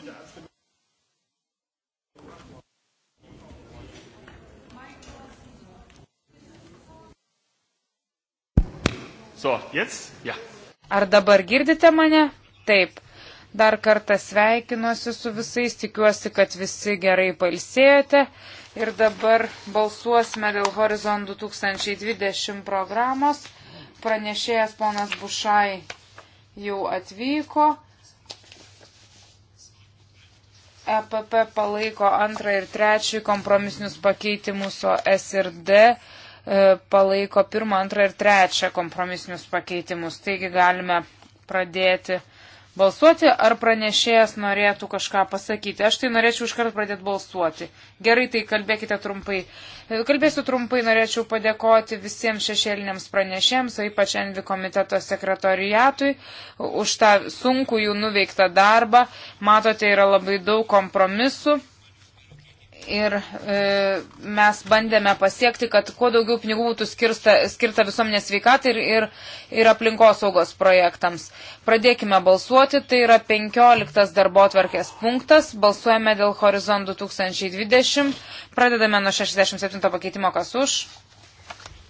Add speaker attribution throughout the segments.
Speaker 1: So, jetzt? Ja.
Speaker 2: Ar dabar girdite mane? Taip. Dar kartą sveikinuosi su visais, tikiuosi, kad visi gerai palsėjote. Ir dabar balsuosime dėl Horizon 2020 programos. Pranešėjas ponas Bušai jau atvyko. EPP palaiko antrą ir trečią kompromisinius pakeitimus, o S ir D e, palaiko pirmą, antrą ir trečią kompromisinius pakeitimus. Taigi galime pradėti balsuoti, ar pranešėjas norėtų kažką pasakyti. Aš tai norėčiau iškart pradėti balsuoti. Gerai, tai kalbėkite trumpai. Kalbėsiu trumpai, norėčiau padėkoti visiems šešėliniams pranešėjams, o ypač Envi komiteto sekretoriatui, už tą sunkų jų nuveiktą darbą. Matote, yra labai daug kompromisų ir e, mes bandėme pasiekti, kad kuo daugiau pinigų būtų skirsta, skirta visuomenės veikatai ir, ir, ir aplinkosaugos projektams. Pradėkime balsuoti, tai yra 15 darbo tvarkės punktas, balsuojame dėl Horizon 2020, pradedame nuo 67 pakeitimo, kas už,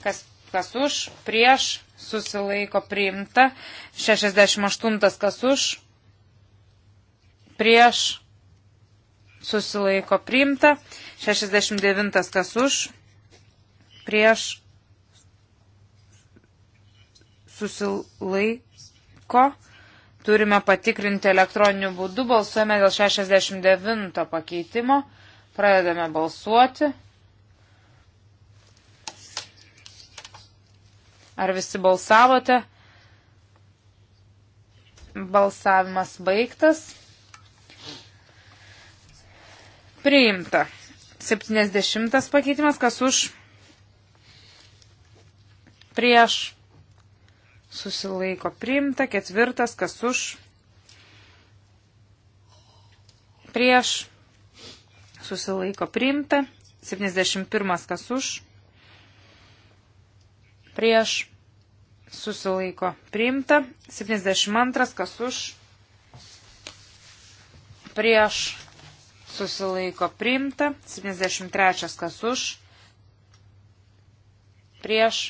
Speaker 2: kas, kas už, prieš, susilaiko priimta, 68 kas už, prieš, susilaiko priimta, 69 kas už, prieš susilaiko, turime patikrinti elektroniniu būdu, balsuojame dėl 69 pakeitimo, pradedame balsuoti. Ar visi balsavote? Balsavimas baigtas. Priimta. 70 pakeitimas, kas už prieš susilaiko priimta, ketvirtas, kas už prieš susilaiko priimta, 71 kas už prieš susilaiko priimta, 72 kas už prieš susilaiko priimta, 73 kas už, prieš,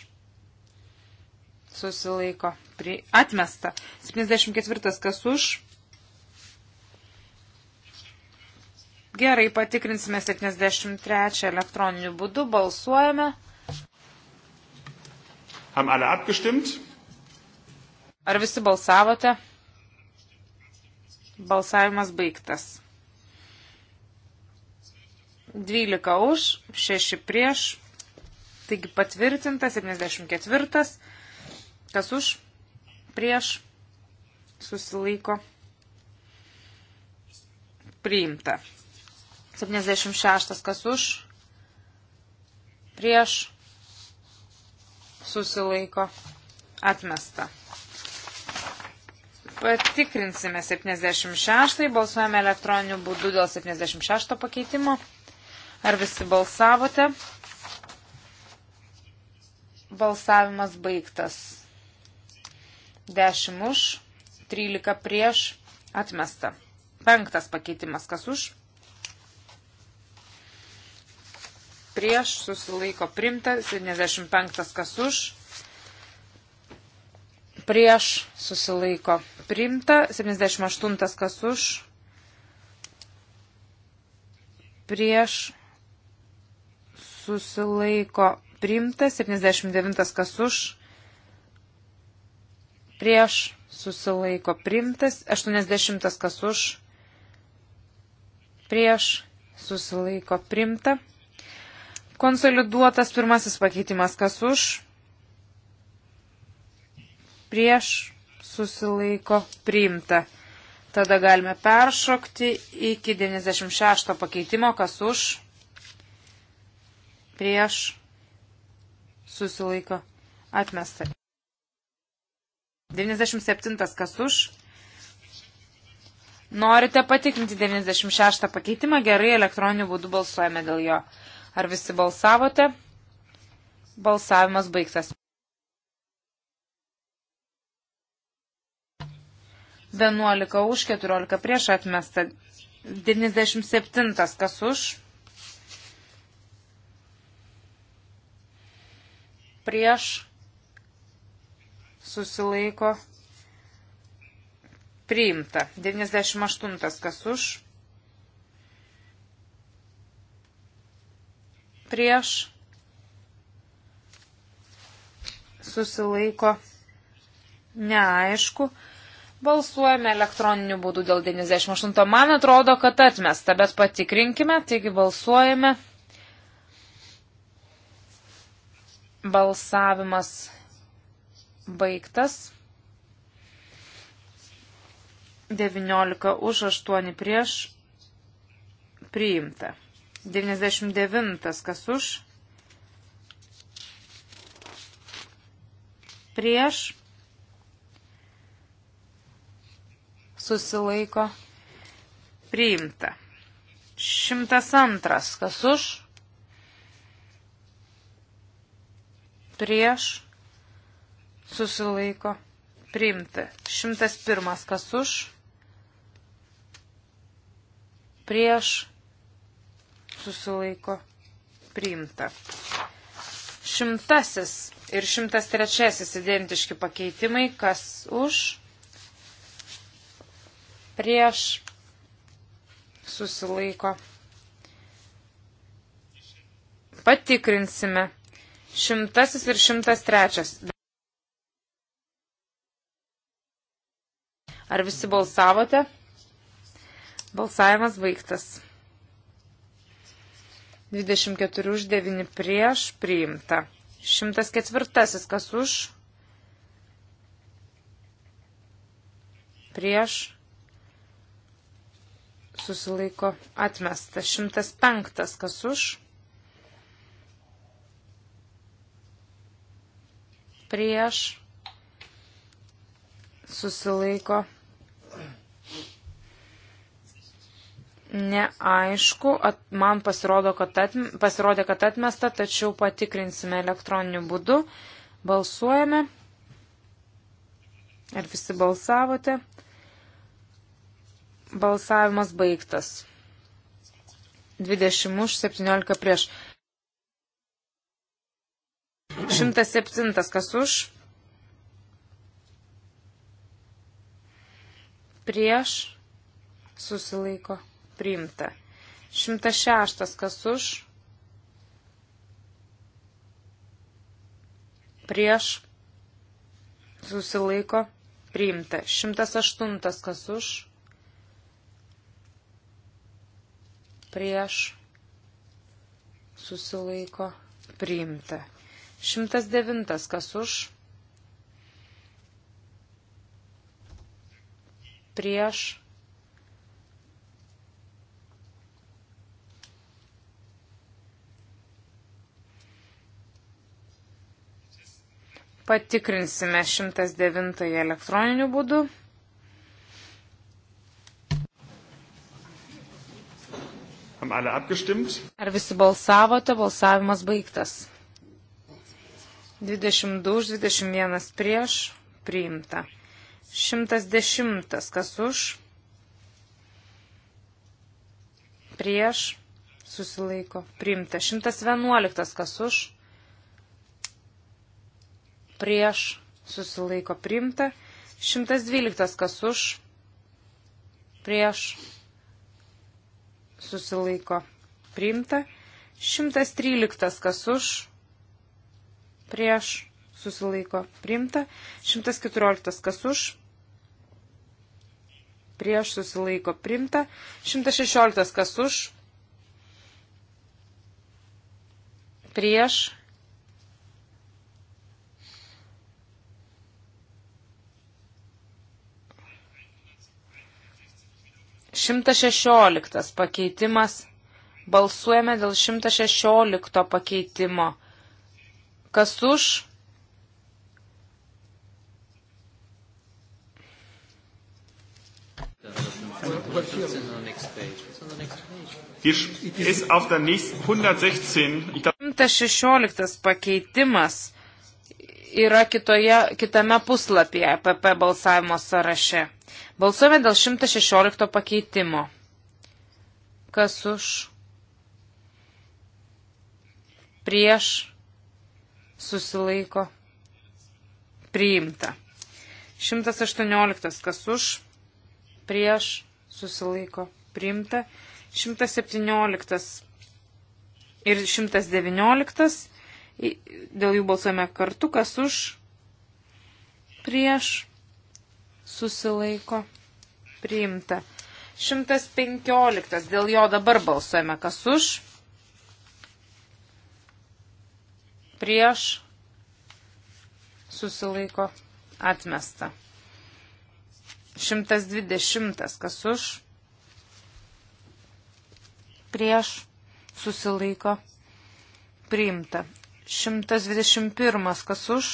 Speaker 2: susilaiko pri, atmesta, 74 kas už. Gerai, patikrinsime 73 elektroniniu būdu, balsuojame.
Speaker 1: Haben alle abgestimmt?
Speaker 2: Ar visi balsavote? Balsavimas baigtas. 12 už, 6 prieš, taigi patvirtinta 74, kas už, prieš, susilaiko, priimta. 76, kas už, prieš, susilaiko, atmesta. Patikrinsime 76, balsuojame elektroniniu būdu dėl 76 pakeitimo. Ar visi balsavote? Balsavimas baigtas. 10 už, 13 prieš, atmesta. Penktas pakeitimas, kas už? Prieš susilaiko primta, 75 kas už, prieš susilaiko primta, 78 kas už, prieš susilaiko priimta, 79 kas už, prieš susilaiko priimtas, 80 kas už, prieš susilaiko priimta. Konsoliduotas pirmasis pakeitimas kas už, prieš susilaiko priimta. Tada galime peršokti iki 96 pakeitimo kas už prieš susilaiko atmesta. 97 kas už. Norite patikrinti 96 pakeitimą, gerai elektroniniu būdu balsuojame dėl jo. Ar visi balsavote? Balsavimas baigtas. 11 už, 14 prieš atmesta. 97 kas už prieš, susilaiko, priimta. 98 kas už, prieš, susilaiko, neaišku. Balsuojame elektroniniu būdu dėl 98. Man atrodo, kad atmesta, bet patikrinkime, taigi balsuojame. Balsavimas baigtas. 19 už 8 prieš priimta. 99 kas už prieš susilaiko priimta. 102 kas už prieš, susilaiko, priimti. 101 kas už, prieš, susilaiko, priimta. Šimtasis ir šimtas trečiasis identiški pakeitimai, kas už, prieš, susilaiko. Patikrinsime. Šimtasis ir šimtas trečias. Ar visi balsavote? Balsavimas baigtas. 24 už 9 prieš priimta. 104 kas už? Prieš susilaiko atmesta. 105 kas už? prieš, susilaiko. Neaišku, at, man pasirodo, kad atme, pasirodė, kad atmesta, tačiau patikrinsime elektroniniu būdu. Balsuojame. Ar visi balsavote? Balsavimas baigtas. 20 už 17 prieš. 107 kas už. Prieš susilaiko priimta. 106 kas už. Prieš susilaiko priimta. 108 kas už. Prieš susilaiko priimta. 109 kas už, prieš, patikrinsime 109 elektroniniu būdu. Ar visi balsavote? Balsavimas baigtas. 22 už 21 prieš priimta. 110 kas už prieš susilaiko priimta. 111 kas už prieš susilaiko priimta. 112 kas už prieš susilaiko priimta. 113 kas už prieš susilaiko priimta. 114 kas už, prieš susilaiko priimta. 116 kas už, prieš. Šimtas šešioliktas pakeitimas. Balsuojame dėl šimtas šešiolikto pakeitimo. Kas už?
Speaker 1: Jis auf der nächsten 116. 116
Speaker 2: pakeitimas yra kitoje, kitame puslapyje PP e balsavimo sąraše. Balsuojame dėl 116 pakeitimo. Kas už? Prieš? susilaiko priimta. 118 kas už, prieš susilaiko priimta. 117 ir 119 dėl jų balsuojame kartu, kas už, prieš, susilaiko, priimta. 115, dėl jo dabar balsuojame, kas už, prieš, susilaiko atmesta. 120 kas už, prieš, susilaiko priimta. 121 kas už,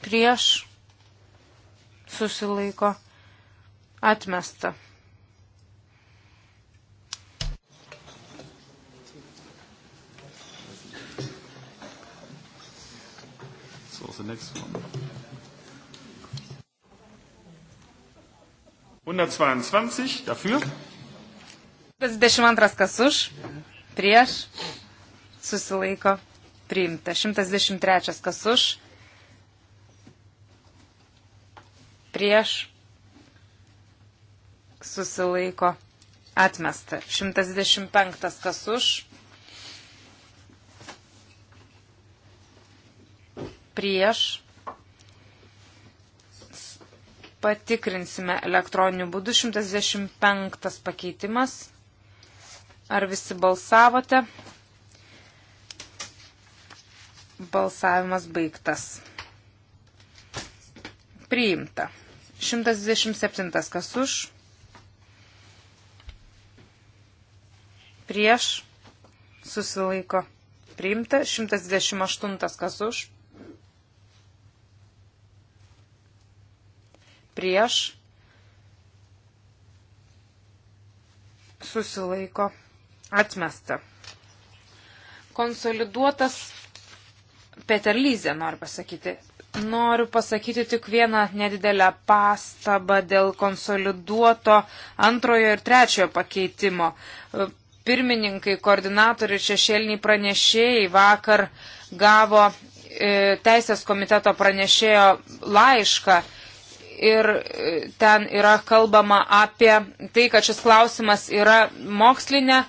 Speaker 2: prieš, susilaiko atmesta.
Speaker 1: the next one? 122 dafür.
Speaker 2: 22 kas už, prieš, susilaiko, priimta. 113 kas už, prieš, susilaiko, atmesta. 125 kas už, prieš. Patikrinsime elektroniniu būdu 125 pakeitimas. Ar visi balsavote? Balsavimas baigtas. Priimta. 127 kas už. Prieš. Susilaiko. Priimta. 128 kas už prieš, susilaiko, atmesta. Konsoliduotas Peterlyzė, noriu pasakyti. Noriu pasakyti tik vieną nedidelę pastabą dėl konsoliduoto antrojo ir trečiojo pakeitimo pirmininkai, koordinatoriai, šešėliniai pranešėjai vakar gavo e, Teisės komiteto pranešėjo laišką ir e, ten yra kalbama apie tai, kad šis klausimas yra mokslinė,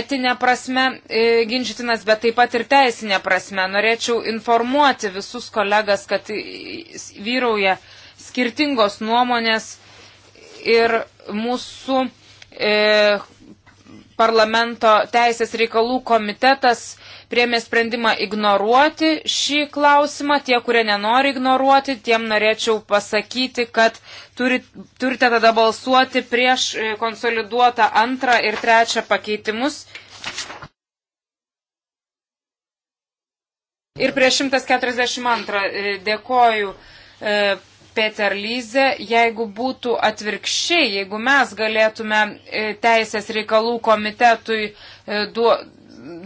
Speaker 2: etinė prasme e, ginčytinas, bet taip pat ir teisinė prasme. Norėčiau informuoti visus kolegas, kad vyrauja skirtingos nuomonės ir mūsų e, parlamento teisės reikalų komitetas e, priemė sprendimą ignoruoti šį klausimą. Tie, kurie nenori ignoruoti, tiem norėčiau pasakyti, kad turit, turite tada balsuoti prieš e, konsoliduotą antrą ir trečią pakeitimus. Ir prieš 142 e, dėkoju e, Peter Lyze, jeigu būtų atvirkščiai, jeigu mes galėtume teisės reikalų komitetui duoti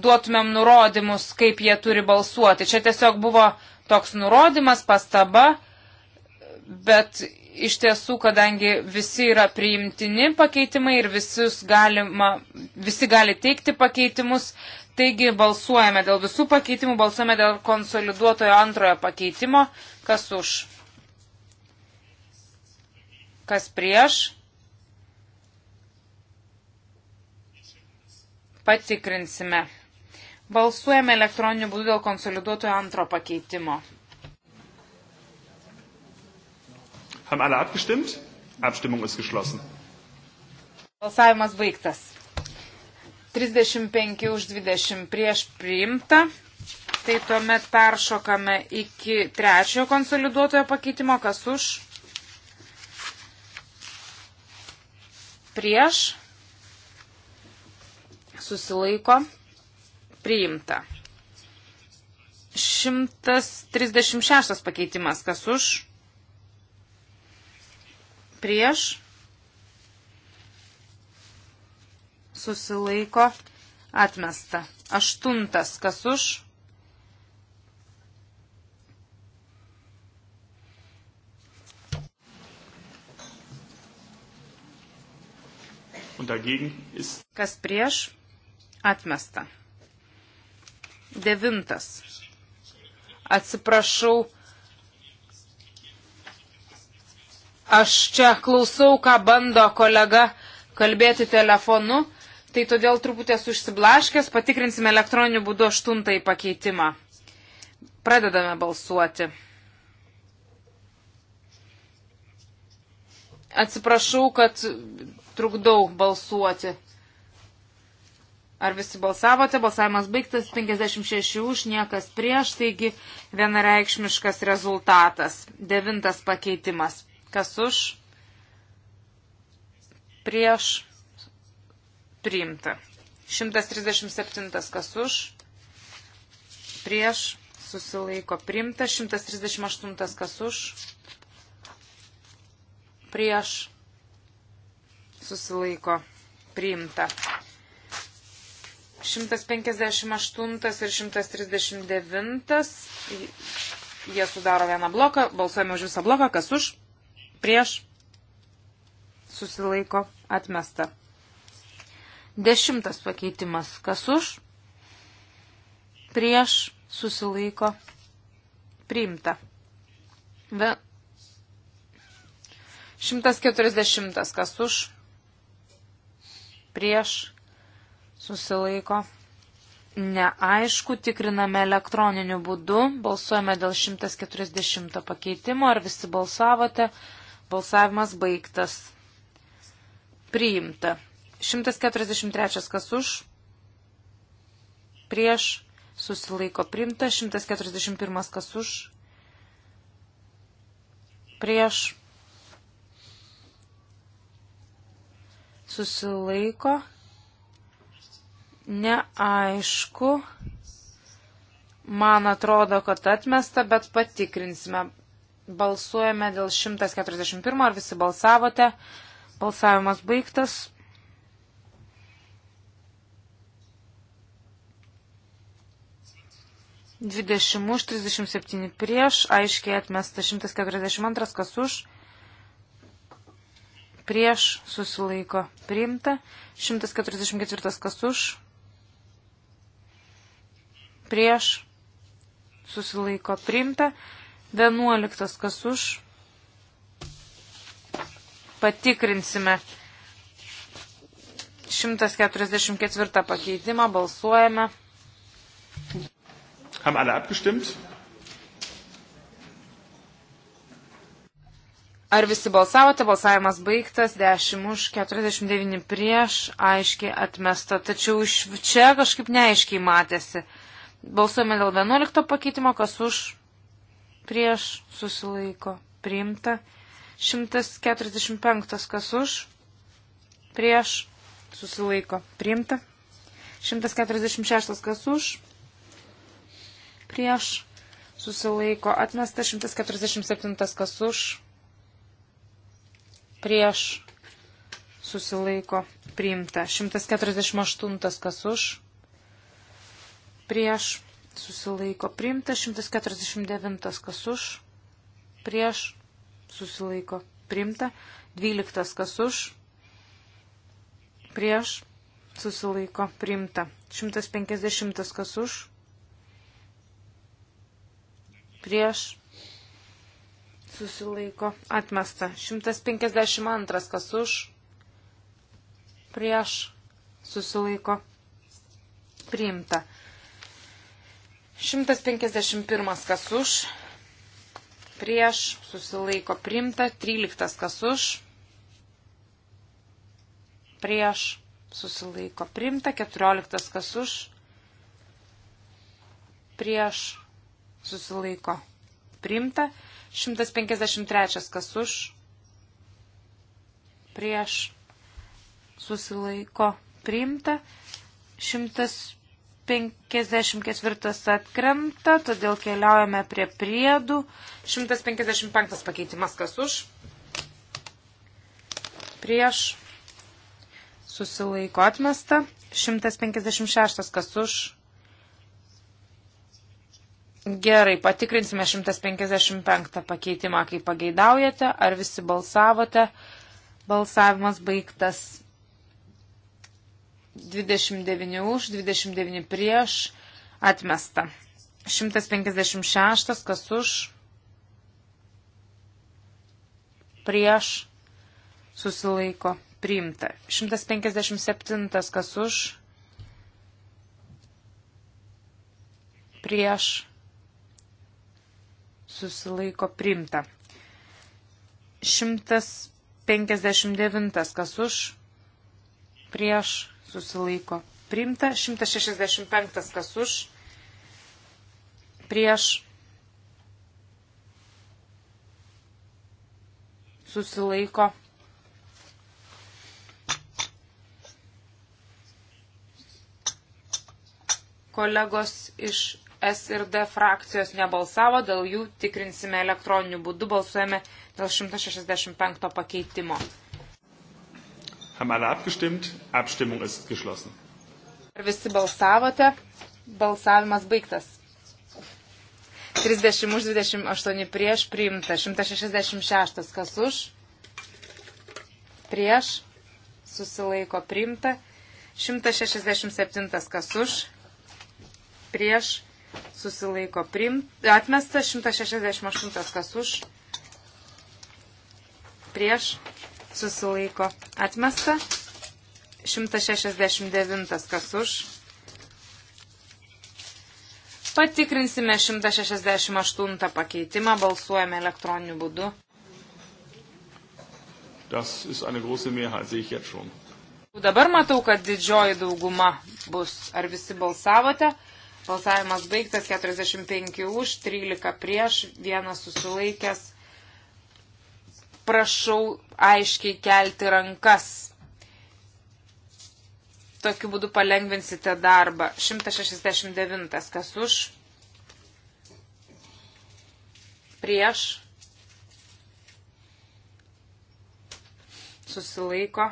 Speaker 2: duotumėm nurodymus, kaip jie turi balsuoti. Čia tiesiog buvo toks nurodymas, pastaba, bet iš tiesų, kadangi visi yra priimtini pakeitimai ir galima, visi gali teikti pakeitimus, taigi balsuojame dėl visų pakeitimų, balsuojame dėl konsoliduotojo antrojo pakeitimo, kas už, kas prieš patikrinsime. Balsuojame elektroniniu būdu dėl konsoliduotojo antro pakeitimo.
Speaker 1: Haben alle abgestimmt? Abstimmung ist geschlossen.
Speaker 2: Balsavimas baigtas. 35 už 20 prieš priimta. Tai tuomet peršokame iki trečiojo konsoliduotojo pakeitimo. Kas už? Prieš susilaiko, priimta. 136 pakeitimas, kas už, prieš, susilaiko, atmesta. Aštuntas, kas už, Kas prieš? Atmesta. Devintas. Atsiprašau. Aš čia klausau, ką bando kolega kalbėti telefonu, tai todėl truputį esu išsiblaškęs, patikrinsime elektroniniu būdu aštuntąjį pakeitimą. Pradedame balsuoti. Atsiprašau, kad trukdau balsuoti. Ar visi balsavote? Balsavimas baigtas 56 už, niekas prieš, taigi vienareikšmiškas rezultatas. Devintas pakeitimas. Kas už? Prieš. Priimta. 137 kas už. Prieš. Susilaiko priimta. 138 kas už. Prieš. Susilaiko priimta. 158 ir 139. Jie sudaro vieną bloką. Balsuojame už visą bloką. Kas už? Prieš. Susilaiko. Atmesta. Dešimtas pakeitimas. Kas už? Prieš. Susilaiko. Priimta. Ve... 140. Kas už? Prieš susilaiko. Neaišku, tikriname elektroniniu būdu, balsuojame dėl 140 pakeitimo, ar visi balsavote, balsavimas baigtas. Priimta. 143 kas už, prieš, susilaiko priimta, 141 kas už, prieš, susilaiko priimta Neaišku. Man atrodo, kad atmesta, bet patikrinsime. Balsuojame dėl 141, ar visi balsavote. Balsavimas baigtas. Dvidešimt už, trisdešimt septyni prieš, aiškiai atmesta šimtas keturiasdešimt antras, kas už, prieš susilaiko priimta, šimtas keturiasdešimt ketvirtas, kas už, prieš, susilaiko priimta, 11 kas už, patikrinsime 144 pakeitimą, balsuojame.
Speaker 1: Haben alle abgestimmt?
Speaker 2: Ar visi balsavote, balsavimas baigtas, 10 už, 49 prieš, aiškiai atmesta, tačiau iš čia kažkaip neaiškiai matėsi. Balsuojame dėl 11 pakeitimo, kas už, prieš, susilaiko, priimta. 145, kas už, prieš, susilaiko, priimta. 146, kas už, prieš, susilaiko, atmesta. 147, kas už, prieš, susilaiko, priimta. 148, kas už, prieš susilaiko priimta, 149 kas už, prieš susilaiko priimta, 12 kas už, prieš susilaiko priimta, 150 kas už, prieš susilaiko atmesta, 152 kas už, prieš susilaiko priimta. 151 kas už, prieš, susilaiko primta, 13 kas už, prieš, susilaiko primta, 14 kas už, prieš, susilaiko primta, 153 kas už, prieš, susilaiko primta, 100 154 atkrenta, todėl keliaujame prie priedų. 155 pakeitimas kas už. Prieš susilaiko atmesta. 156 kas už. Gerai, patikrinsime 155 pakeitimą, kai pageidaujate, ar visi balsavote. Balsavimas baigtas. 29 už, 29 prieš, atmesta. 156, kas už, prieš, susilaiko, priimta. 157, kas už, prieš, susilaiko, priimta. 159, kas už, prieš, susilaiko priimta, 165 kas už, prieš susilaiko kolegos iš S ir D frakcijos nebalsavo, dėl jų tikrinsime elektroniniu būdu, balsuojame dėl 165 pakeitimo.
Speaker 1: Haben alle abgestimmt? Abstimmung ist geschlossen.
Speaker 2: Ar visi balsavote? Balsavimas baigtas. 30 už 28 prieš priimta. 166 kas už? Prieš susilaiko priimta. 167 kas už? Prieš susilaiko priimta. Atmesta 168 kas už? Prieš susilaiko atmesta. 169 kas už. Patikrinsime 168 pakeitimą, balsuojame elektroniniu būdu.
Speaker 1: Das ist eine große Mehrheit, sehe ich jetzt schon.
Speaker 2: Dabar matau, kad didžioji dauguma bus. Ar visi balsavote? Balsavimas baigtas 45 už, 13 prieš, vienas susilaikęs prašau aiškiai kelti rankas. Tokiu būdu palengvinsite darbą. 169. Kas už? Prieš? Susilaiko.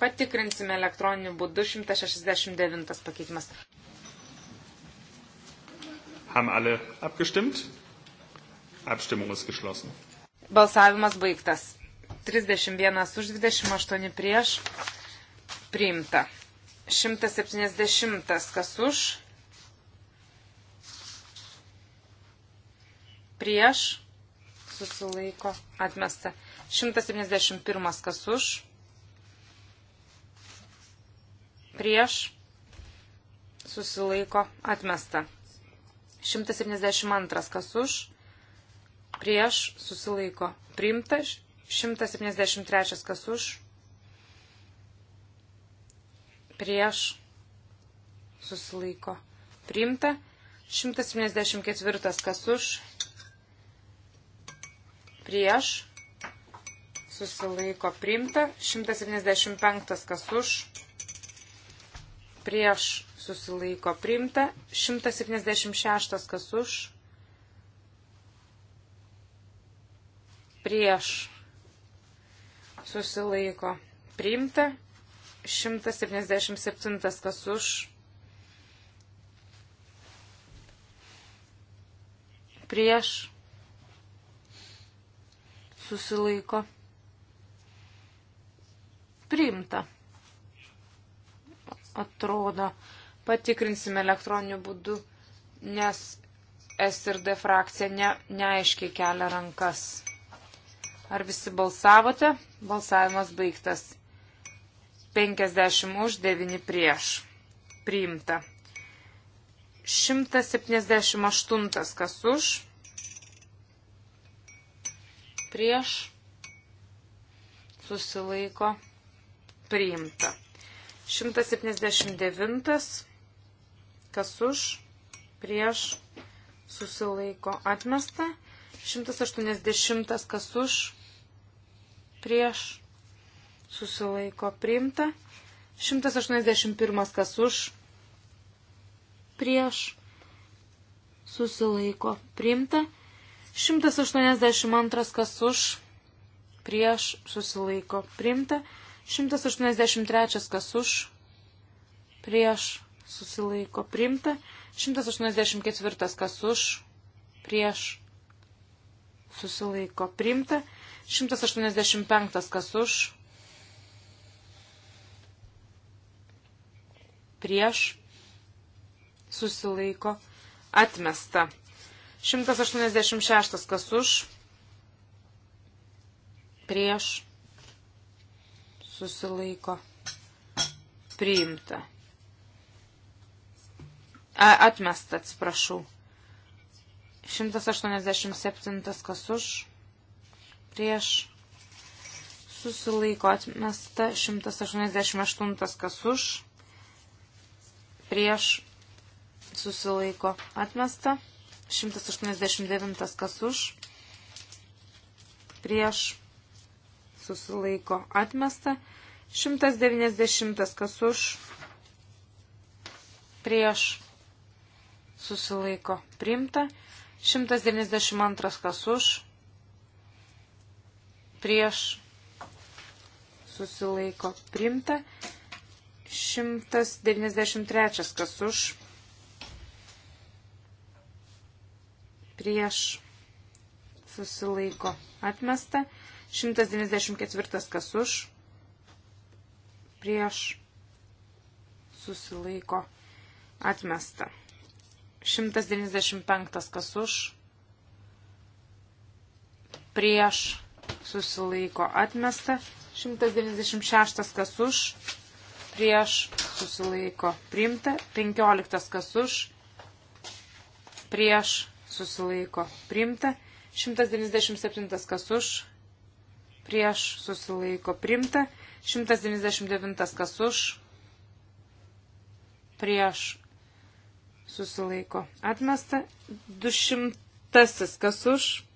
Speaker 2: Patikrinsime elektroniniu būdu 169 pakeitimas.
Speaker 1: Haben alle abgestimmt? Abstimmung ist geschlossen.
Speaker 2: Balsavimas baigtas. 31 už 28 prieš. Priimta. 170 kas už. Prieš. Susilaiko. Atmesta. 171 kas už. Prieš. Susilaiko. Atmesta. 172 kas už prieš susilaiko priimta, 173 kas už, prieš susilaiko priimta, 174 kas už, prieš susilaiko priimta, 175 kas už, prieš susilaiko priimta, 176 kas už, prieš susilaiko priimta, 177 kas už prieš susilaiko priimta. Atrodo, patikrinsime elektroniniu būdu, nes S ir D frakcija ne, neaiškiai kelia rankas. Ar visi balsavote? Balsavimas baigtas. 50 už, 9 prieš. Priimta. 178 kas už. Prieš. Susilaiko. Priimta. 179 kas už. Prieš. Susilaiko. Atmesta. 180 kas už prieš susilaiko priimta. 181 kas už prieš susilaiko priimta. 182 kas už prieš susilaiko priimta. 183 kas už prieš susilaiko priimta. 184 kas už prieš susilaiko priimta. 185 kas už, prieš, susilaiko, atmesta. 186 kas už, prieš, susilaiko, priimta. A, atmesta, atsiprašau. 187 kas už prieš susilaiko atmesta 188 kas už, prieš susilaiko atmesta 189 kas už, prieš susilaiko atmesta 190 kas už, prieš susilaiko priimta 192 kas už, prieš susilaiko primta. 193 kas už prieš susilaiko atmesta. 194 kas už prieš susilaiko atmesta. 195 kas už prieš susilaiko atmesta, 196 kas už, prieš susilaiko priimta, 15 kas už, prieš susilaiko priimta, 197 kas už, prieš susilaiko priimta, 199 kas už, prieš susilaiko atmesta, 200 kas už,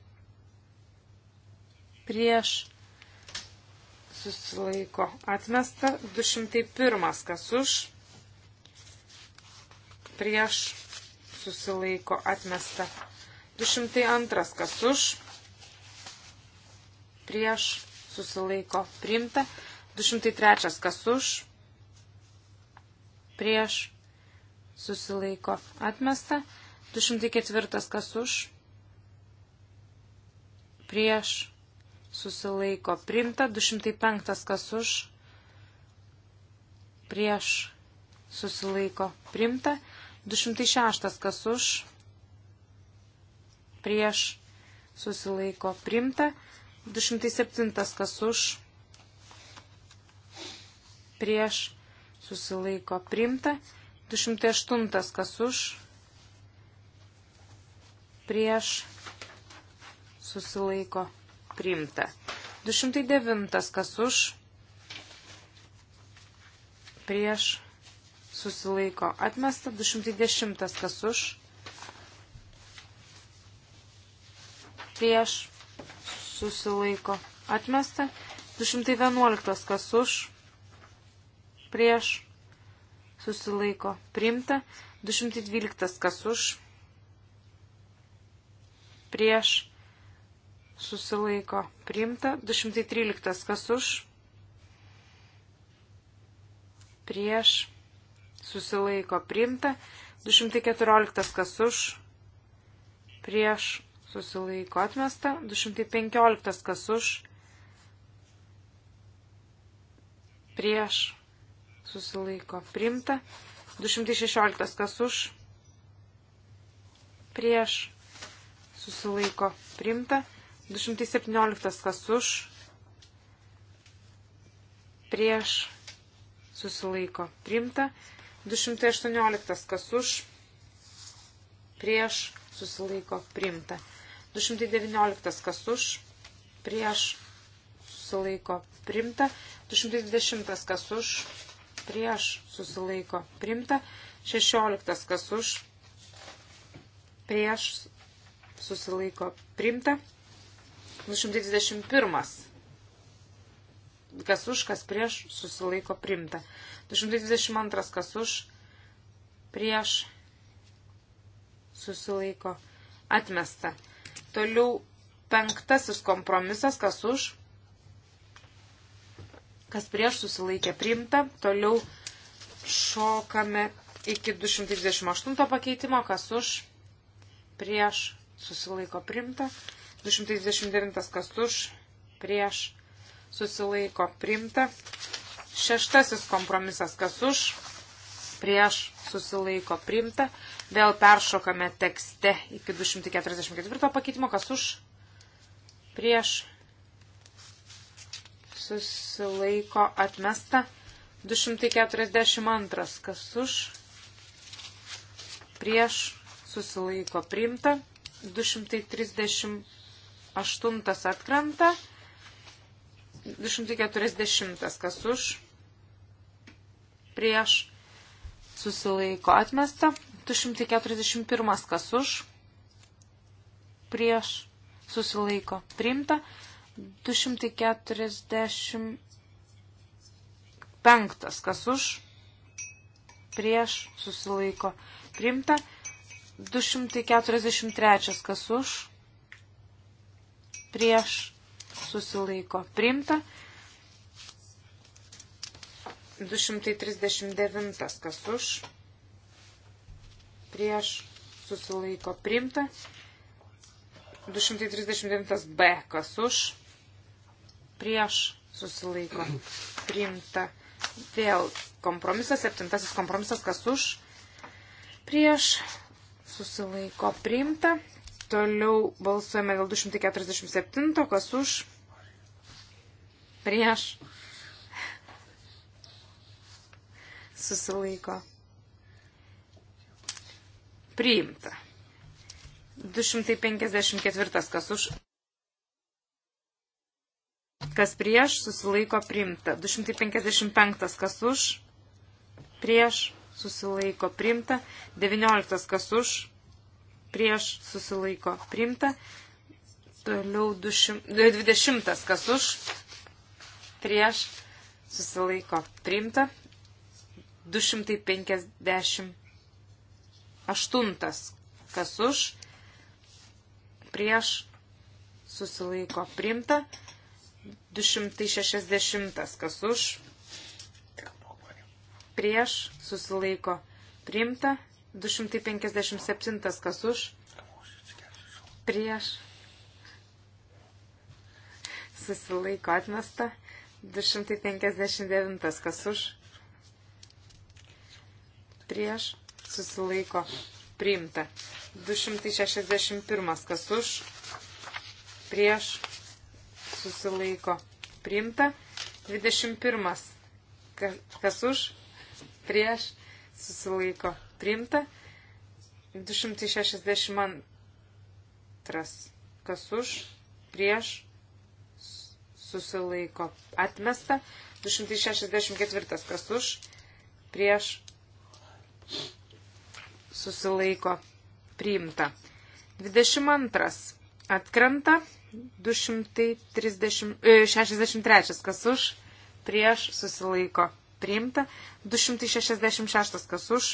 Speaker 2: prieš susilaiko atmesta. 201 kas už prieš susilaiko atmesta. 202 kas už prieš susilaiko priimta. 203 kas už prieš susilaiko atmesta. 204 kas už prieš susilaiko primta, 205 kas už, prieš susilaiko primta, 206 kas už, prieš susilaiko primta, 207 kas už, prieš susilaiko primta, 208 kas už, prieš susilaiko primta priimta. 209 kas už, prieš, susilaiko atmesta, 210 kas už, prieš, susilaiko atmesta, 211 kas už, prieš, susilaiko priimta, 212 kas už, prieš, susilaiko priimta. 213 kas už, prieš susilaiko priimta. 214 kas už, prieš susilaiko atmesta. 215 kas už, prieš susilaiko priimta. 216 kas už, prieš susilaiko priimta. 217 kas už, prieš susilaiko priimta, 218 kas už, prieš susilaiko priimta, 219 kas už, prieš susilaiko priimta, 220 kas už, prieš susilaiko priimta, 16 kas už, prieš susilaiko priimta. 221. Kas už, kas prieš, susilaiko primta. 222. Kas už, prieš, susilaiko atmesta. Toliau penktasis kompromisas, kas už, kas prieš susilaikė primta. Toliau šokame iki 228 pakeitimo, kas už, prieš susilaiko primta. 229 kas už, prieš, susilaiko priimta. Šeštasis kompromisas kas už, prieš, susilaiko priimta. Vėl peršokame tekste iki 244 pakeitimo, kas už, prieš, susilaiko atmesta. 242 kas už, prieš, susilaiko priimta. 230 aštuntas atkrenta. 240 kas už, prieš, susilaiko atmesta. 241 kas už, prieš, susilaiko priimta. 245 kas už, prieš, susilaiko priimta. 243 kas už, prieš susilaiko priimta. 239 kas už prieš susilaiko priimta. 239b kas už prieš susilaiko priimta. Vėl kompromisas, septintasis kompromisas kas už prieš susilaiko priimta. Toliau balsuojame dėl 247, kas už, prieš, susilaiko. Priimta. 254, kas už, kas prieš, susilaiko priimta. 255, kas už, prieš, susilaiko priimta. 19, kas už, prieš susilaiko priimta. Toliau 20, e, kas už, prieš susilaiko priimta. 258, kas už, prieš susilaiko priimta. 260, kas už, prieš susilaiko priimta. 257 kas už, prieš, susilaiko atmesta, 259 kas už, prieš, susilaiko priimta, 261 kas už, prieš, susilaiko priimta, 21 kas už, prieš, susilaiko priimta priimta. 262. Kas už, prieš, susilaiko atmesta. 264. Kas už, prieš, susilaiko priimta. 22. Atkrenta. 263. E, Kas už, prieš, susilaiko priimta. 266. Kas už,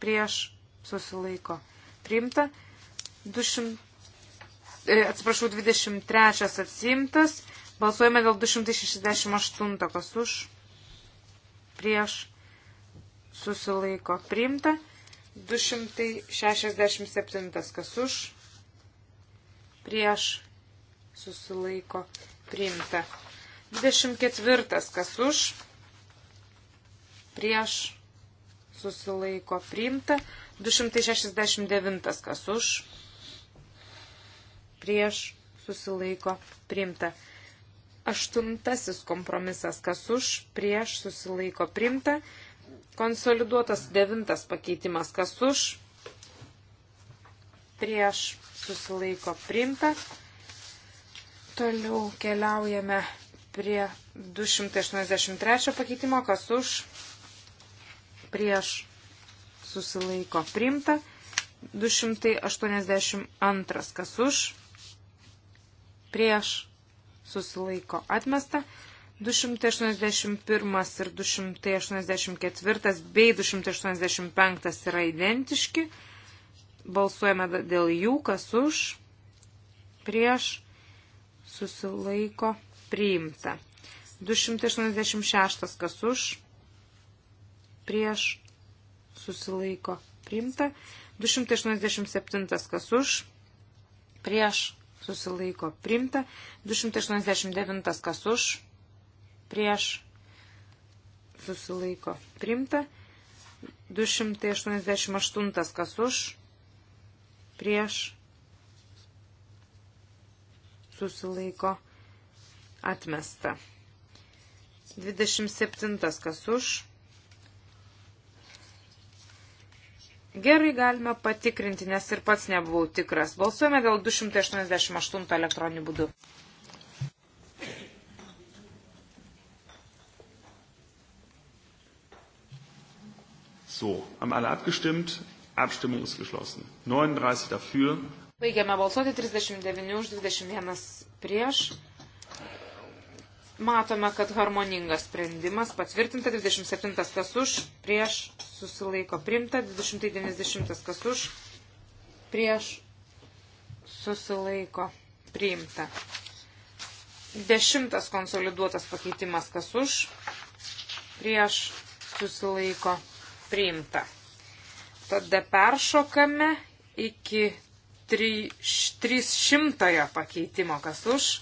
Speaker 2: prieš susilaiko priimta. 200, e, atsiprašau, 23 atsimtas. Balsuojame dėl 268, kas už prieš susilaiko priimta. 267, kas už prieš susilaiko priimta. 24, kas už prieš susilaiko priimta, 269 kas už, prieš susilaiko priimta. Aštuntasis kompromisas kas už, prieš susilaiko priimta, konsoliduotas devintas pakeitimas kas už, prieš susilaiko priimta. Toliau keliaujame prie 283 pakeitimo, kas už prieš susilaiko priimta. 282 kas už prieš susilaiko atmesta. 281 ir 284 bei 285 yra identiški. Balsuojame dėl jų, kas už, prieš, susilaiko, priimta. 286 kas už, prieš susilaiko priimta. 287 kas už prieš susilaiko priimta. 289 kas už prieš susilaiko priimta. 288 kas už prieš susilaiko atmesta. 27 kas už Gerai, galime patikrinti, nes ir pats nebuvau tikras. Balsuojame dėl 288 elektroninių būdų.
Speaker 1: So, haben alle abgestimmt? Abstimmung ist geschlossen. 39 dafür.
Speaker 2: Baigiame balsuoti 39 už 21 prieš. Matome, kad harmoningas sprendimas patvirtinta 27 kas už, prieš susilaiko primta 290 kas už, prieš susilaiko priimta. Dešimtas konsoliduotas pakeitimas kas už, prieš susilaiko priimta. Tada peršokame iki 300 pakeitimo kas už,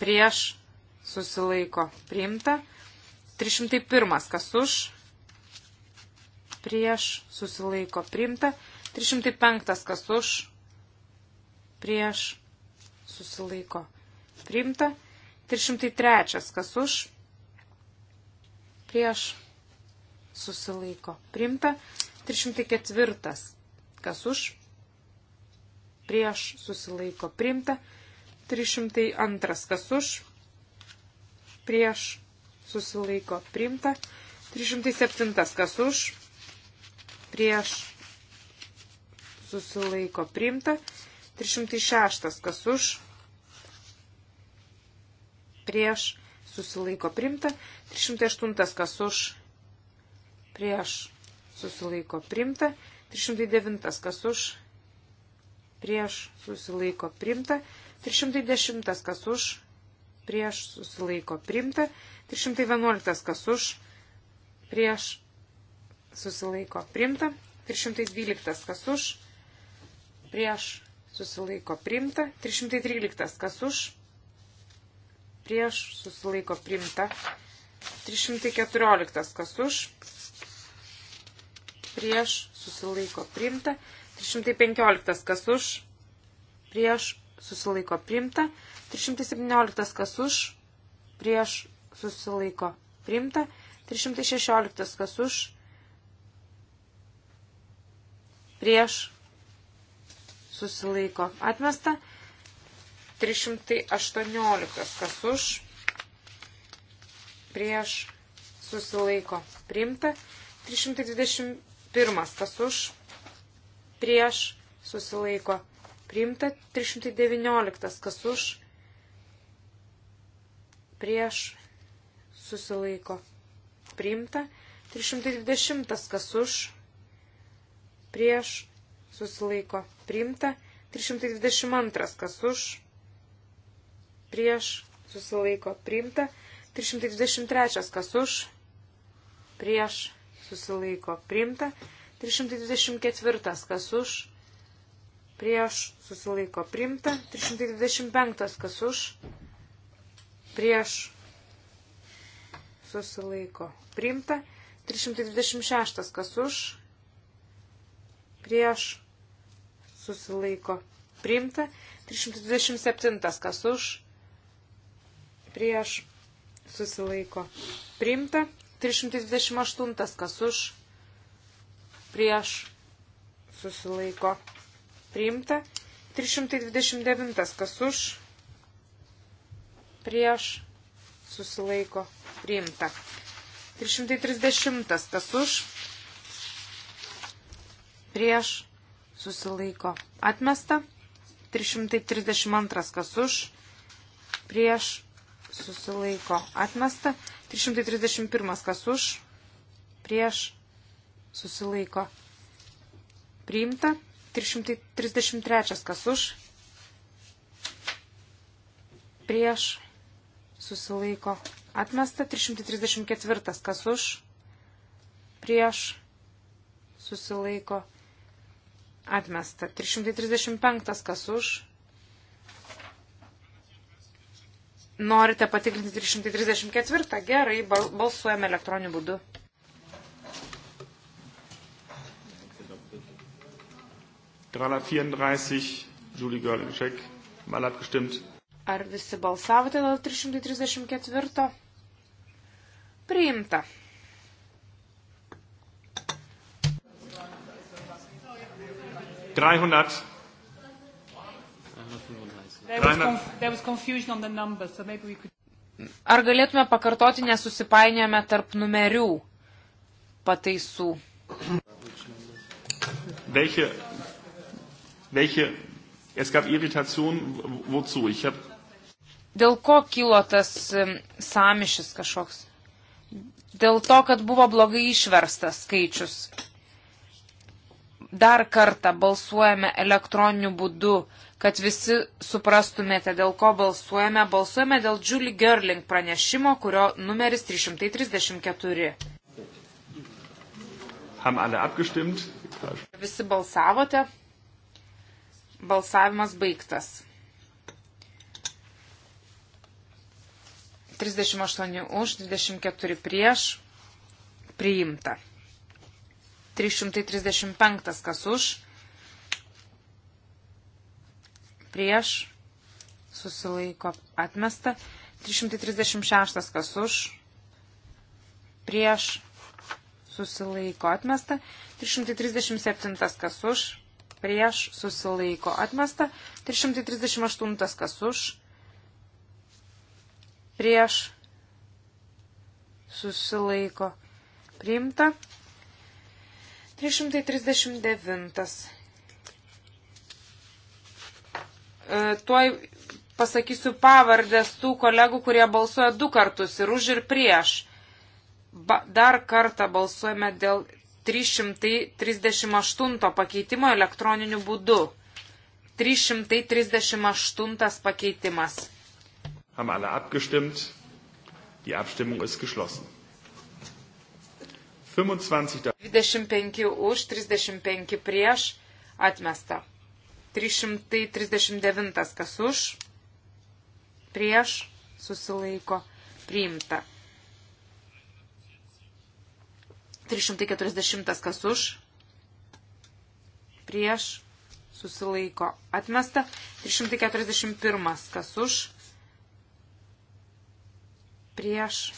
Speaker 2: prieš susilaiko priimta. 301 kas už, prieš susilaiko priimta. 305 kas už, prieš susilaiko priimta. 303 kas už, prieš susilaiko priimta. 304 kas už, prieš susilaiko priimta. 302 kas už, prieš susilaiko priimta. 307 kas už, prieš susilaiko priimta. 306 kas už, prieš susilaiko priimta. 308 kas už, prieš susilaiko priimta. 309 kas už, prieš susilaiko priimta. 310 kas už, prieš susilaiko priimta, 311 kas už, prieš susilaiko priimta, 312 kas už, prieš susilaiko priimta, 313 kas už, prieš susilaiko priimta, 314 kas už, prieš susilaiko priimta, 315 kas už, prieš susilaiko primta, 317 kas už, prieš susilaiko primta, 316 kas už, prieš susilaiko atmesta, 318 kas už, prieš susilaiko primta, 321 kas už, prieš susilaiko priimta 319, kas už, prieš, susilaiko, priimta 320, kas už, prieš, susilaiko, priimta 322, kas už, prieš, susilaiko, priimta 323, kas už, prieš, susilaiko, priimta 324, kas už, prieš susilaiko primta, 325 kas už, prieš susilaiko primta, 326 kas už, prieš susilaiko primta, 327 kas už, prieš susilaiko primta, 328 kas už, prieš susilaiko primta priimta. 329 kas už, prieš, susilaiko, priimta. 330 kas už, prieš, susilaiko, atmesta. 332 kas už, prieš, susilaiko, atmesta. 331 kas už, prieš, susilaiko, priimta. 333 kas už, prieš, susilaiko, atmesta, 334 kas už, prieš, susilaiko, atmesta, 335 kas už. Norite patikrinti 334? Gerai, balsuojame elektroniniu būdu.
Speaker 1: 334, Julie Görling, check. Mal abgestimmt.
Speaker 2: Ar visi balsavote dėl 334? Priimta. Dreihundert. Ar galėtume pakartoti, nesusipainiojame tarp numerių pataisų?
Speaker 1: Welche welche, es gab Irritationen, wozu? Ich hab...
Speaker 2: Dėl ko kilo tas samišis kažkoks? Dėl to, kad buvo blogai išverstas skaičius. Dar kartą balsuojame elektroniniu būdu, kad visi suprastumėte, dėl ko balsuojame. Balsuojame dėl Julie Gerling pranešimo, kurio numeris 334. Visi balsavote? Balsavimas baigtas. 38 už, 24 prieš, priimta. 335 kas už, prieš, susilaiko atmesta. 336 kas už, prieš, susilaiko atmesta. 337 kas už, prieš susilaiko atmesta, 338 kas už, prieš susilaiko priimta, 339. E, tuoj pasakysiu pavardės tų kolegų, kurie balsuoja du kartus ir už ir prieš. Ba dar kartą balsuojame dėl 338 pakeitimo elektroniniu būdu. 338 pakeitimas.
Speaker 1: Haben alle abgestimmt? Die Abstimmung ist geschlossen. 25,
Speaker 2: 25 už, 35 prieš, atmesta. 339 kas už, prieš, susilaiko, priimta. 340 kas už, prieš, susilaiko, atmesta. 341 kas už, prieš,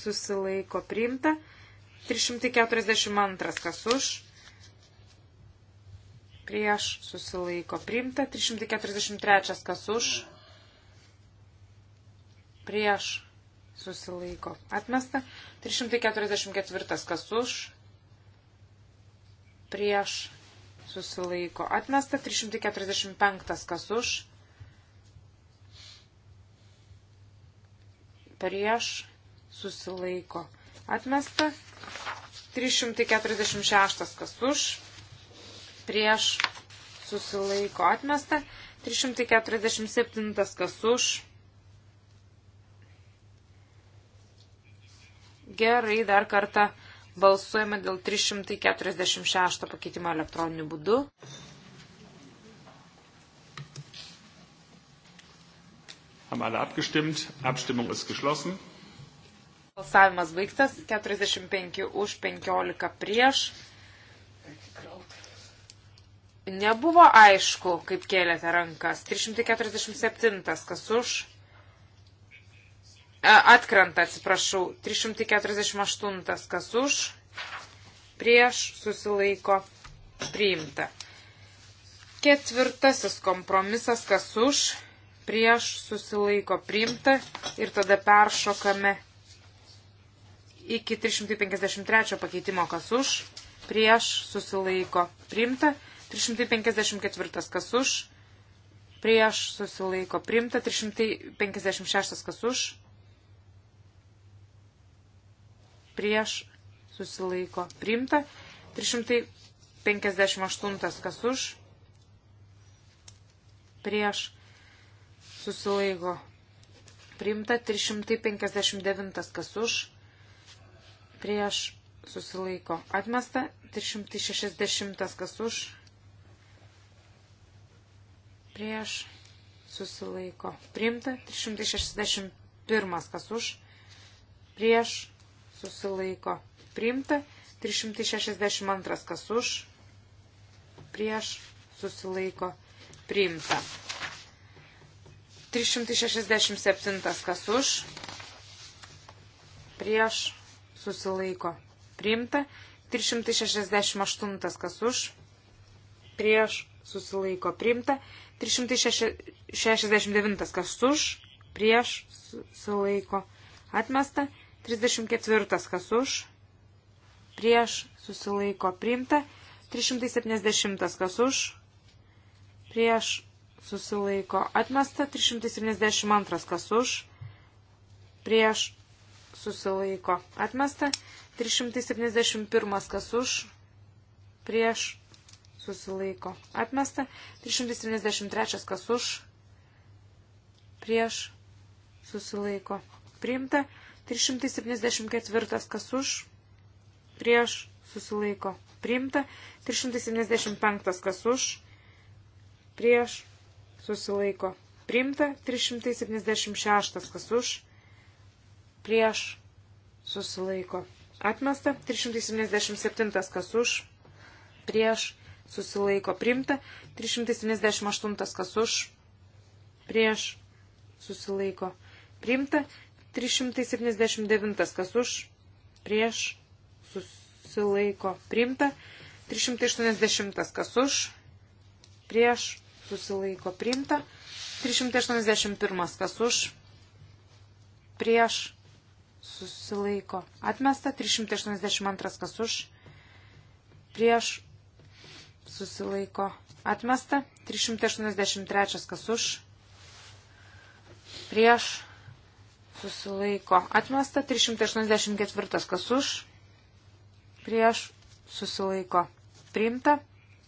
Speaker 2: susilaiko, priimta. 342 kas už, prieš, susilaiko, priimta. 343 kas už, prieš, susilaiko. Atmesta. 344 kas už, prieš, susilaiko. Atmesta. 345 kas už, prieš, susilaiko. Atmesta. 346 kas už, prieš, susilaiko. Atmesta. 347 kas už, prieš, susilaiko Gerai, dar kartą balsuojame dėl 346 pakeitimo elektroniniu būdu.
Speaker 1: Haben alle abgestimmt. Abstimmung ist geschlossen.
Speaker 2: Balsavimas baigtas. 45 už 15 prieš. Nebuvo aišku, kaip kėlėte rankas. 347. Kas už? Atkrenta, atsiprašau, 348 kas už, prieš susilaiko priimta. Ketvirtasis kompromisas kas už, prieš susilaiko priimta ir tada peršokame iki 353 pakeitimo kas už, prieš susilaiko priimta, 354 kas už, prieš susilaiko priimta, 356 kas už, prieš susilaiko priimta. 358 kas už prieš susilaiko priimta. 359 kas už prieš susilaiko atmesta. 360 kas už prieš susilaiko priimta. 361 kas už prieš susilaiko priimta, 362 kas už, prieš susilaiko priimta. 367 kas už, prieš susilaiko priimta, 368 kas už, prieš susilaiko priimta, 369 kas už, prieš susilaiko atmesta, 34 kas už, prieš susilaiko priimta, 370 kas už, prieš susilaiko atmesta, 372 kas už, prieš susilaiko atmesta, 371 kas už, prieš susilaiko atmesta, 373 kas už, prieš susilaiko priimta, 374 kas už, prieš susilaiko priimta, 375 kas už, prieš susilaiko priimta, 376 kas už, prieš susilaiko atmesta, 377 kas už, prieš susilaiko priimta, 378 kas už, prieš susilaiko priimta, 379 kas už, prieš, susilaiko priimta. 380 kas už, prieš, susilaiko priimta. 381 kas už, prieš, susilaiko atmesta. 382 kas už, prieš, susilaiko atmesta. 383 kas už, prieš, susilaiko atmesta, 384 kas už, prieš susilaiko priimta,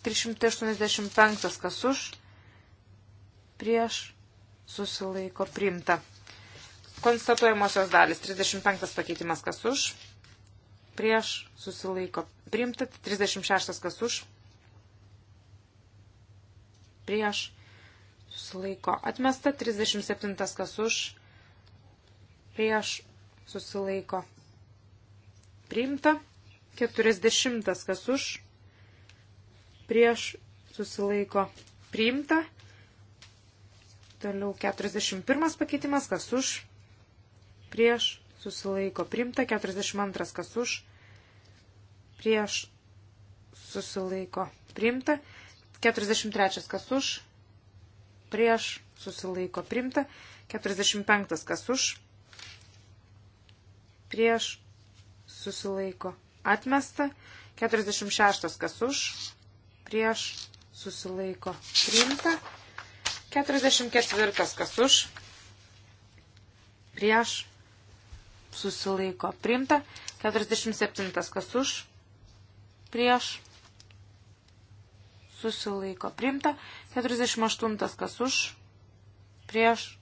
Speaker 2: 385 kas už, prieš susilaiko priimta. Konstatuojamosios dalis 35 pakeitimas kas už, prieš susilaiko priimta, 36 kas už, prieš susilaiko atmesta, 37 kas už, prieš susilaiko priimta, 40 kas už, prieš susilaiko priimta, toliau 41 pakeitimas kas už, prieš susilaiko priimta, 42 kas už, prieš susilaiko priimta, 43 kas už, prieš susilaiko priimta, 45 kas už, prieš susilaiko atmesta, 46 kas už, prieš susilaiko priimta, 44 kas už, prieš susilaiko priimta, 47 kas už, prieš susilaiko priimta, 48 kas už, prieš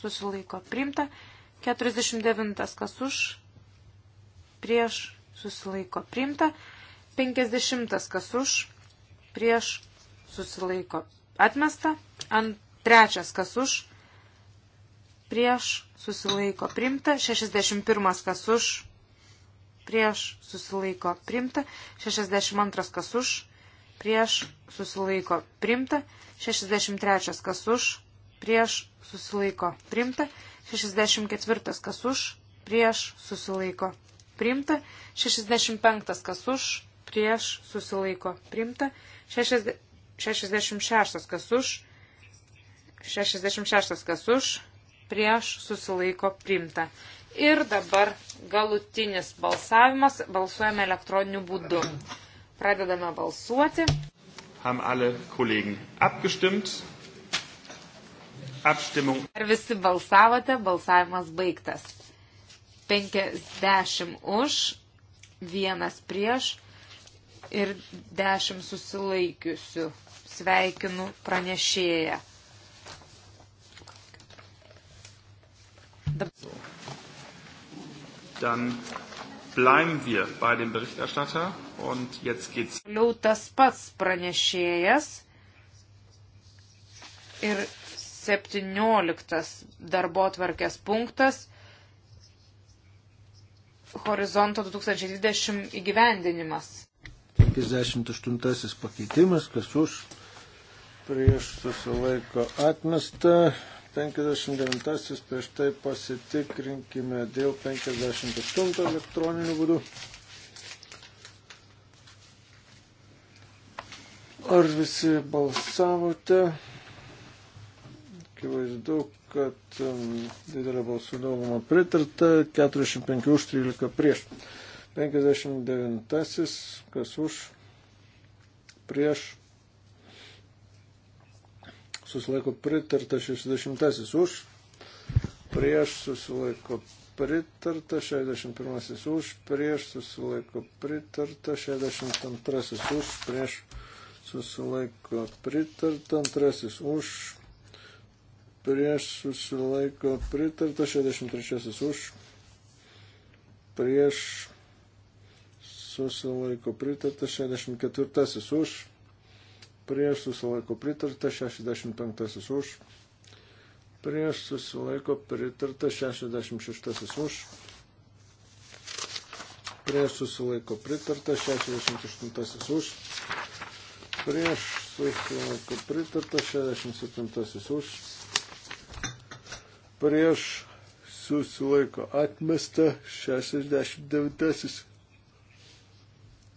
Speaker 2: susilaiko priimta, 49 kas už, prieš susilaiko priimta, 50 kas už, prieš susilaiko atmesta, ant trečias kas už, prieš susilaiko priimta, 61 kas už, prieš susilaiko priimta, 62 kas už, prieš susilaiko priimta, 63 kas už, prieš susilaiko priimta, 64 kas už, prieš susilaiko priimta, 65 kas už, prieš susilaiko priimta, 66 kas už, 66 kas už, prieš susilaiko priimta. Ir dabar galutinis balsavimas, balsuojame elektroniniu būdu. Pradedame balsuoti.
Speaker 1: Haben alle Kollegen abgestimmt. Abstimmung.
Speaker 2: Ar visi balsavote? Balsavimas baigtas. 50 už, vienas prieš ir 10 susilaikiusių. Sveikinu pranešėją.
Speaker 1: Dann bleiben wir bei dem Berichterstatter und jetzt geht's.
Speaker 2: Toliau tas pats pranešėjas ir 17 darbo tvarkės punktas horizonto 2020 įgyvendinimas.
Speaker 3: 58 pakeitimas, kas už prieš susilaiko atmesta. 59 prieš tai pasitikrinkime dėl 58 elektroninių būdų. Ar visi balsavote? Akivaizdu, kad um, didelė balsų dauguma pritarta, 45 už 13 prieš. 59 kas už prieš. Susilaiko pritarta 60 už. Prieš susilaiko pritarta 61 už. Prieš susilaiko pritarta 62 už. Prieš susilaiko pritarta antrasis už prieš susilaiko pritarta, 63 už, prieš susilaiko pritarta, 64 už, prieš susilaiko pritarta, 65 už, prieš susilaiko pritarta, 66 už, prieš susilaiko pritarta, 68 už, prieš susilaiko pritarta, 67 už prieš susilaiko atmesta 69.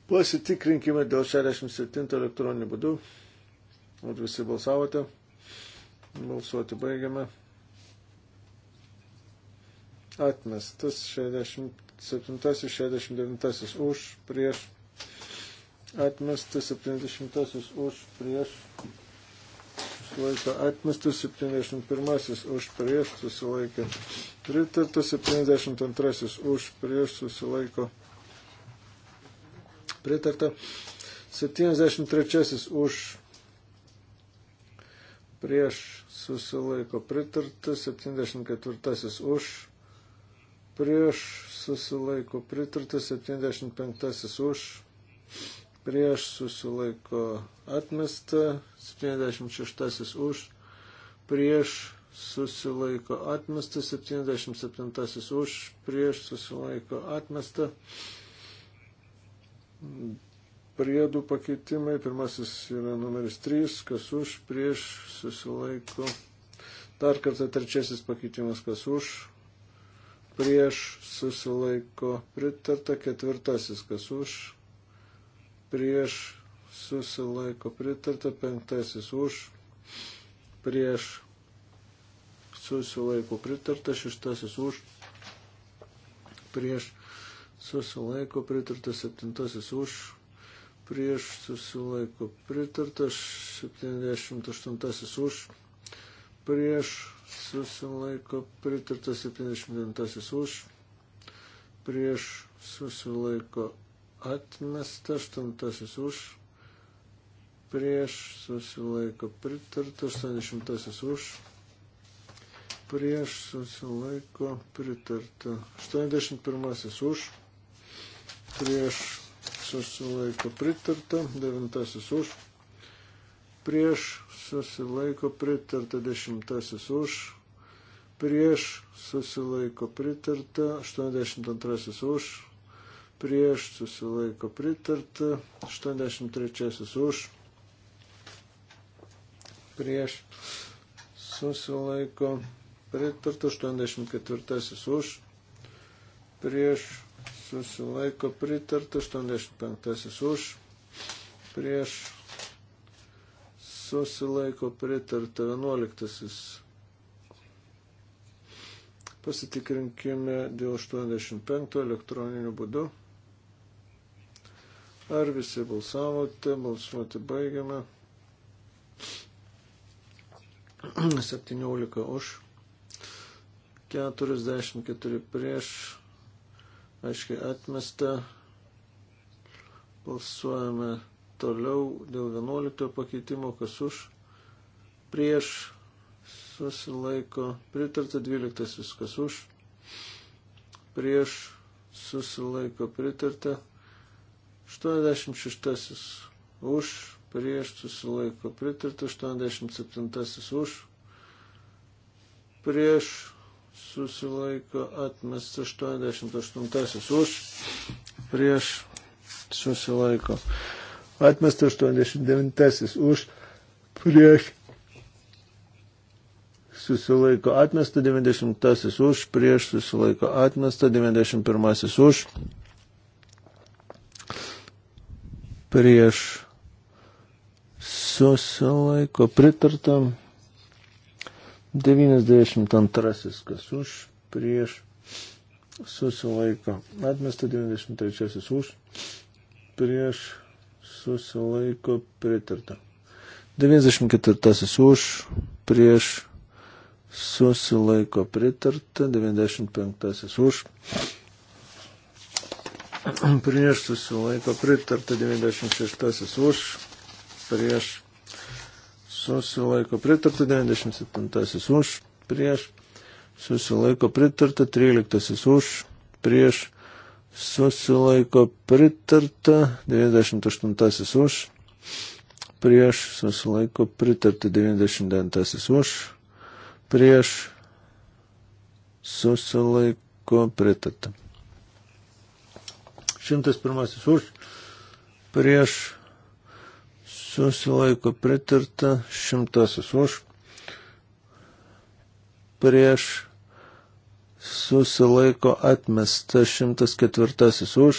Speaker 3: Pasitikrinkime dėl 67 elektroninių būdų. Ar visi balsavote? Balsuoti baigiame. Atmestas 67-69 už prieš. Atmestas 70 už prieš susilaiko atmestas 71 už prieš susilaiko pritartas 72 už prieš susilaiko pritarta 73 už prieš susilaiko pritartas 74 už prieš susilaiko pritartas 75 už prieš susilaiko atmesta, 76 už, prieš susilaiko atmesta, 77 už, prieš susilaiko atmesta. Priedų pakeitimai, pirmasis yra numeris 3, kas už, prieš susilaiko. Dar kartą trečiasis pakeitimas, kas už, prieš susilaiko pritarta, ketvirtasis, kas už, prieš susilaiko pritarta, penktasis už, prieš susilaiko pritarta, šeštasis už, prieš susilaiko pritarta, septintasis už, prieš susilaiko pritarta, septyniasdešimt aštuntasis už, prieš susilaiko pritarta, septyniasdešimt devintasis už, prieš susilaiko pritarta atmesta, aštuntasis už, prieš, susilaiko pritarta, aštuonišimtasis už, prieš, susilaiko pritarta, aštuonidešimt pirmasis už, prieš, susilaiko pritarta, devintasis už, prieš, susilaiko pritarta, dešimtasis už, prieš, susilaiko pritarta, aštuonidešimt antrasis už, prieš susilaiko pritarta, 83 už, prieš susilaiko pritarta, 84 už, prieš susilaiko pritarta, 85 už, prieš susilaiko pritarta, 11 pasitikrinkime dėl 85 elektroninių būdų. Ar visi balsavote? Balsuoti baigiame. 17 už, 44 prieš, aiškiai atmesta. Balsuojame toliau dėl 11 pakeitimo, kas už, prieš, susilaiko, pritarta 12, viskas už, prieš, susilaiko, pritarta 86 už, prieš susilaiko pritarta, 87 už, prieš susilaiko atmesta, 88 už, prieš susilaiko atmesta, 89 už, prieš susilaiko atmesta, 90 už, prieš susilaiko atmesta, 91 už prieš susilaiko pritartam 92 kas už prieš susilaiko atmesta 93 už prieš susilaiko pritartam 94 už prieš susilaiko pritarta 95 už prieš susilaiko pritarta 96 už, prieš susilaiko pritarta 97 už, prieš susilaiko pritarta 13 už, prieš susilaiko pritarta 98 už, prieš susilaiko pritarta 99 už, prieš susilaiko pritarta. 101 už, prieš susilaiko pritarta, 100 už, prieš susilaiko atmesta, 104 už,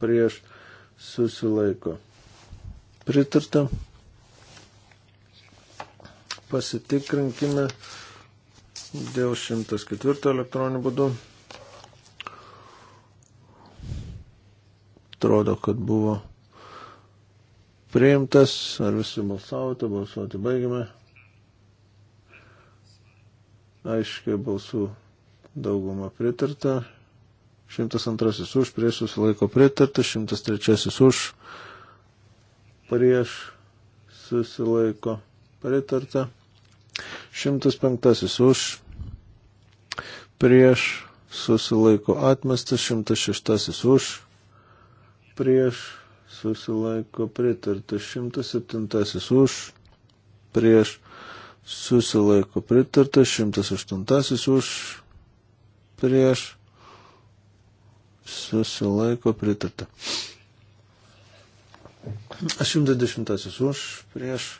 Speaker 3: prieš susilaiko pritarta. Pasitikrinkime dėl 104 elektroninių būdų. atrodo, kad buvo priimtas. Ar visi balsavote, balsuoti baigime. Aiškiai balsų dauguma pritarta. 102 už, prieš susilaiko pritarta, 103 už, prieš susilaiko pritarta, 105 už, prieš susilaiko atmestas, 106 už, prieš susilaiko pritarta 107 už, prieš susilaiko pritarta 108 už, prieš susilaiko pritarta. 110 už, prieš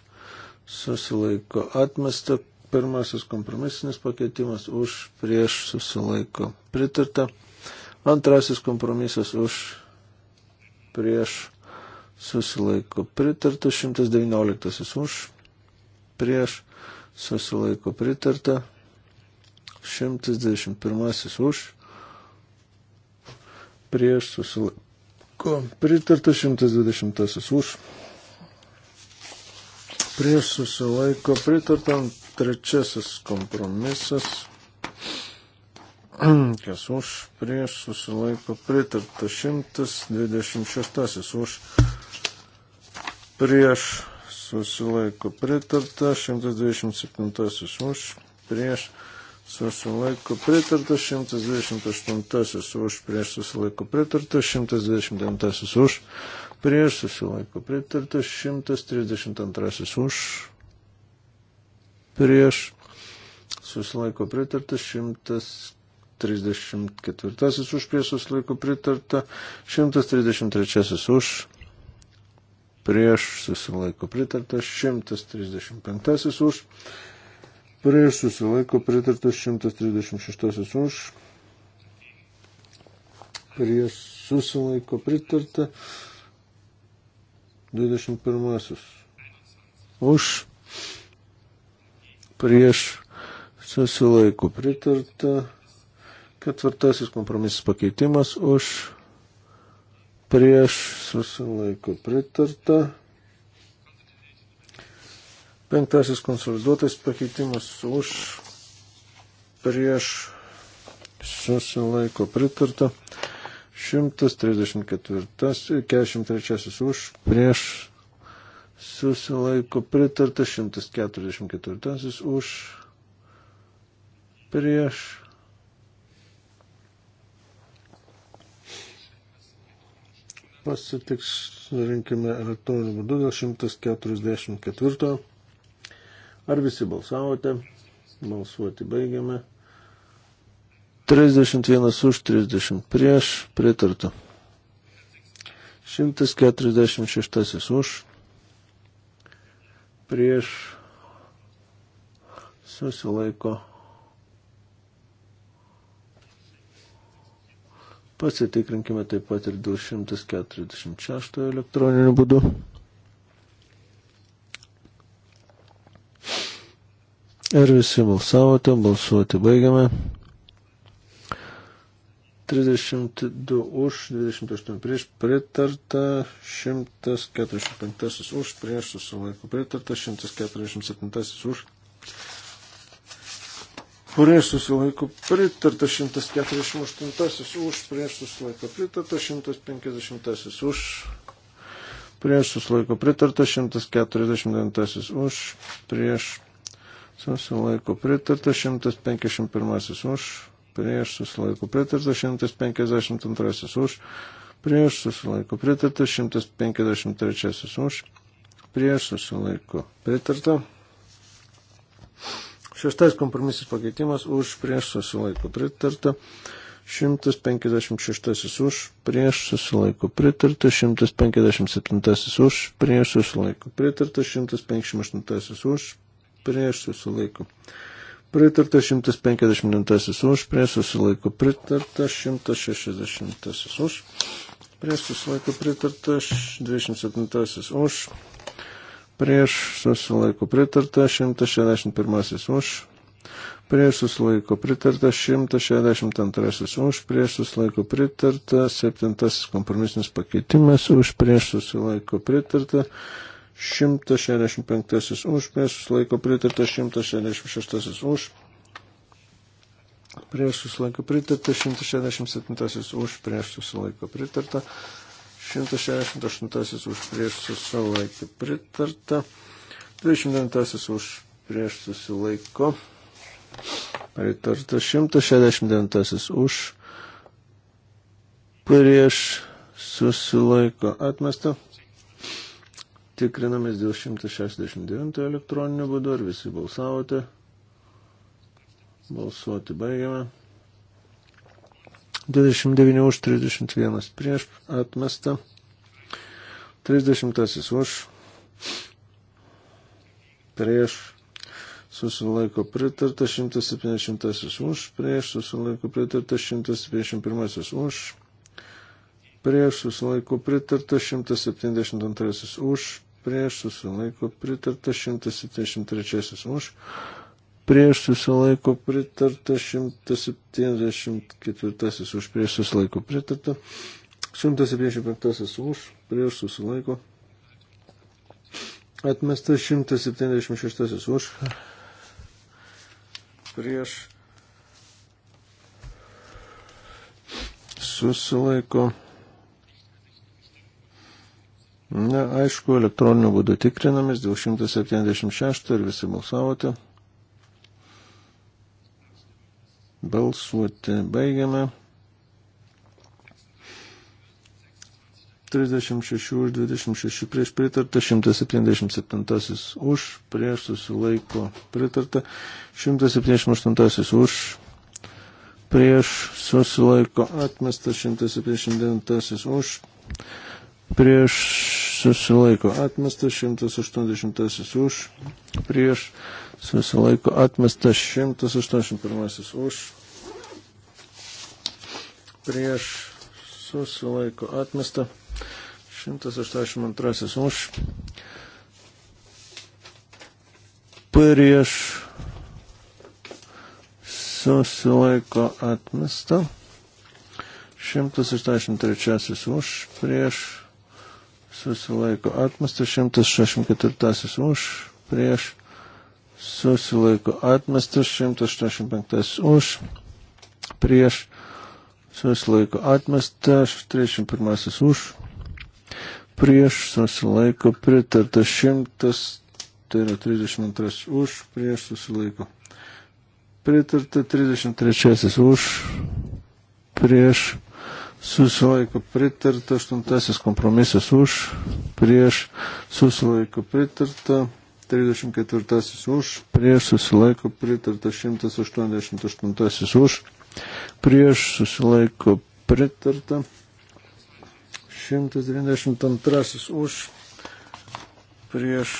Speaker 3: susilaiko atmesta, pirmasis kompromisinis pakeitimas už, prieš susilaiko pritarta, antrasis kompromisas už, prieš susilaiko pritarta, 119 už, prieš susilaiko pritarta, 121 už, prieš susilaiko pritarta, 120 už, prieš susilaiko pritarta, trečiasis kompromisas. Kas už, prieš, susilaiko pritarta. 126 už, prieš, susilaiko pritarta. 127 už, prieš, susilaiko pritarta, 128 už, prieš susilaiko pritarta, 129 už, prieš susilaiko pritarta, 132 už, prieš susilaiko pritarta, 140 134 už prieš susilaiko pritarta, 133 už prieš susilaiko pritarta, 135 už prieš susilaiko pritarta, 136 už prieš susilaiko pritarta, 21 už prieš susilaiko pritarta. Ketvirtasis kompromisas pakeitimas už prieš susilaiko pritarta. Penktasis konsoliduotas pakeitimas už prieš susilaiko pritarta. 134, 43 už prieš susilaiko pritarta. 144 už prieš pasitiksrinkime elektroniniu būdu dėl 144. Ar visi balsavote? Balsuoti baigiame. 31 už 30 prieš pritarta. 146 už prieš susilaiko Pasitikrinkime taip pat ir 246 elektroniniu būdu. Ir visi balsavote, balsuoti baigiame. 32 už, 28 prieš pritarta, 145 už, prieš susilaiko pritarta, 147 už, prieš susilaiko pritarta 148, už prieš susilaiko pritarta 150, už prieš susilaiko pritarta 149, už prieš susilaiko pritarta 151, už prieš susilaiko pritarta 152, už prieš susilaiko pritarta 153, už prieš susilaiko pritarta. Šeštas kompromisas pakeitimas už prieš susilaiko pritarta. 156 už prieš susilaiko pritarta, 157 už prieš susilaiko pritarta, 158 už prieš susilaiko pritarta, 159 už prieš susilaiko pritarta, 160 už prieš susilaiko pritarta, 27 už prieš susilaiko pritarta 161 už, prieš susilaiko pritarta 162 už, prieš susilaiko pritarta 7 kompromisinis pakeitimas už, prieš susilaiko pritarta 165 už, prieš susilaiko pritarta 166 už. Prieš susilaiko pritarta 167 už, prieš susilaiko pritarta 168 už prieš susilaikė pritarta. 29 už prieš susilaiko pritarta. 169 už prieš susilaiko atmesta. Tikrinamės dėl 169 elektroninių būdų, ar visi balsavote. Balsuoti baigiame. 29 už 31 prieš atmestą. 30 už prieš susilaiko pritarta 170 už prieš susilaiko pritarta 171 už prieš susilaiko pritarta 172 už prieš susilaiko pritarta 173 už prieš susilaiko pritarta, 174 už prieš susilaiko pritarta, 175 už prieš susilaiko atmesta, 176 už prieš susilaiko. Na, aišku, elektroniniu būdu tikrinamės dėl 176 ir visi balsavote. Balsuoti baigiame. 36 už 26 prieš pritarta, 177 už prieš susilaiko pritarta, 178 už prieš susilaiko atmestas, 179 už prieš susilaiko atmestas, 180 už prieš susilaiko atmestas 181 už, prieš susilaiko atmestą 182 už, prieš susilaiko atmestą 183 už, prieš susilaiko atmestą 164 už, prieš susilaiko atmestas, 185 už, prieš susilaiko atmestas, 31 už, prieš susilaiko pritarta 100, tai yra 32 už, prieš susilaiko pritarta 33 už, prieš susilaiko pritarta 8 kompromisas už, prieš susilaiko pritarta 34 už, prieš susilaiko pritarta 188 už, prieš susilaiko pritarta 192 už, prieš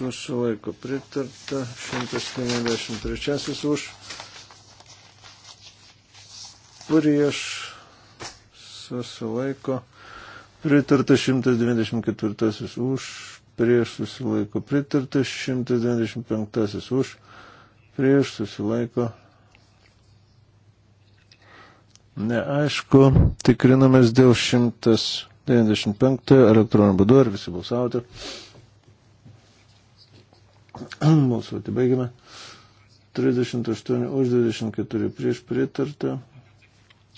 Speaker 3: susilaiko pritarta 193 už, prieš susilaiko pritarta 124 už prieš susilaiko pritartas, 195 už, prieš susilaiko. Neaišku, tikrinamės dėl 195 elektroninių būdų, ar visi balsavote. Balsuoti baigime. 38 už, 24 prieš pritartą,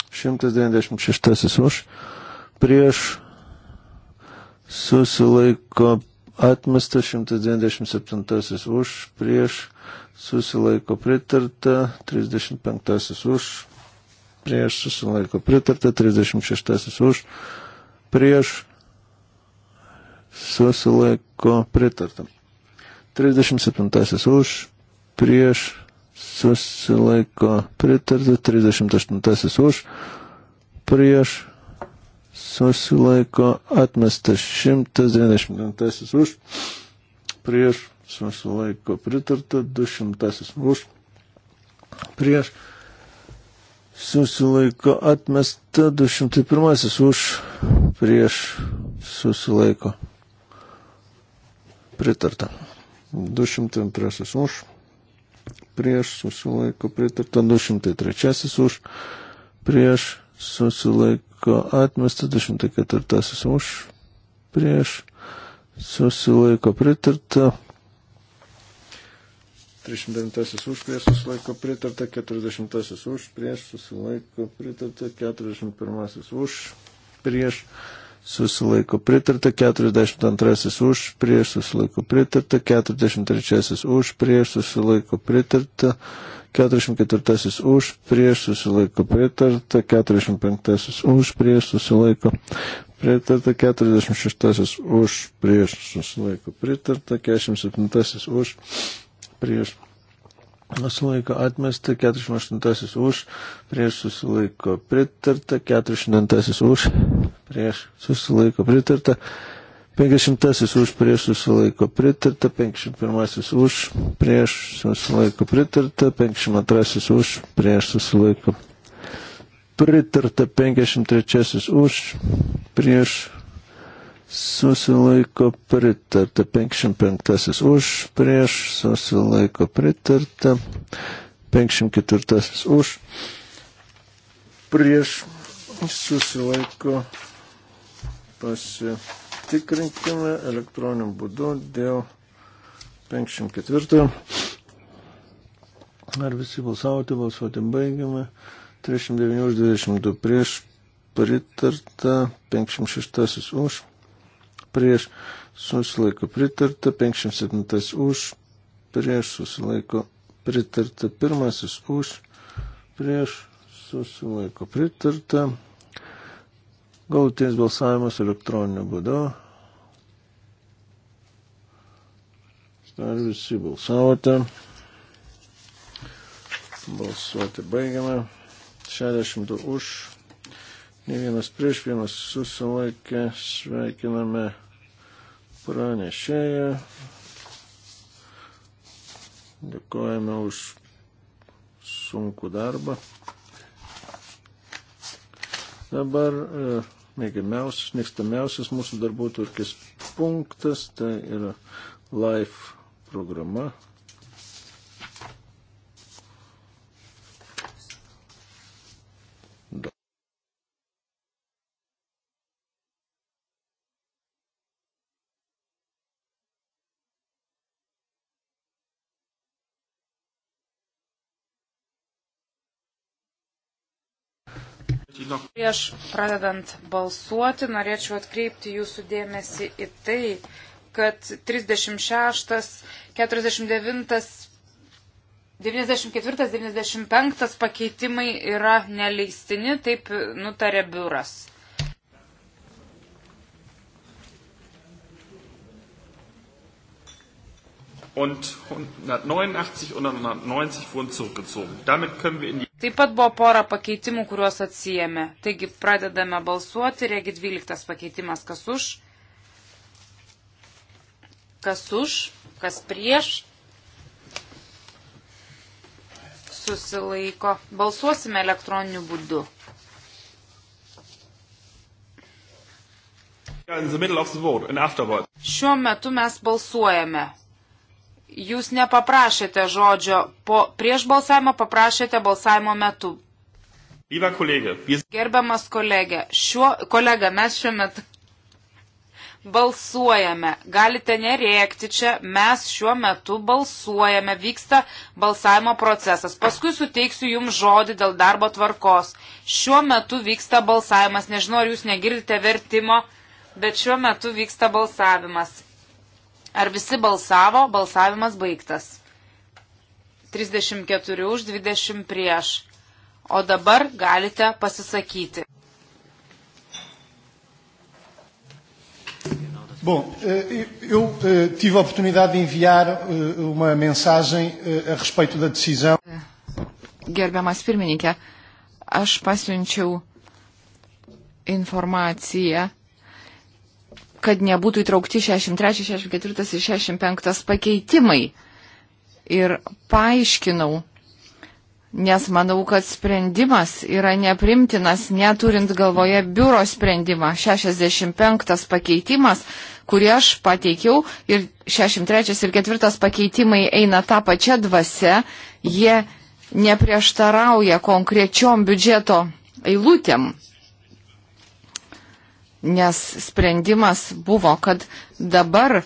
Speaker 3: 196 už, prieš susilaiko atmestas 197 už, prieš susilaiko pritarta, 35 už, prieš susilaiko pritarta, 36 už, prieš susilaiko pritarta, 37 už, prieš susilaiko pritarta, 38 už, prieš susilaiko atmestas 199 už, prieš susilaiko pritarta 200 už, prieš susilaiko atmesta 201 už, prieš susilaiko pritarta 202 už, prieš susilaiko pritarta 203 už, prieš susilaiko susilaiko atmesta, 204 už prieš susilaiko pritarta. 309 už prieš susilaiko pritarta, 40 už prieš susilaiko pritarta, 41 už prieš susilaiko pritarta, 42 už prieš susilaiko pritarta, 43 už prieš susilaiko pritarta, 43 44 už, prieš susilaiko pritarta, 45 už, prieš susilaiko pritarta, 46 už, prieš susilaiko pritarta, 47 už, prieš susilaiko atmesta, 48 už, prieš susilaiko pritarta, 49 už, prieš susilaiko pritarta. 50 už prieš susilaiko pritarta, 51 už prieš susilaiko pritarta, 52 už prieš susilaiko pritarta, 53 už prieš susilaiko pritarta, 55 už prieš susilaiko pritarta, 54 už prieš susilaiko pasipritarta Pasitikrinkime elektroniniu būdu dėl 54. Ar visi balsavote, balsuoti baigiame. 39 už 22 prieš pritarta, 56 už prieš susilaiko pritarta, 57 už prieš susilaiko pritarta, pirmasis už prieš susilaiko pritarta. Galutinis balsavimas elektroniniu būdu. Ar visi balsavote? Balsuoti baigiame. 60 už. Ne vienas prieš, vienas susilaikė. Sveikiname pranešėją. Dėkojame už sunkų darbą. Dabar e, mėgimiausias, mėgstamiausias mūsų darbų turkis punktas, tai yra Life programa.
Speaker 2: Prieš pradedant balsuoti, norėčiau atkreipti jūsų dėmesį į tai, kad 36, 49, 94, 95 pakeitimai yra neleistini, taip nutarė biuras.
Speaker 1: und 189 und 190 wurden zurückgezogen. Damit können wir in die Taip pat buvo pora
Speaker 2: pakeitimų, kuriuos atsijėmė. Taigi pradedame balsuoti, regi 12 pakeitimas kas už, Kas už, kas prieš. Susilaiko. Balsuosime elektroniniu būdu. Šiuo metu mes balsuojame. Jūs nepaprašėte žodžio, po, prieš balsavimą paprašėte balsavimo metu. Gerbiamas kolegė, šiuo, kolega, mes šiuo metu balsuojame. Galite nerėkti čia, mes šiuo metu balsuojame, vyksta balsavimo procesas. Paskui suteiksiu jums žodį dėl darbo tvarkos. Šiuo metu vyksta balsavimas, nežinau, ar jūs negirdite vertimo, bet šiuo metu vyksta balsavimas. Ar visi balsavo, balsavimas baigtas. 34 už 20 prieš. O dabar galite pasisakyti.
Speaker 3: Bom, eh, eu eh, tive a oportunidade de enviar eh, uma mensagem a respeito da decisão.
Speaker 4: Gerbiamas pirmininkė, aš pasiunčiau informaciją, kad nebūtų įtraukti 63, 64 ir 65 pakeitimai. Ir paaiškinau, nes manau, kad sprendimas yra neprimtinas, neturint galvoje biuro sprendimą. 65 pakeitimas, kurį aš pateikiau, ir 63 ir 4 pakeitimai eina tą pačią dvasę, jie neprieštarauja konkrečiom biudžeto eilutėm. Nes sprendimas buvo, kad dabar e,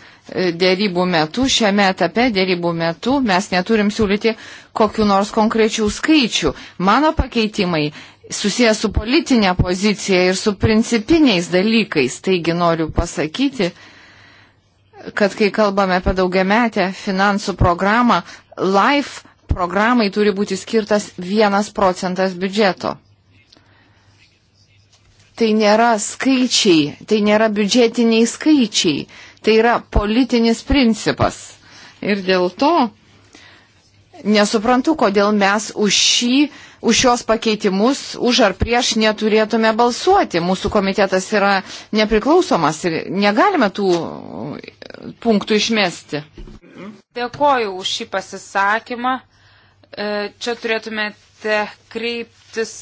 Speaker 4: dėrybų metu, šiame etape dėrybų metu mes neturim siūlyti kokiu nors konkrečių skaičių. Mano pakeitimai susijęs su politinė pozicija ir su principiniais dalykais. Taigi noriu pasakyti, kad kai kalbame apie daugiametę finansų programą, LIFE programai turi būti skirtas vienas procentas biudžeto. Tai nėra skaičiai, tai nėra biudžetiniai skaičiai, tai yra politinis principas. Ir dėl to nesuprantu, kodėl mes už šį, už šios pakeitimus, už ar prieš neturėtume balsuoti. Mūsų komitetas yra nepriklausomas ir negalime tų punktų išmesti.
Speaker 2: Dėkoju už šį pasisakymą. E, čia turėtumėte kreiptis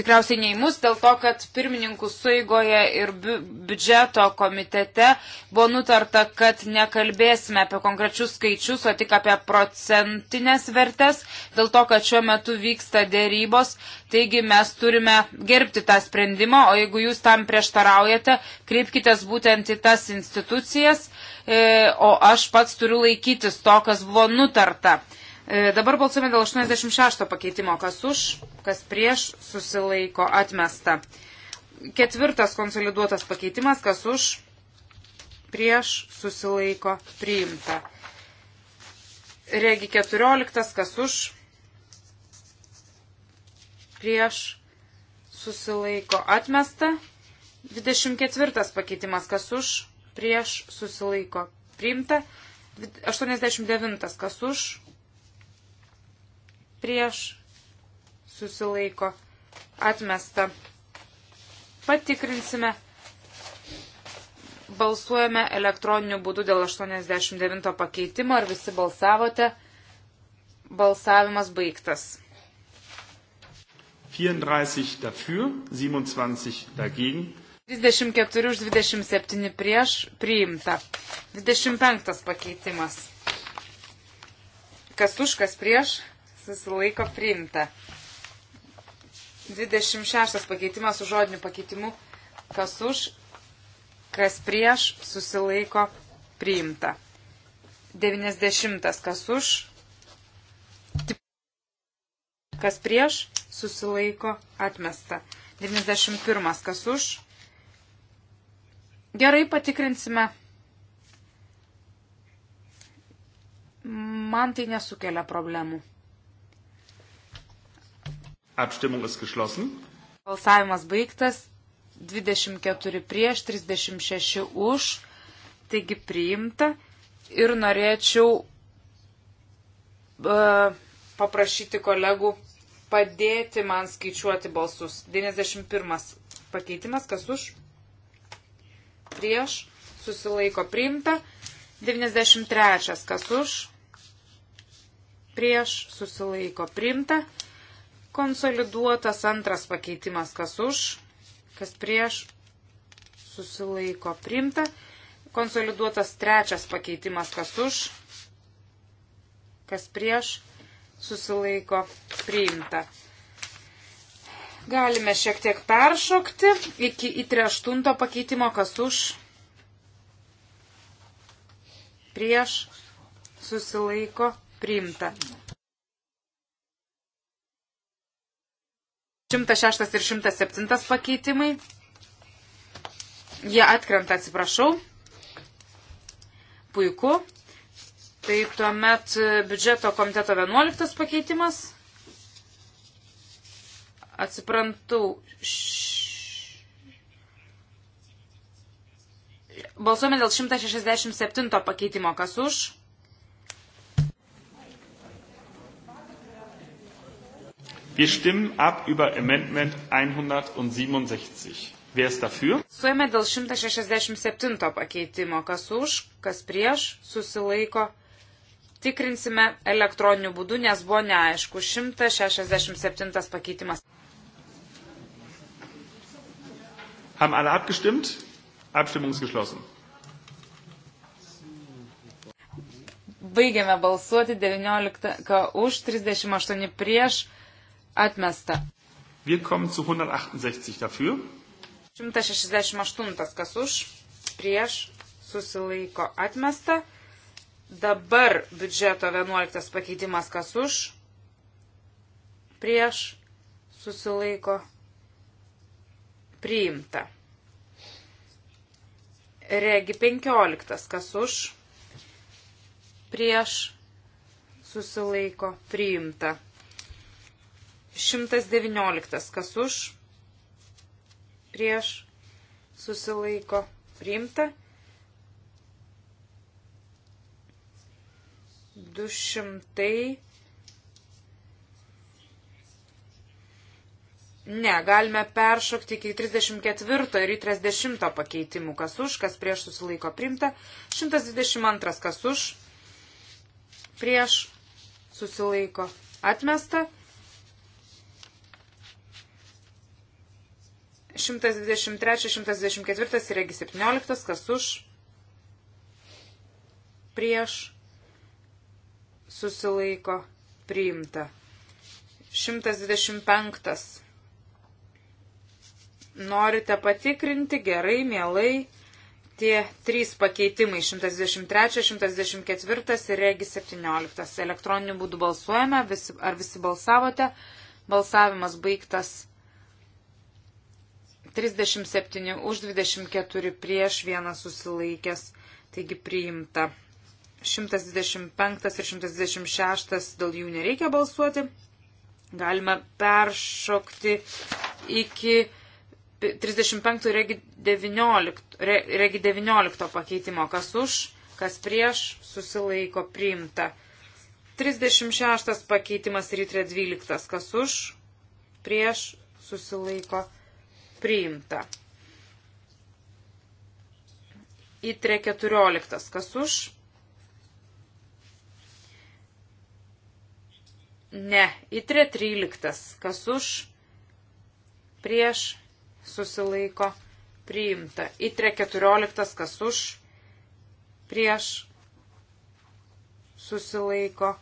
Speaker 2: tikriausiai nei mus, dėl to, kad pirmininkų suigoje ir bi biudžeto komitete buvo nutarta, kad nekalbėsime apie konkrečius skaičius, o tik apie procentinės vertės, dėl to, kad šiuo metu vyksta dėrybos. Taigi mes turime gerbti tą sprendimą, o jeigu jūs tam prieštaraujate, kreipkite būtent į tas institucijas, e, o aš pats turiu laikytis to, kas buvo nutarta. E, dabar balsuojame dėl 86 pakeitimo. Kas už, kas prieš, susilaiko atmesta. Ketvirtas konsoliduotas pakeitimas. Kas už, prieš, susilaiko priimta. Regi 14. Kas už, prieš, susilaiko atmesta. 24 pakeitimas. Kas už, prieš, susilaiko priimta. 89. Kas už, prieš susilaiko atmesta. Patikrinsime. Balsuojame elektroniniu būdu dėl 89 pakeitimo. Ar visi balsavote? Balsavimas baigtas.
Speaker 1: 34 dafür, 27 dagegen.
Speaker 2: 34 už 27 prieš priimta. 25 pakeitimas. Kas už, kas prieš? susilaiko priimta. 26 pakeitimas su žodiniu pakeitimu, kas už, kas prieš, susilaiko priimta. 90 kas už, kas prieš, susilaiko atmesta. 91 kas už. Gerai patikrinsime. Man tai nesukelia problemų.
Speaker 1: Abstimmung ist geschlossen.
Speaker 2: Balsavimas baigtas. 24 prieš, 36 už. Taigi priimta. Ir norėčiau uh, paprašyti kolegų padėti man skaičiuoti balsus. 91 pakeitimas, kas už? Prieš, susilaiko priimta. 93 kas už? Prieš, susilaiko priimta. Konsoliduotas antras pakeitimas, kas už, kas prieš, susilaiko primta. Konsoliduotas trečias pakeitimas, kas už, kas prieš, susilaiko priimta. Galime šiek tiek peršokti iki įtreštunto pakeitimo, kas už, prieš, susilaiko priimta. 106 ir 107 pakeitimai. Jie atkrenta, atsiprašau. Puiku. Tai tuomet biudžeto komiteto 11 pakeitimas. Atsiprantau. Balsuojame dėl 167 pakeitimo. Kas už?
Speaker 1: Wir stimmen ab über Amendment 167. Wer ist dafür?
Speaker 2: Suėmė dėl 167 pakeitimo. Kas už, kas prieš, susilaiko. Tikrinsime elektroniniu būdu, nes buvo neaišku. 167 pakeitimas.
Speaker 1: Haben alle abgestimmt? Abstimmung ist geschlossen.
Speaker 2: Baigėme balsuoti 19 už, 38 prieš Atmesta.
Speaker 1: Wir kommen zu 168 dafür.
Speaker 2: 168 kas už, prieš, susilaiko atmesta. Dabar biudžeto 11 pakeitimas kas už, prieš, susilaiko priimta. Regi 15 kas už, prieš, susilaiko priimta. 119. Kas už? Prieš susilaiko priimta. 200. Ne, galime peršokti iki 34 ir 30 pakeitimų, kas už, kas prieš susilaiko primta. 122, kas už, prieš susilaiko atmesta. 123, 124 ir 17, kas už, prieš, susilaiko, priimta. 125. Norite patikrinti, gerai, mielai, tie trys pakeitimai 123, 124 ir regi 17. Elektroniniu būdu balsuojame, visi, ar visi balsavote, balsavimas baigtas 37 už 24 prieš vieną susilaikęs, taigi priimta. 125 ir 126 dėl jų nereikia balsuoti. Galima peršokti iki 35 regi 19, regi 19 pakeitimo, kas už, kas prieš, susilaiko priimta. 36 pakeitimas rytrė 12, kas už, prieš, susilaiko priimta priimta. Įtre 14. Kas už? Ne. Įtre 13. Kas už? Prieš susilaiko priimta. Įtre 14. Kas už? Prieš susilaiko.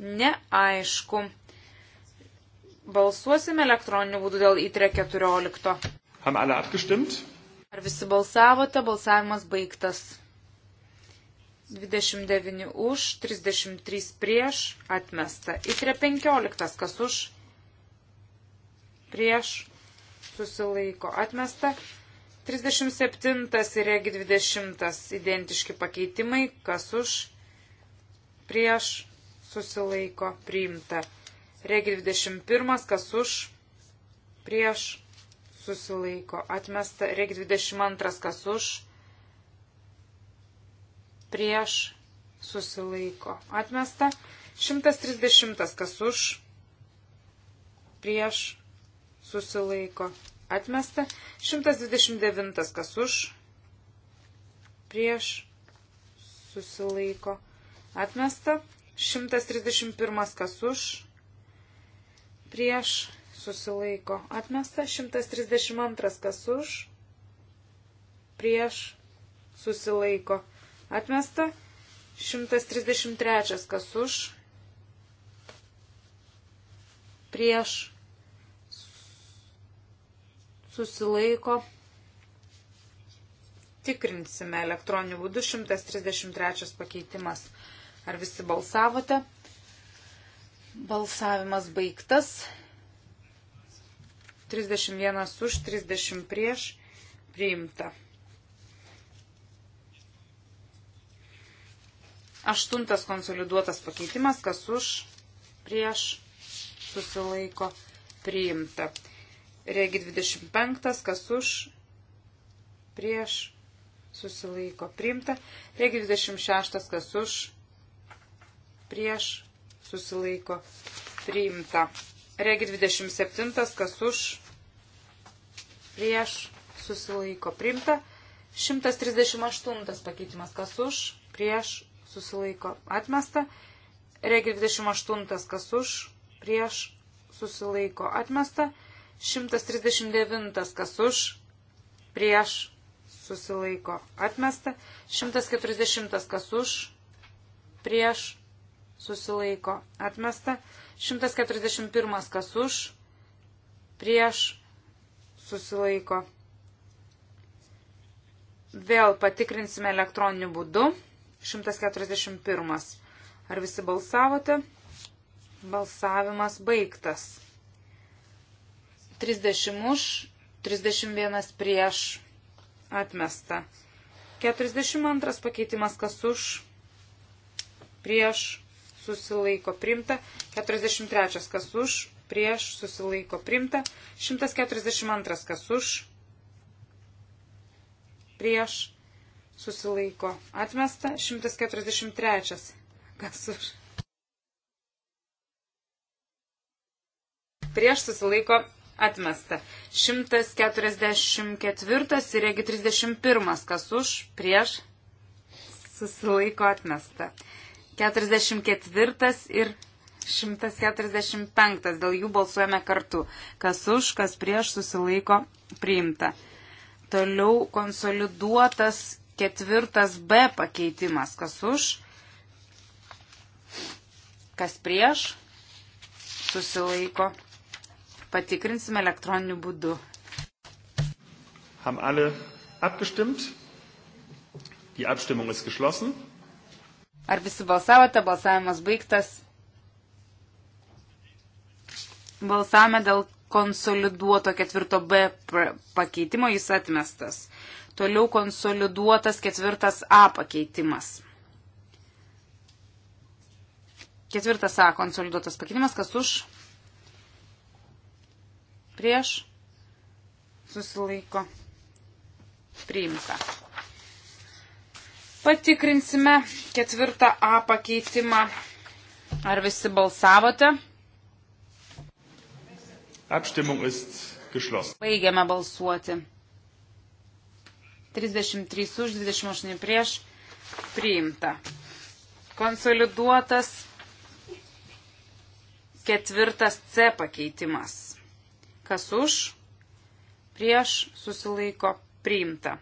Speaker 2: Neaišku. Balsuosime elektroniniu būdu dėl įtrė 14.
Speaker 1: E
Speaker 2: Ar visi balsavote? Balsavimas baigtas. 29 už, 33 prieš, atmesta. Įtrė 15, e kas už, prieš, susilaiko, atmesta. 37 ir regi 20 identiški pakeitimai, kas už, prieš, susilaiko, priimta. Regi 21, kas už, prieš, susilaiko, atmesta. Regi 22, kas už, prieš, susilaiko, atmesta. 130, kas už, prieš, susilaiko, atmesta. 129, kas už, prieš, susilaiko, atmesta. 131, kas už, prieš susilaiko atmesta, 132 kas už, prieš susilaiko atmesta, 133 kas už, prieš susilaiko tikrinsime elektroniniu būdu 133 pakeitimas. Ar visi balsavote? Balsavimas baigtas. 31 už, 30 prieš. Priimta. Aštuntas konsoliduotas pakeitimas, kas už, prieš, susilaiko, priimta. Regi 25, kas už, prieš, susilaiko, priimta. Regi 26, kas už, prieš, susilaiko priimta. Regi 27, kas už, prieš, susilaiko priimta. 138 pakeitimas, kas už, prieš, susilaiko atmesta. Regi 28, kas už, prieš, susilaiko atmesta. 139, kas už, prieš, susilaiko atmesta. 140, kas už, prieš, susilaiko atmesta. 141 kas už, prieš susilaiko. Vėl patikrinsime elektroniniu būdu. 141. Ar visi balsavote? Balsavimas baigtas. 30 už, 31 prieš atmesta. 42 pakeitimas kas už, prieš susilaiko primta, 43 kas už, prieš susilaiko primta, 142 kas už, prieš susilaiko atmesta, 143 kas už. Prieš susilaiko atmesta. 144 ir regi 31, kas už, prieš, susilaiko atmesta. 44 ir 145. Dėl jų balsuojame kartu. Kas už, kas prieš susilaiko priimta. Toliau konsoliduotas ketvirtas B pakeitimas. Kas už, kas prieš susilaiko. Patikrinsime elektroniniu būdu.
Speaker 1: Haben alle abgestimmt? Die Abstimmung ist geschlossen.
Speaker 2: Ar visi balsavote? Balsavimas baigtas. Balsavome dėl konsoliduoto ketvirto B pakeitimo, jis atmestas. Toliau konsoliduotas ketvirtas A pakeitimas. Ketvirtas A konsoliduotas pakeitimas, kas už? Prieš? Susilaiko. Priimta. Patikrinsime ketvirtą A pakeitimą. Ar visi balsavote?
Speaker 1: Abstimmung ist geschlossen.
Speaker 2: Baigiame balsuoti. 33 už, 28 prieš. Priimta. Konsoliduotas ketvirtas C pakeitimas. Kas už, prieš, susilaiko, priimta.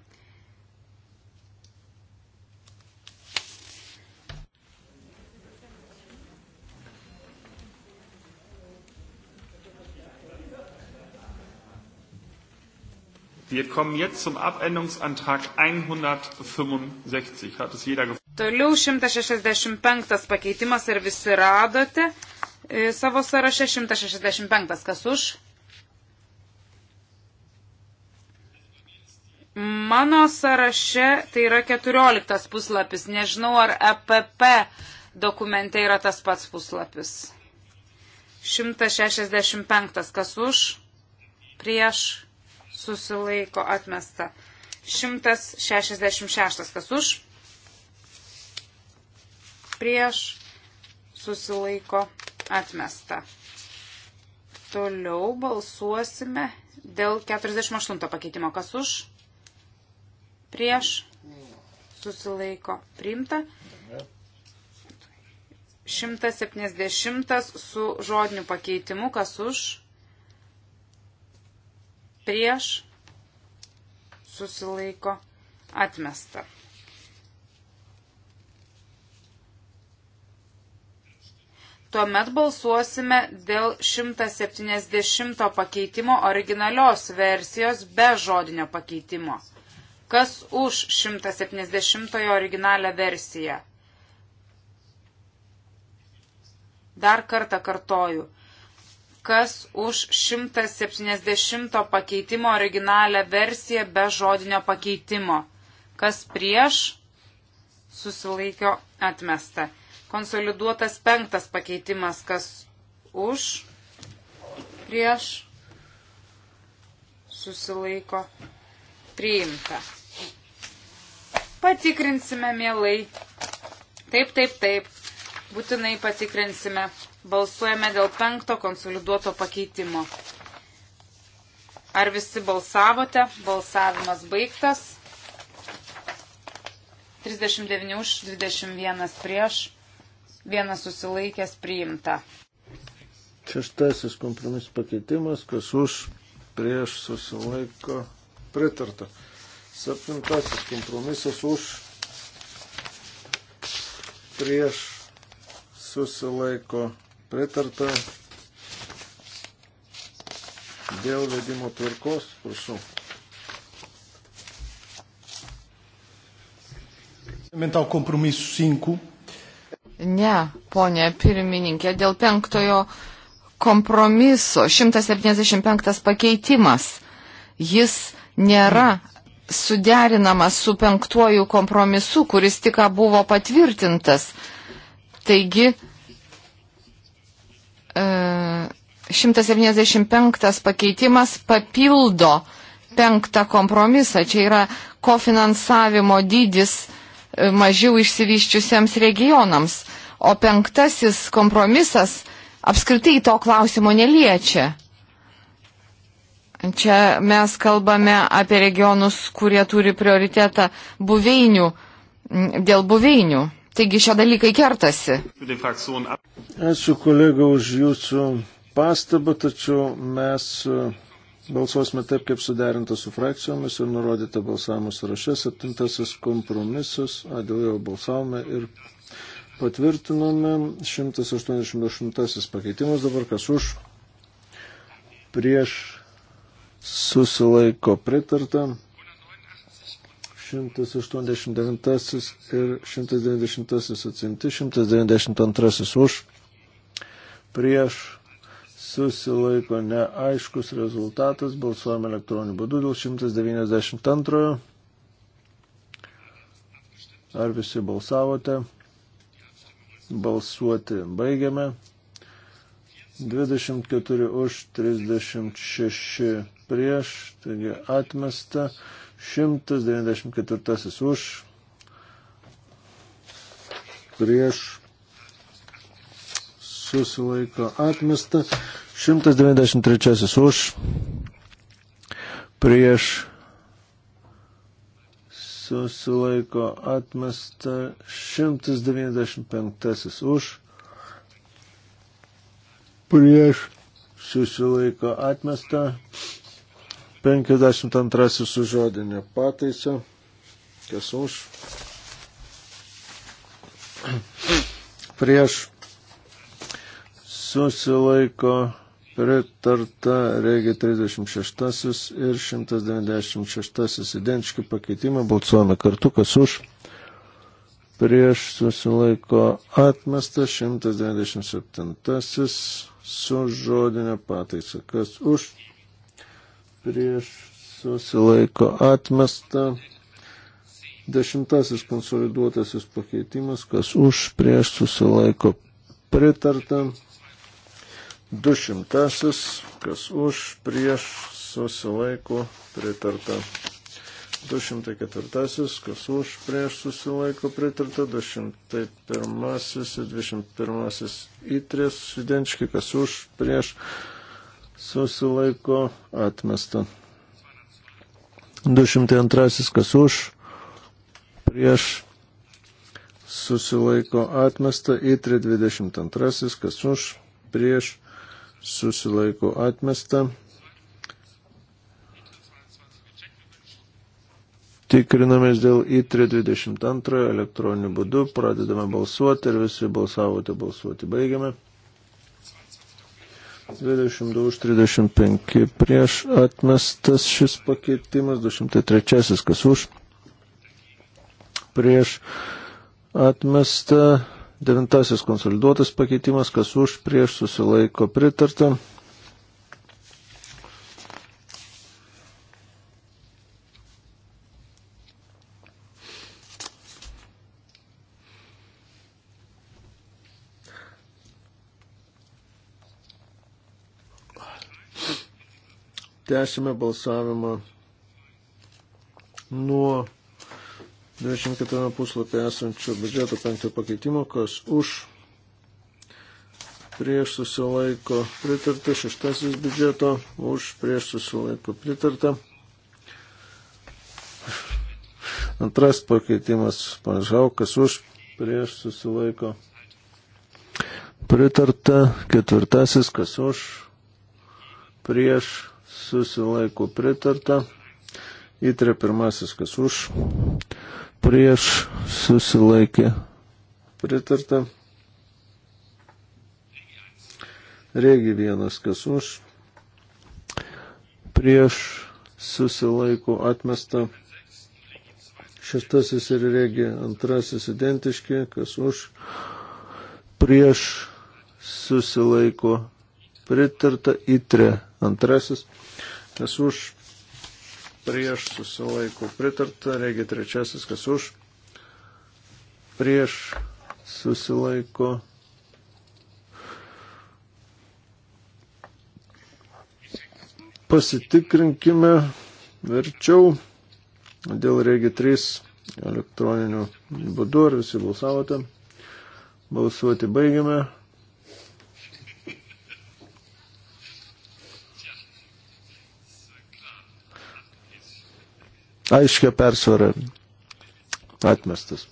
Speaker 1: Wir kommen jetzt zum Abänderungsantrag 165. Hat es jeder gefunden?
Speaker 2: Toliau 165 pakeitimas ir visi radote e, savo sąraše 165. Kas už? Mano sąraše tai yra 14 puslapis. Nežinau, ar EPP dokumente yra tas pats puslapis. 165. Kas už? Prieš susilaiko atmesta. 166 kas už, prieš susilaiko atmesta. Toliau balsuosime dėl 48 pakeitimo kas už, prieš susilaiko priimta. 170 su žodiniu pakeitimu kas už prieš, susilaiko, atmesta. Tuomet balsuosime dėl 170 pakeitimo originalios versijos be žodinio pakeitimo. Kas už 170 originalią versiją? Dar kartą kartoju kas už 170 pakeitimo originalią versiją be žodinio pakeitimo. Kas prieš susilaikio atmesta. Konsoliduotas penktas pakeitimas, kas už prieš susilaiko priimta. Patikrinsime mielai. Taip, taip, taip. Būtinai patikrinsime. Balsuojame dėl penkto konsoliduoto pakeitimo. Ar visi balsavote? Balsavimas baigtas. 39 už, 21 prieš, vienas susilaikęs priimta.
Speaker 3: Šeštasis kompromis pakeitimas, kas už, prieš susilaiko pritarta. Septintasis kompromisas už, prieš susilaiko pritarta Pritarta dėl vedimo tvarkos, prašau. Mental kompromisų 5.
Speaker 4: Ne, ponė pirmininkė, dėl penktojo kompromiso 175 pakeitimas. Jis nėra suderinamas su penktuoju kompromisu, kuris tik buvo patvirtintas. Taigi 175 e, pakeitimas papildo penktą kompromisą. Čia yra kofinansavimo dydis e, mažiau išsivyščiusiems regionams. O penktasis kompromisas apskritai to klausimo neliečia. Čia mes kalbame apie regionus, kurie turi prioritetą buveinių, dėl buveinių. Taigi šie dalykai kertasi.
Speaker 3: Ačiū kolega už jūsų pastabą, tačiau mes e, balsuosime taip, kaip suderinta su frakcijomis ir nurodyta balsavimo sąraše. Septintasis kompromisas, a, dėl jo balsavome ir patvirtinome. 188 pakeitimas dabar, kas už, prieš, susilaiko pritarta. 189 ir 190 atsimti, 192 už, prieš susilaiko neaiškus rezultatas, balsuojame elektroniniu būdu dėl 192. Ar visi balsavote? Balsuoti baigiame. 24 už 36 prieš, taigi atmesta. 194 už, prieš susilaiko atmesta, 193 už, prieš susilaiko atmesta, 195 už, prieš susilaiko atmesta. 52 su žodinė pataisa. Kas už? Prieš susilaiko pritarta reikia 36 ir 196 identiški pakeitimai. Balsuojame kartu, kas už. Prieš susilaiko atmestas 197 su žodinė pataisa. Kas už? prieš susilaiko atmesta. Dešimtasis konsoliduotasis pakeitimas, kas už prieš susilaiko pritarta. Dušimtasis, kas už prieš susilaiko pritarta. 204, kas už prieš susilaiko pritarta, 201 ir 21 įtris, identiškai kas už prieš susilaiko atmesta. 202 kas už, prieš susilaiko atmesta, įtri 22 kas už, prieš susilaiko atmesta. Tikrinamės dėl I322 elektroniniu būdu, pradedame balsuoti ir visi balsavote balsuoti, baigiame. 22 už 35 prieš atmestas šis pakeitimas, 203 kas už, prieš atmestą, 9 konsoliduotas pakeitimas, kas už, prieš susilaiko pritarta. Tęsime balsavimą nuo 24 puslapį esančio biudžeto penktojo pakeitimo, kas už prieš susilaiko pritarta, šeštasis biudžeto už prieš susilaiko pritarta. Antras pakeitimas, pažaukas už prieš susilaiko pritarta, ketvirtasis, kas už prieš susilaiko pritarta. Įtrė pirmasis, kas už, prieš susilaikė pritarta. Regi vienas, kas už, prieš susilaiko atmesta. Šeštasis ir regi antrasis identiški, kas už, prieš susilaiko pritarta. Įtrė antrasis kas už, prieš susilaiko pritarta, regi trečiasis, kas už, prieš susilaiko. Pasitikrinkime verčiau dėl regi 3 elektroninių būdų, ar visi balsavote. Balsuoti baigiame. aiškia persvara atmestas.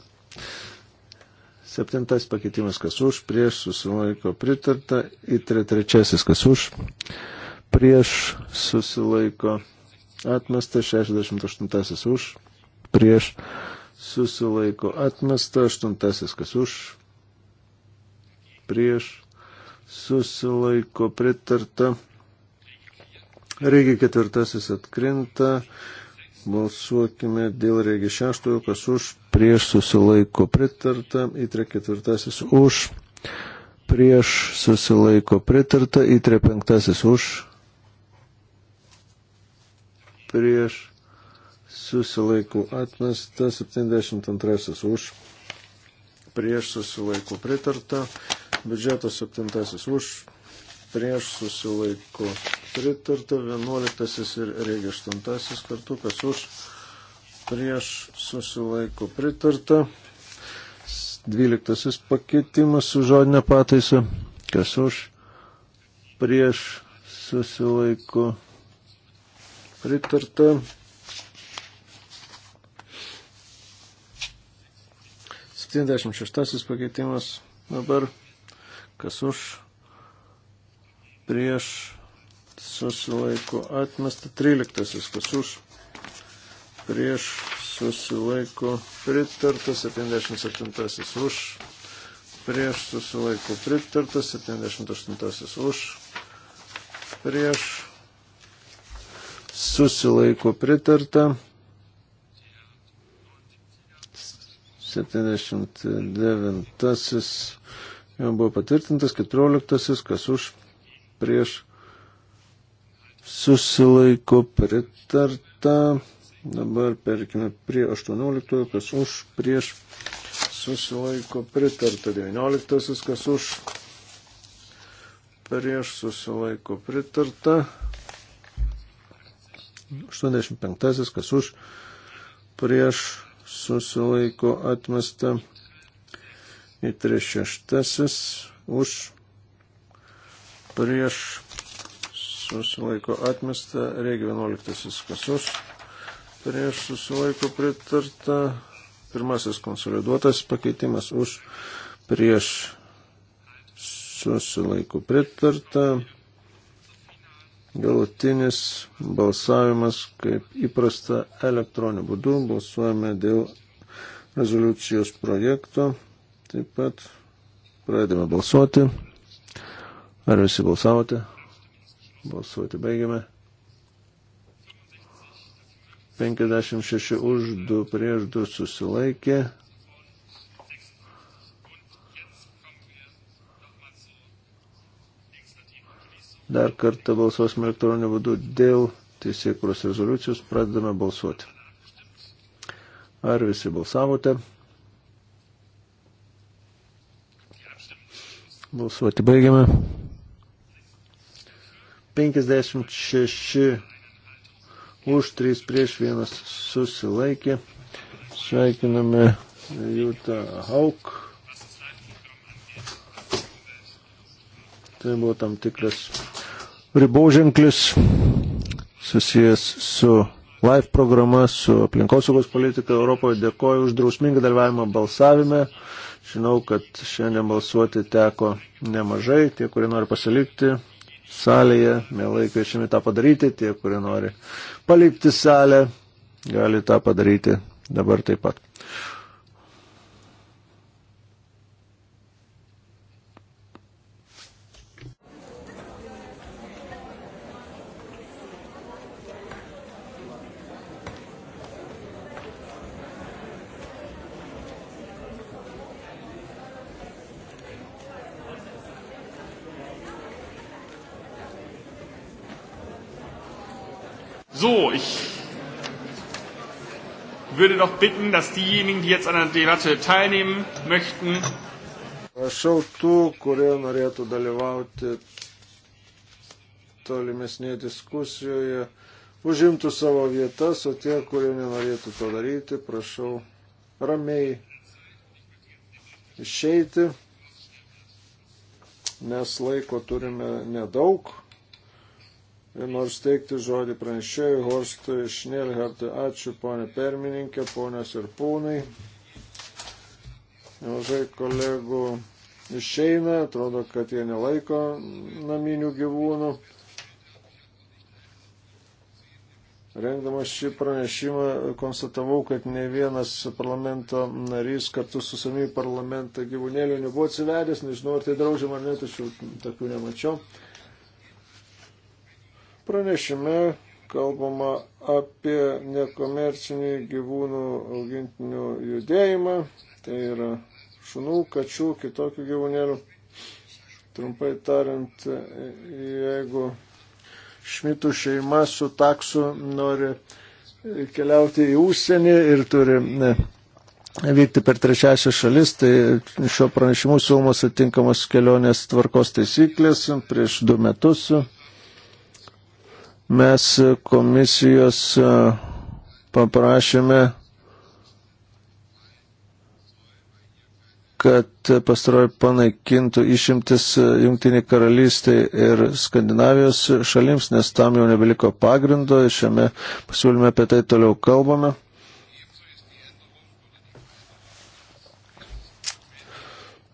Speaker 3: Septintas pakeitimas, kas už, prieš susilaiko pritarta, į tre, trečiasis, kas už, prieš susilaiko atmestas, 68 už, prieš susilaiko atmestas, 8 kas už, prieš susilaiko pritarta, reikia ketvirtasis atkrinta, Balsuokime dėl regi šeštojo, kas už, prieš susilaiko pritarta, įtre ketvirtasis už, prieš susilaiko pritarta, įtre penktasis už, prieš susilaiko atmesta, 72 už, prieš susilaiko pritarta, biudžeto 7 už prieš susilaiko. Pritarta 11 ir regi 8 kartu, kas už prieš susilaiko. Pritarta 12 pakeitimas su žodinė pataisa, kas už prieš susilaiko. Pritarta. Septyniasdešimt šeštasis pakeitimas dabar, kas už prieš susilaiko atmesta 13 kas už prieš susilaiko pritartas 77 už prieš susilaiko pritartas 78 už prieš susilaiko pritarta 79 jau buvo patvirtintas 14 kas už prieš susilaiko pritarta. Dabar perkime prie 18, kas už, prieš susilaiko pritarta. 19, kas už, prieš susilaiko pritarta. 85, kas už, prieš susilaiko atmesta. Į 36, už, prieš susilaiko atmesta, regi 11 kas už, prieš susilaiko pritarta, pirmasis konsoliduotas pakeitimas už, prieš susilaiko pritarta, galutinis balsavimas, kaip įprasta, elektroniniu būdu balsuojame dėl rezoliucijos projekto, taip pat pradedame balsuoti. Ar visi balsavote? Balsuoti baigiame. 56 už, 2 prieš, 2 susilaikė. Dar kartą balsuosime elektroniniu būdu dėl teisėkuros rezoliucijos. Pradedame balsuoti. Ar visi balsavote? Balsuoti baigiame. 56 už 3 prieš 1 susilaikė. Sveikiname Jūtą Hauk. Tai buvo tam tikras ribauženklis susijęs su live programa, su aplinkosaugos politika Europoje. Dėkoju už drausmingą dalyvavimą balsavime. Žinau, kad šiandien balsuoti teko nemažai, tie, kurie nori pasilikti, salėje, mielai kviečiami tą padaryti, tie, kurie nori palikti salę, gali tą padaryti dabar taip pat.
Speaker 1: So, ich würde doch bitten, dass diejenigen, die jetzt an der Debatte teilnehmen möchten.
Speaker 3: Prašau tų, kurie norėtų dalyvauti tolimesnėje diskusijoje, užimtų savo vietas, o tie, kurie nenorėtų to daryti, prašau ramiai išeiti, nes laiko turime nedaug nors teikti žodį pranešėjui Horstui Šnelhartui. Ačiū, ponė pirmininkė, ponės ir ponai. Nemažai kolegų išeina, atrodo, kad jie nelaiko naminių gyvūnų. Rengdamas šį pranešimą konstatavau, kad ne vienas parlamento narys kartu su sami parlamentą gyvūnėliu nebuvo atsivedęs, nežinau, ar tai draudžiama ar ne, tačiau tokių nemačiau. Pranešime kalbama apie nekomercinį gyvūnų augintinių judėjimą, tai yra šunų, kačių, kitokių gyvūnėlių. Trumpai tariant, jeigu šmitų šeima su taksu nori keliauti į užsienį ir turi ne, vykti per trečiasią šalis, tai šio pranešimu siūlomos atinkamos kelionės tvarkos taisyklės prieš du metus Mes komisijos e, paprašėme, kad pastaroji panaikintų išimtis e, Junktinį karalystį ir Skandinavijos šalims, nes tam jau nebeliko pagrindo ir šiame pasiūlyme apie tai toliau kalbame.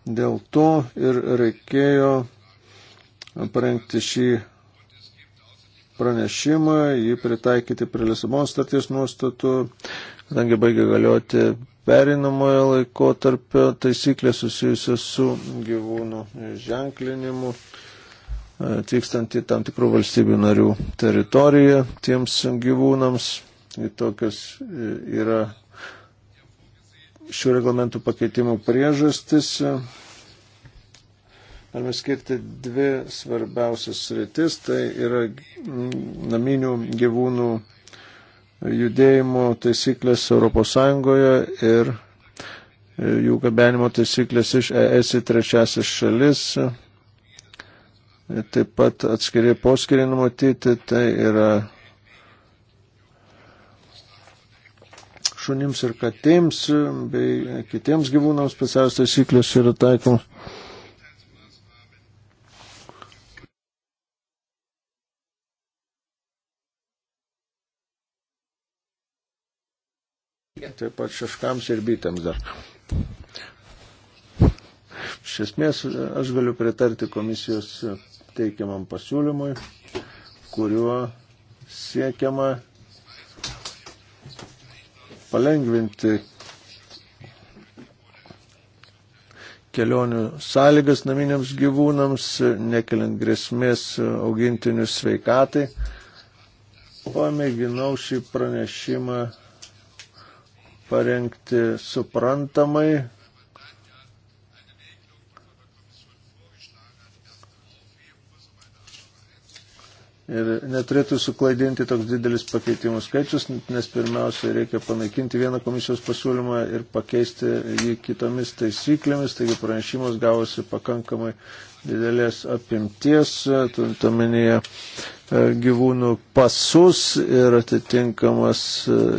Speaker 3: Dėl to ir reikėjo parengti šį pranešimą, jį pritaikyti prie Lisabono starties nuostatų, kadangi baigia galioti perinamojo laiko tarp taisyklės susijusios su gyvūnų ženklinimu, atvykstant e, į tam tikrų valstybių narių teritoriją tiems gyvūnams. Tokios e, yra šių reglamentų pakeitimų priežastis galime skirti dvi svarbiausias sritis, tai yra naminių gyvūnų judėjimo taisyklės ES ir jų gabenimo taisyklės iš ES į trečiasis šalis. Taip pat atskiri poskiriai numatyti, tai yra šunims ir katėms bei kitiems gyvūnams specialios taisyklės yra taikomos. taip pat šeškams ir bitėms dar. Iš esmės aš galiu pritarti komisijos teikiamam pasiūlymui, kuriuo siekiama palengvinti kelionių sąlygas naminiams gyvūnams, nekeliant grėsmės augintinių sveikatai. Pamėginau šį pranešimą parengti suprantamai, Ir neturėtų suklaidinti toks didelis pakeitimų skaičius, nes pirmiausia reikia panaikinti vieną komisijos pasiūlymą ir pakeisti jį kitomis taisyklėmis, taigi pranešimas gavosi pakankamai didelės apimties, turint omenyje e, gyvūnų pasus ir e,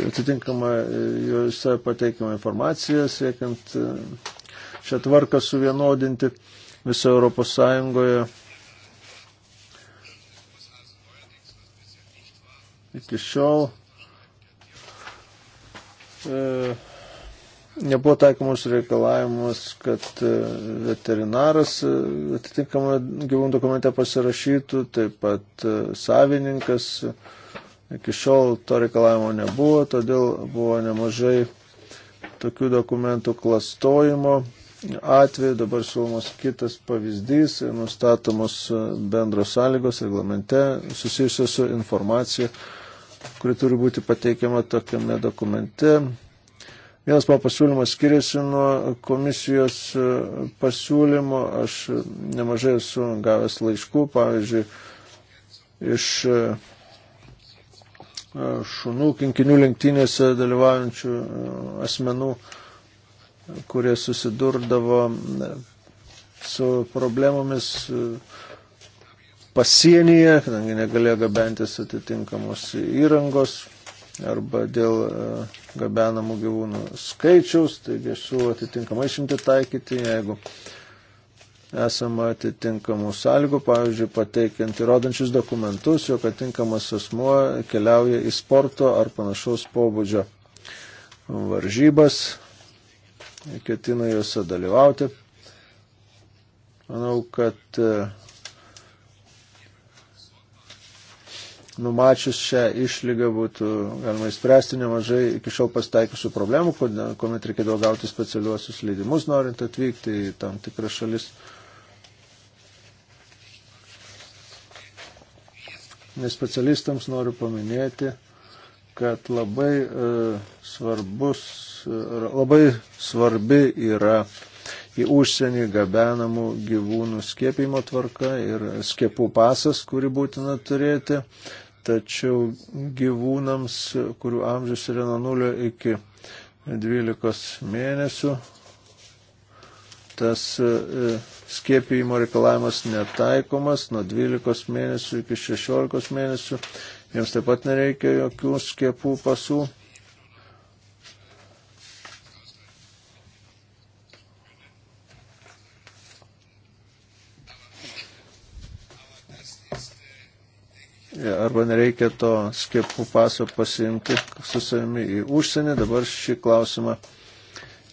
Speaker 3: atitinkama e, juose pateikiama informacija, siekiant šią tvarką suvienodinti viso Europos Sąjungoje iki šiol e, nebuvo taikomus reikalavimus, kad e, veterinaras e, atitinkamą gyvūnų dokumente pasirašytų, taip pat e, savininkas. Iki šiol to reikalavimo nebuvo, todėl buvo nemažai tokių dokumentų klastojimo atveju. Dabar siūlomas kitas pavyzdys, nustatomos bendros sąlygos reglamente susijusios su informacija kuri turi būti pateikiama tokiame dokumente. Vienas mano pasiūlymas skiriasi nuo komisijos e, pasiūlymo. Aš nemažai esu gavęs laiškų, pavyzdžiui, iš e, e, šunų kinkinių lenktynėse dalyvaujančių asmenų, kurie susidurdavo su problemomis pasienyje, kadangi negalėjo gabentis atitinkamos įrangos arba dėl e, gabenamų gyvūnų skaičiaus, taigi siūlau atitinkamai šimti taikyti, jeigu esama atitinkamų sąlygų, pavyzdžiui, pateikiant įrodančius dokumentus, jog atitinkamas asmuo keliauja į sporto ar panašaus pobūdžio varžybas, ketina juose dalyvauti. Manau, kad e, numačius šią išlygą būtų galima įspręsti nemažai iki šiol pasitaikiusių problemų, kuomet reikėdavo gauti specialiuosius leidimus, norint atvykti į tam tikras šalis. Nespecialistams noriu paminėti, kad labai, uh, svarbus, uh, labai svarbi yra į užsienį gabenamų gyvūnų skiepimo tvarka ir skiepų pasas, kurį būtina turėti tačiau gyvūnams, kurių amžius yra nuo 0 iki 12 mėnesių, tas e, skiepijimo reikalavimas netaikomas nuo 12 mėnesių iki 16 mėnesių. Jiems taip pat nereikia jokių skiepų pasų. arba nereikia to skiepų paso pasiimti su savimi į užsienį. Dabar šį klausimą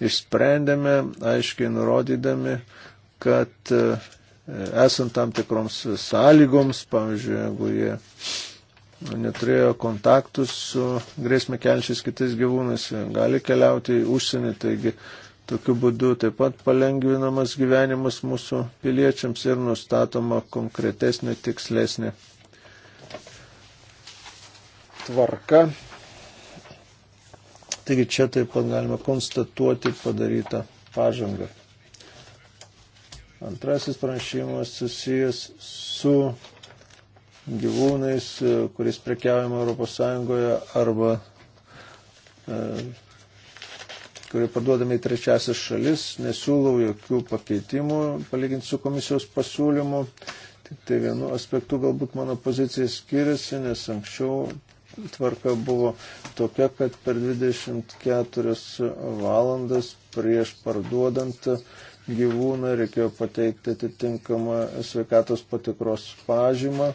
Speaker 3: išsprendėme, aiškiai nurodydami, kad e, esant tam tikroms sąlygoms, pavyzdžiui, jeigu jie neturėjo kontaktų su grėsmė kelčiais kitais gyvūnais, gali keliauti į užsienį, taigi tokiu būdu taip pat palengvinamas gyvenimas mūsų piliečiams ir nustatoma konkretesnė, tikslesnė tvarka. Taigi čia taip pat galima konstatuoti padarytą pažangą. Antrasis pranešimas susijęs su gyvūnais, kuris prekiaujama ES arba e, kurie parduodami į trečiasias šalis, nesiūlau jokių pakeitimų palyginti su komisijos pasiūlymu. Tik tai vienu aspektu galbūt mano pozicija skiriasi, nes anksčiau tvarka buvo tokia, kad per 24 valandas prieš parduodant gyvūną reikėjo pateikti atitinkamą sveikatos patikros pažymą.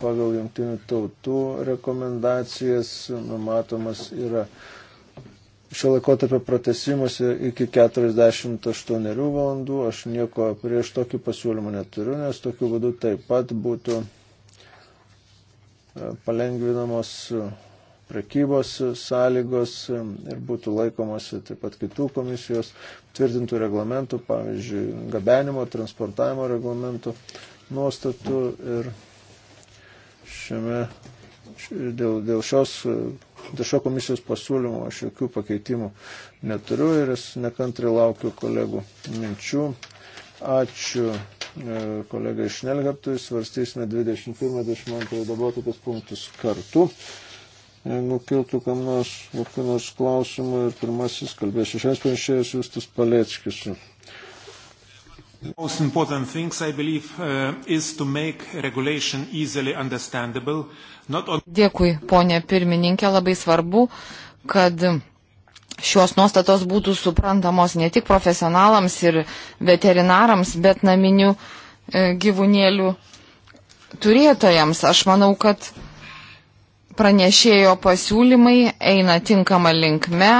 Speaker 3: Pagal jungtinių tautų rekomendacijas numatomas yra šio laikotarpio pratesimas iki 48 valandų. Aš nieko prieš tokį pasiūlymą neturiu, nes tokiu būdu taip pat būtų palengvinamos prekybos sąlygos ir būtų laikomasi taip pat kitų komisijos tvirtintų reglamentų, pavyzdžiui, gabenimo, transportavimo reglamentų nuostatų ir šiame, dėl, dėl, šios, dėl šio komisijos pasiūlymo aš jokių pakeitimų neturiu ir nekantri laukiu kolegų minčių. Ačiū E, kolegai Šnelgaptui, svarstysime 21-22 dabotokius punktus kartu. Jeigu kiltų kam nors, kokiu nors klausimu ir pirmasis kalbės iš espanšėjus Justus Paleckis.
Speaker 1: Most important things, I believe, uh, is to make regulation easily understandable. On... Dėkui,
Speaker 4: ponė pirmininkė, labai svarbu, kad šios nuostatos būtų suprantamos ne tik profesionalams ir veterinarams, bet naminių e, gyvūnėlių turėtojams. Aš manau, kad pranešėjo pasiūlymai eina tinkama linkme.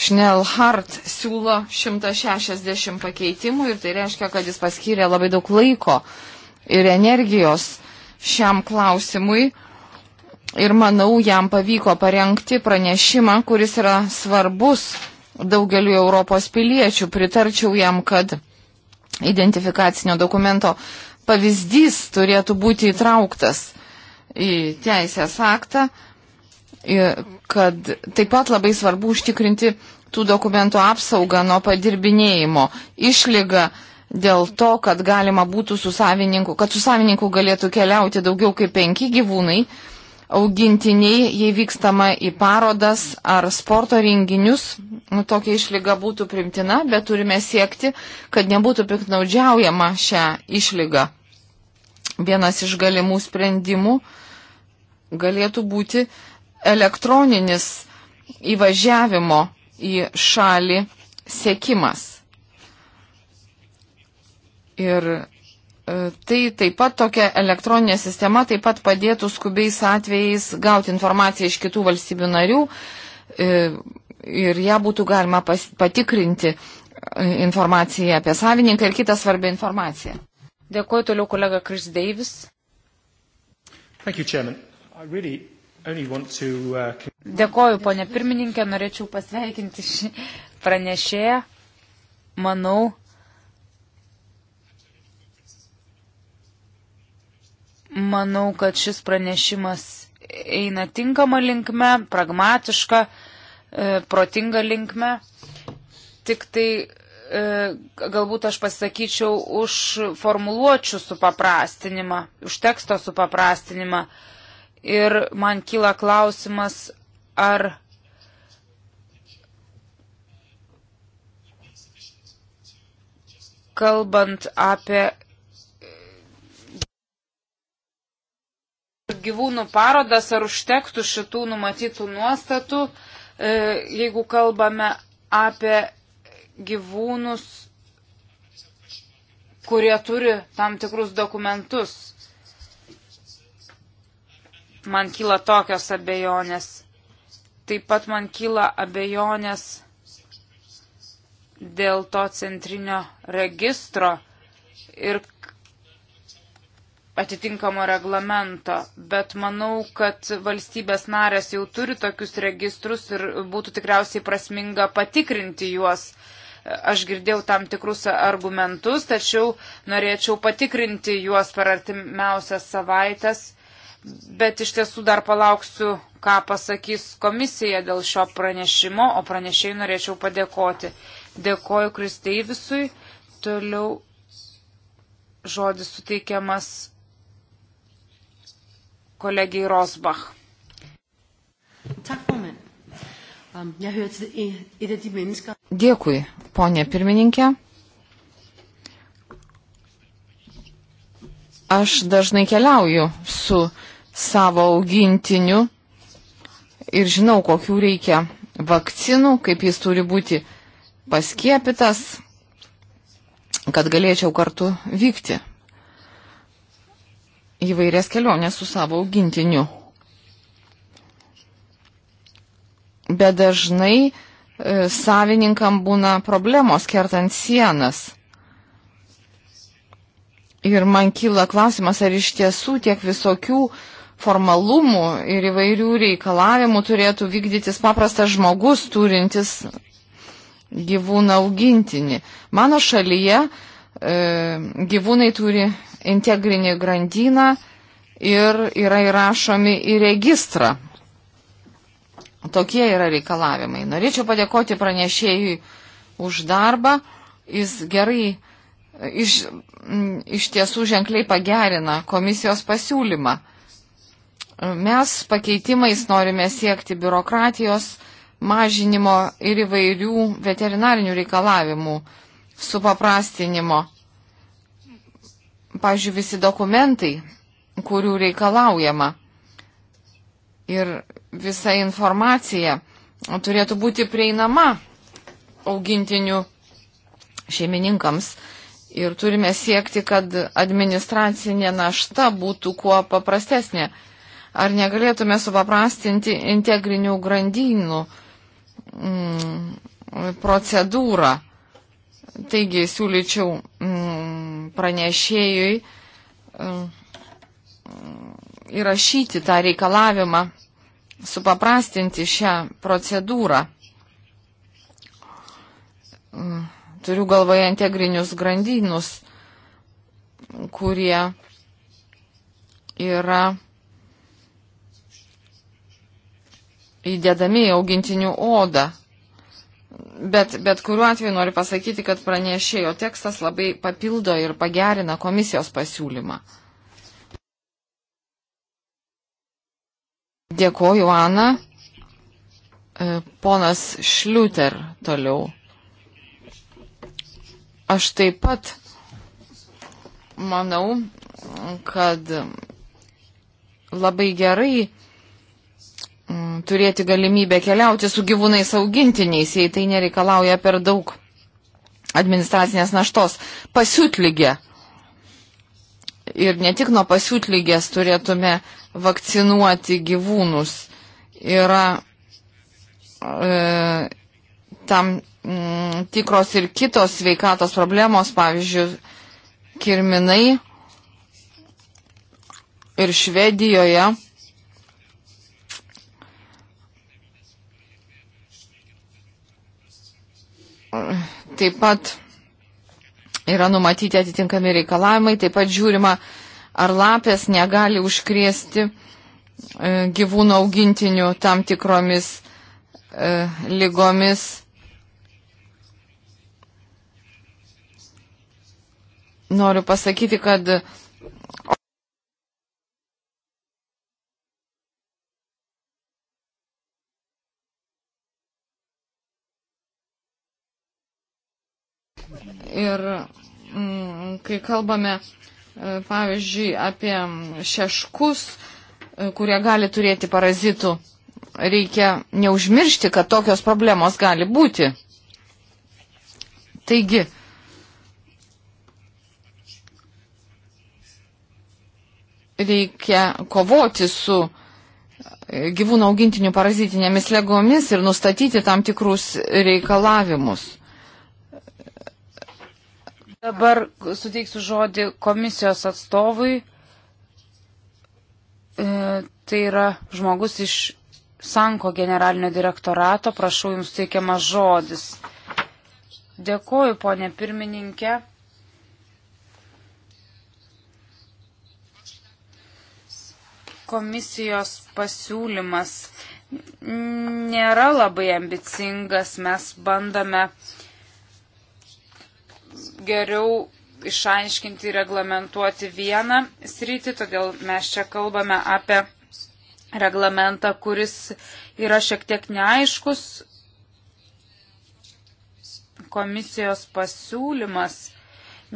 Speaker 4: Šnelhart siūlo 160 pakeitimų ir tai reiškia, kad jis paskyrė labai daug laiko ir energijos šiam klausimui ir manau, jam pavyko parengti pranešimą, kuris yra svarbus daugeliu Europos piliečių. Pritarčiau jam, kad identifikacinio dokumento pavyzdys turėtų būti įtrauktas į teisės aktą, kad taip pat labai svarbu užtikrinti tų dokumentų apsaugą nuo padirbinėjimo. Išlyga dėl to, kad galima būtų su savininku, kad su savininku galėtų keliauti daugiau kaip penki gyvūnai, augintiniai, jei vykstama į parodas ar sporto renginius, nu, tokia išlyga būtų primtina, bet turime siekti, kad nebūtų piknaudžiaujama šią išlygą. Vienas iš galimų sprendimų galėtų būti elektroninis įvažiavimo į šalį sėkimas. Ir E, tai taip pat tokia elektroninė sistema taip pat padėtų skubiais atvejais gauti informaciją iš kitų valstybių narių e, ir ją būtų galima pas, patikrinti e, informaciją apie savininką ir kitą svarbę informaciją.
Speaker 2: Dėkuoju toliau kolega Chris Davis.
Speaker 1: You, really to, uh...
Speaker 2: Dėkuoju, ponė pirmininkė, norėčiau pasveikinti šį pranešėją. Manau, Manau, kad šis pranešimas eina tinkama linkme, pragmatiška, e, protinga linkme. Tik tai e, galbūt aš pasakyčiau už formuluočių supaprastinimą, už teksto supaprastinimą. Ir man kyla klausimas, ar. Kalbant apie gyvūnų parodas, ar užtektų šitų numatytų nuostatų, e, jeigu kalbame apie gyvūnus, kurie turi tam tikrus dokumentus. Man kyla tokios abejonės. Taip pat man kyla abejonės dėl to centrinio registro ir atitinkamo reglamento, bet manau, kad valstybės narės jau turi tokius registrus ir būtų tikriausiai prasminga patikrinti juos. Aš girdėjau tam tikrus argumentus, tačiau norėčiau patikrinti juos per artimiausias savaitės, bet iš tiesų dar palauksiu, ką pasakys komisija dėl šio pranešimo, o pranešėjai norėčiau padėkoti. Dėkoju Kristeivisui, toliau žodis suteikiamas kolegijai Rosbach. Um,
Speaker 4: Dėkui, ponė pirmininkė. Aš dažnai keliauju su savo augintiniu ir žinau, kokių reikia vakcinų, kaip jis turi būti paskiepytas, kad galėčiau kartu vykti įvairias keliones su savo augintiniu. Bet dažnai e, savininkam būna problemos kertant sienas. Ir man kyla klausimas, ar iš tiesų tiek visokių formalumų ir įvairių reikalavimų turėtų vykdytis paprastas žmogus turintis gyvūną augintinį. Mano šalyje e, gyvūnai turi integrinį grandyną ir yra įrašomi į registrą. Tokie yra reikalavimai. Norėčiau padėkoti pranešėjui už darbą. Jis gerai iš, iš tiesų ženkliai pagerina komisijos pasiūlymą. Mes pakeitimais norime siekti biurokratijos mažinimo ir įvairių veterinarinių reikalavimų supaprastinimo pažiūrėjau, visi dokumentai, kurių reikalaujama ir visa informacija turėtų būti prieinama augintinių šeimininkams. Ir turime siekti, kad administracinė našta būtų kuo paprastesnė. Ar negalėtume supaprastinti integrinių grandinų mm, procedūrą? Taigi siūlyčiau mm, pranešėjui mm, įrašyti tą reikalavimą, supaprastinti šią procedūrą. Mm, turiu galvoje integrinius grandinus, kurie yra įdedami į augintinių odą. Bet, bet kuriuo atveju noriu pasakyti, kad pranešėjo tekstas labai papildo ir pagerina komisijos pasiūlymą. Dėkoju, Ana. E, ponas Šliuter toliau. Aš taip pat manau, kad labai gerai Mm, turėti galimybę keliauti su gyvūnais augintiniais, jei tai nereikalauja per daug administracinės naštos. Pasiutlygė. Ir ne tik nuo pasiutlygės turėtume vakcinuoti gyvūnus. Yra e, tam m, mm, tikros ir kitos sveikatos problemos, pavyzdžiui, kirminai ir Švedijoje Taip pat yra numatyti atitinkami reikalavimai, taip pat žiūrima, ar lapės negali užkrėsti e, gyvūnų augintinių tam tikromis e, lygomis. Noriu pasakyti, kad Ir mm, kai kalbame, e, pavyzdžiui, apie šeškus, e, kurie gali turėti parazitų, reikia neužmiršti, kad tokios problemos gali būti. Taigi, reikia kovoti su e, gyvūnų augintinių parazitinėmis legomis ir nustatyti tam tikrus reikalavimus.
Speaker 2: Dabar suteiksiu žodį komisijos atstovui. E, tai yra žmogus iš Sanko generalinio direktorato. Prašau, jums teikiamas žodis. Dėkoju, ponė pirmininkė. Komisijos pasiūlymas nėra labai ambicingas. Mes bandome uh, geriau išaiškinti ir reglamentuoti vieną sritį, todėl mes čia kalbame apie reglamentą, kuris yra šiek tiek neaiškus. Komisijos pasiūlymas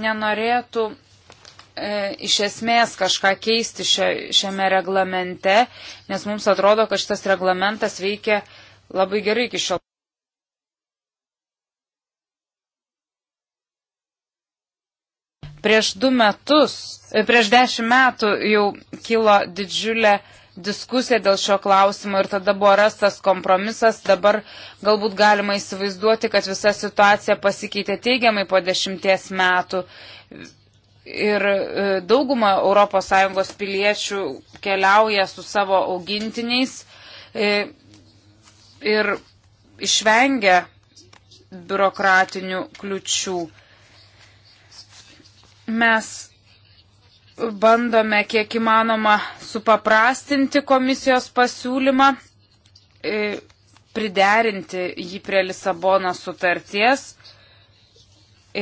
Speaker 2: nenorėtų e, iš esmės kažką keisti šia, šiame reglamente, nes mums atrodo, kad šitas reglamentas veikia labai gerai iki šiol. Prieš du metus, e, prieš dešimt metų jau kilo didžiulė diskusija dėl šio klausimo ir tada buvo rastas kompromisas. Dabar galbūt galima įsivaizduoti, kad visa situacija pasikeitė teigiamai po dešimties metų. Ir e, dauguma ES piliečių keliauja su savo augintiniais e, ir išvengia biurokratinių kliučių. Mes bandome kiek įmanoma supaprastinti komisijos pasiūlymą, e, priderinti jį prie Lisabono sutarties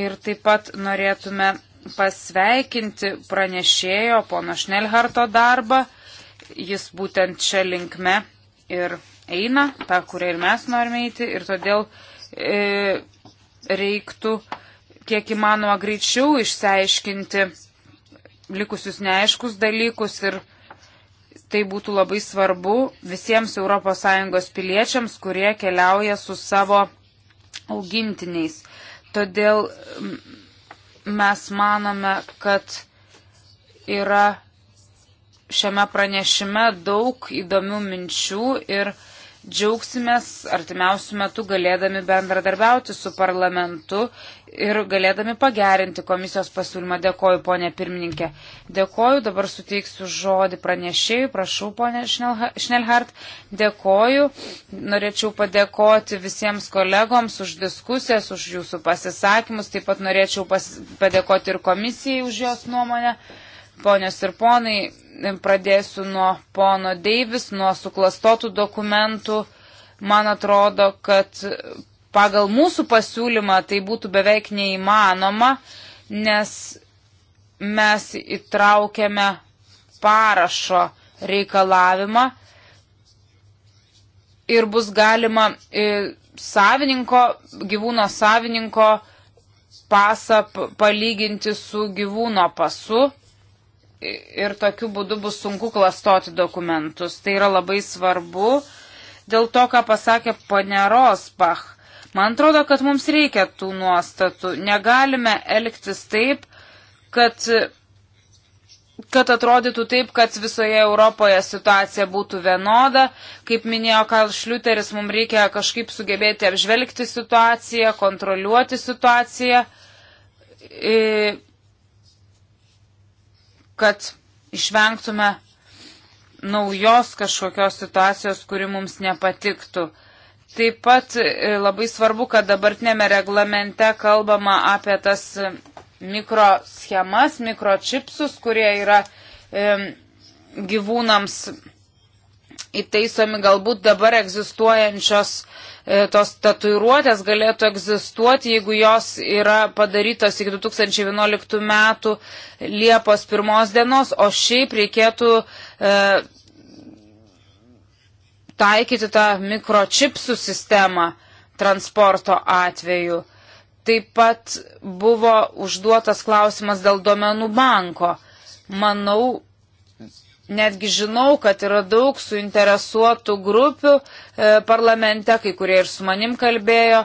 Speaker 2: ir taip pat norėtume pasveikinti pranešėjo pono Šnelharto darbą. Jis būtent čia linkme ir eina, tą, kurią ir mes norime eiti ir todėl e, reiktų e, kiek įmanoma greičiau išsiaiškinti likusius neaiškus dalykus ir tai būtų labai svarbu visiems ES piliečiams, kurie keliauja su savo augintiniais. Todėl mes manome, kad yra šiame pranešime daug įdomių minčių ir džiaugsimės artimiausių metų galėdami bendradarbiauti su parlamentu ir galėdami pagerinti komisijos pasiūlymą. Dėkoju, ponė pirmininkė. Dėkoju, dabar suteiksiu žodį pranešėjui, prašau, ponė Šnelhart. Dėkoju, norėčiau padėkoti visiems kolegoms už diskusijas, už jūsų pasisakymus, taip pat norėčiau pas, padėkoti ir komisijai už jos nuomonę. Ponios ir ponai, pradėsiu nuo pono Deivis, nuo suklastotų dokumentų. Man atrodo, kad pagal mūsų pasiūlymą tai būtų beveik neįmanoma, nes mes įtraukėme parašo reikalavimą ir bus galima e, savininko, gyvūno savininko pasą palyginti su gyvūno pasu ir tokiu būdu bus sunku klastoti dokumentus. Tai yra labai svarbu dėl to, ką pasakė ponia Rosbach. Man atrodo, kad mums reikia tų nuostatų. Negalime elgtis taip, kad, kad atrodytų taip, kad visoje Europoje situacija būtų vienoda. Kaip minėjo Karl Šliuteris, mums reikia kažkaip sugebėti apžvelgti situaciją, kontroliuoti situaciją. E, kad išvengtume naujos kažkokios situacijos, kuri mums nepatiktų. Taip pat e, labai svarbu, kad dabartinėme reglamente kalbama apie tas mikroschemas, mikročipsus, kurie yra e, gyvūnams įtaisomi galbūt dabar egzistuojančios e, tos tatuiruotės galėtų egzistuoti, jeigu jos yra padarytos iki 2011 metų Liepos pirmos dienos, o šiaip reikėtų e, taikyti tą mikročipsų sistemą transporto atveju. Taip pat buvo užduotas klausimas dėl duomenų banko. Manau, Netgi žinau, kad yra daug suinteresuotų grupių e, parlamente, kai kurie ir su manim kalbėjo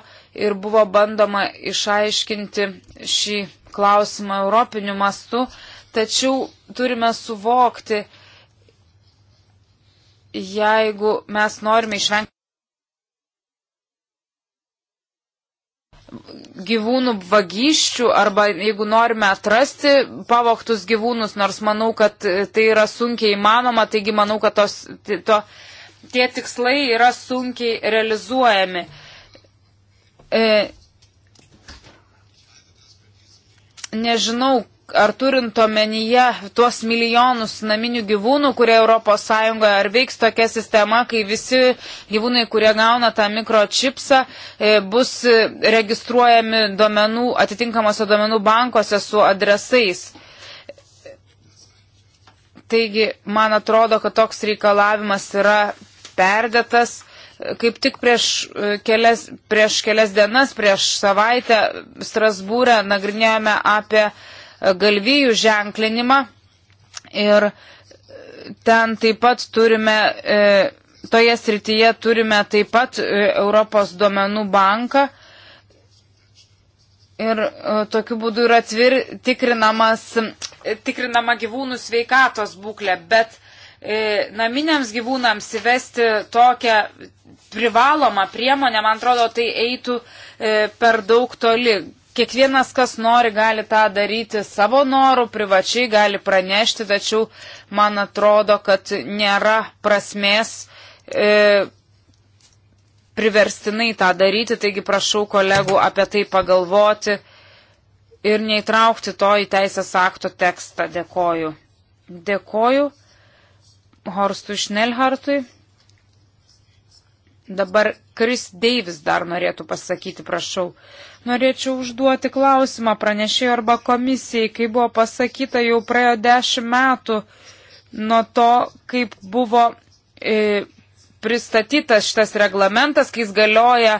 Speaker 2: ir buvo bandoma išaiškinti šį klausimą europiniu mastu, tačiau turime suvokti, jeigu mes norime išvengti gyvūnų vagysčių arba jeigu norime atrasti pavoktus gyvūnus, nors manau, kad tai yra sunkiai įmanoma, taigi manau, kad tos, to, tie tikslai yra sunkiai realizuojami. E, nežinau, ar turint omenyje tuos milijonus naminių gyvūnų, kurie Europos Sąjungoje, ar veiks tokia sistema, kai visi gyvūnai, kurie gauna tą mikročipsą, e, bus e, registruojami duomenų, atitinkamose duomenų bankose su adresais. Taigi, man atrodo, kad toks reikalavimas yra perdėtas kaip tik prieš e, kelias, prieš kelias dienas, prieš savaitę Strasbūrę nagrinėjome apie galvijų ženklinimą ir ten taip pat turime, e, toje srityje turime taip pat e, Europos duomenų banką. Ir e, tokiu būdu yra tvir, tikrinama gyvūnų sveikatos būklė, bet e, naminiams gyvūnams įvesti tokią privalomą priemonę, man atrodo, tai eitų e, per daug toli kiekvienas, kas nori, gali tą daryti savo norų, privačiai gali pranešti, tačiau man atrodo, kad nėra prasmės e, priverstinai tą daryti, taigi prašau kolegų apie tai pagalvoti ir neįtraukti to į teisės akto tekstą. Dėkoju. Dėkoju Horstui Šnelhartui. Dabar Kris Deivis dar norėtų pasakyti, prašau. Uh, Norėčiau užduoti klausimą pranešėjai arba komisijai, kai buvo pasakyta, jau praėjo dešimt metų nuo to, kaip buvo e, pristatytas šitas reglamentas, kai jis galioja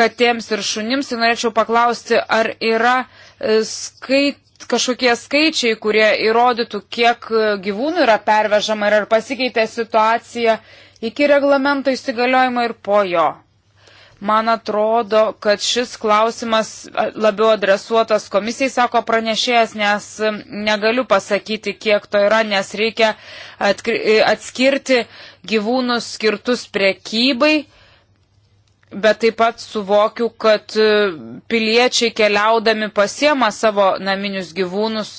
Speaker 2: katėms ir šunims. Ir norėčiau paklausti, ar yra e, skait, kažkokie skaičiai, kurie įrodytų, kiek e, gyvūnų yra pervežama ir ar pasikeitė situacija iki reglamento įsigaliojimo ir po jo. Man atrodo, kad šis klausimas labiau adresuotas komisijai, sako pranešėjas, nes negaliu pasakyti, kiek to yra, nes reikia atskirti gyvūnus skirtus prekybai. Bet taip pat suvokiu, kad piliečiai keliaudami pasiema savo naminius gyvūnus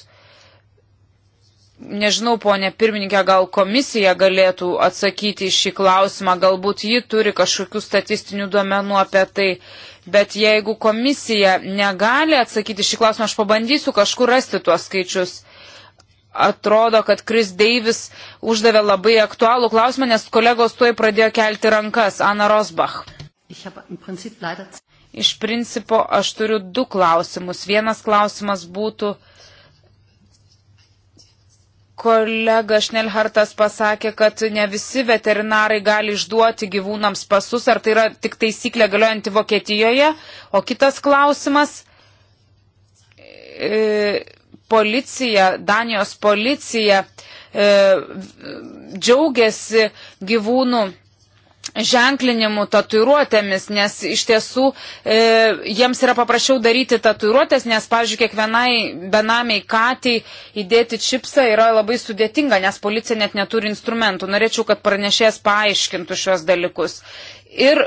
Speaker 2: Nežinau, ponė pirmininkė, gal komisija galėtų atsakyti į šį klausimą, galbūt ji turi kažkokių statistinių duomenų apie tai, bet jeigu komisija negali atsakyti šį klausimą, aš pabandysiu kažkur rasti tuos skaičius. Atrodo, kad Kris Deivis uždavė labai aktualų klausimą, nes kolegos tuoj pradėjo kelti rankas. Ana Rosbach. Iš principo aš turiu du klausimus. Vienas klausimas būtų kolega Šnelhartas pasakė, kad ne visi veterinarai gali išduoti gyvūnams pasus, ar tai yra tik taisyklė galiojanti Vokietijoje. O kitas klausimas. E, policija, Danijos policija e, džiaugiasi gyvūnų ženklinimu tatuiruotėmis, nes iš tiesų e, jiems yra paprasčiau daryti tatuiruotės, nes, pavyzdžiui, kiekvienai benamiai katiai įdėti čipsą yra labai sudėtinga, nes policija net neturi instrumentų. Norėčiau, kad pranešėjas paaiškintų šios dalykus. Ir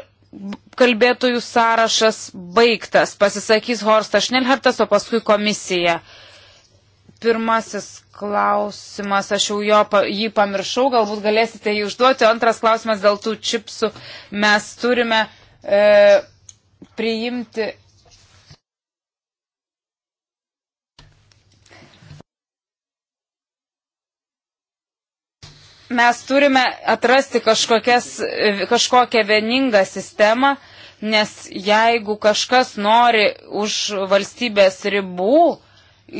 Speaker 2: kalbėtojų sąrašas baigtas. Pasisakys Horstas Šnelhertas, o paskui komisija. Pirmasis klausimas, aš jau jo, jį pamiršau, galbūt galėsite jį užduoti. Antras klausimas dėl tų čipsų. Mes turime e, priimti. Mes turime atrasti e, kažkokią vieningą sistemą, nes jeigu kažkas nori už valstybės ribų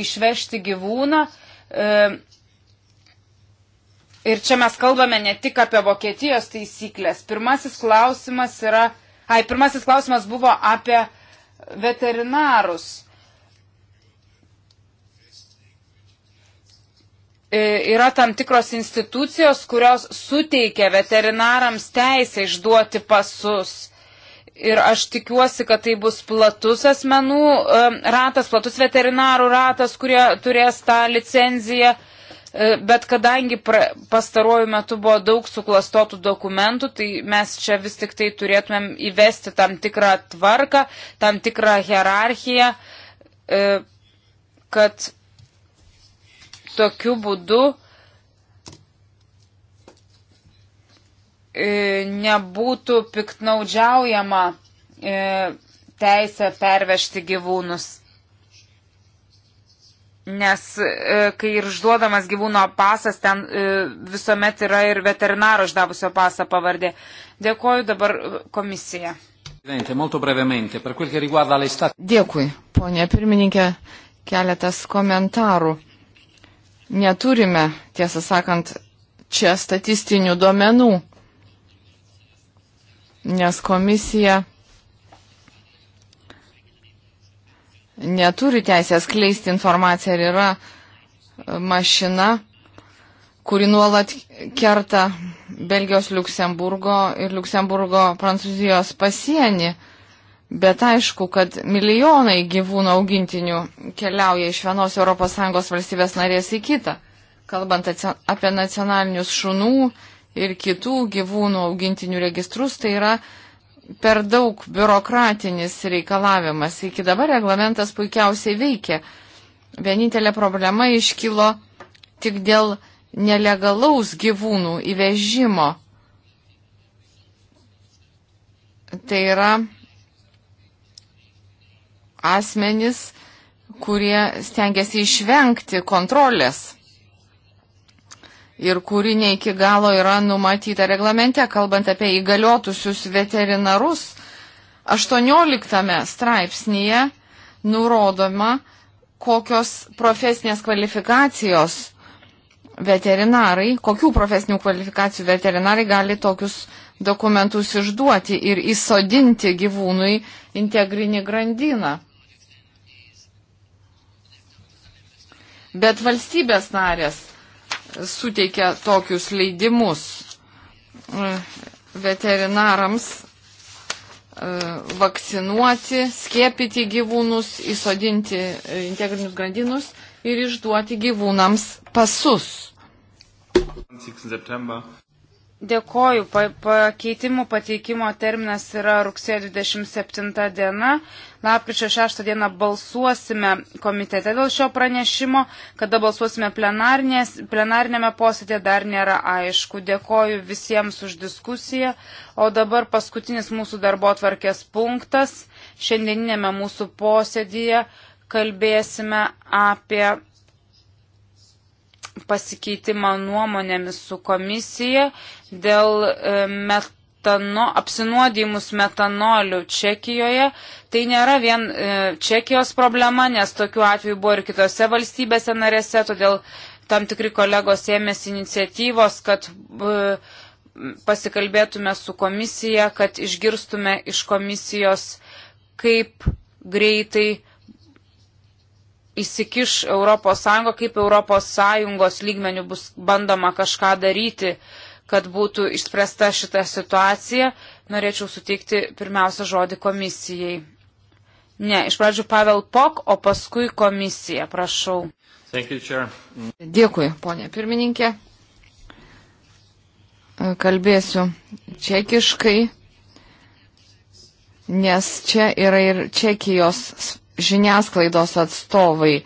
Speaker 2: išvežti gyvūną, E, ir čia mes kalbame ne tik apie Vokietijos taisyklės. Pirmasis klausimas yra, ai, pirmasis klausimas buvo apie veterinarus. E, yra tam tikros institucijos, kurios suteikia veterinarams teisę išduoti pasus. Ir aš tikiuosi, kad tai bus platus asmenų ratas, platus veterinarų ratas, kurie turės tą licenciją. E, bet kadangi pastaruoju metu buvo daug suklastotų dokumentų, tai mes čia vis tik tai turėtumėm įvesti tam tikrą tvarką, tam tikrą hierarchiją, e, kad tokiu būdu E, nebūtų piktnaudžiaujama e, teisę pervežti gyvūnus. Nes e, kai ir išduodamas gyvūno pasas, ten visuomet yra ir veterinaro išdavusio pasą pavardė. Dėkoju dabar komisija.
Speaker 4: Dėkui, ponė pirmininkė, keletas komentarų. Neturime, tiesą sakant, čia statistinių duomenų nes komisija neturi teisės kleisti informaciją, ar yra mašina, kuri nuolat kerta Belgijos, Luksemburgo ir Luksemburgo, Prancūzijos pasienį. Bet aišku, kad milijonai gyvūnų augintinių keliauja iš vienos ES valstybės narės į kitą. Kalbant apie nacionalinius šunų ir kitų gyvūnų augintinių registrus, tai yra per daug biurokratinis reikalavimas. Iki dabar reglamentas puikiausiai veikia. Vienintelė problema iškilo tik dėl nelegalaus gyvūnų įvežimo. Tai yra asmenys, kurie stengiasi išvengti kontrolės ir kuri ne iki galo yra numatyta reglamente, kalbant apie įgaliotusius veterinarus. 18 straipsnėje nurodoma, kokios profesinės kvalifikacijos veterinarai, kokių profesinių kvalifikacijų veterinarai gali tokius dokumentus išduoti ir įsodinti gyvūnui integrinį grandiną. Bet valstybės narės suteikia tokius leidimus e, veterinarams e, vakcinuoti, skiepyti gyvūnus, įsodinti e, integrinius
Speaker 2: grandinus ir išduoti gyvūnams pasus.
Speaker 1: 20. september
Speaker 2: Dėkoju, pakeitimų pateikimo terminas yra rugsėjo 27 diena. Lapkričio 6 dieną balsuosime komitete dėl šio pranešimo, kada balsuosime plenarinėme posėdė dar nėra aišku. Dėkoju visiems už diskusiją. O dabar paskutinis mūsų darbo atvarkės punktas. Šiandieninėme mūsų posėdėje kalbėsime apie pasikeitimą nuomonėmis su komisija dėl e, metano, apsinuodimus metanoliu Čekijoje. Tai nėra vien e, Čekijos problema, nes tokių atvejų buvo ir kitose valstybėse narėse, todėl tam tikri kolegos ėmėsi iniciatyvos, kad e, pasikalbėtume su komisija, kad išgirstume iš komisijos, kaip greitai įsikiš ES, kaip ES lygmenių bus bandoma kažką daryti kad būtų išspręsta šita situacija, norėčiau suteikti pirmiausia žodį komisijai. Ne, iš pradžių Pavel Pok, o paskui komisija, prašau.
Speaker 1: Thank you, Chair.
Speaker 4: Dėkui, ponė pirmininkė. Kalbėsiu čekiškai, nes čia yra ir čekijos žiniasklaidos atstovai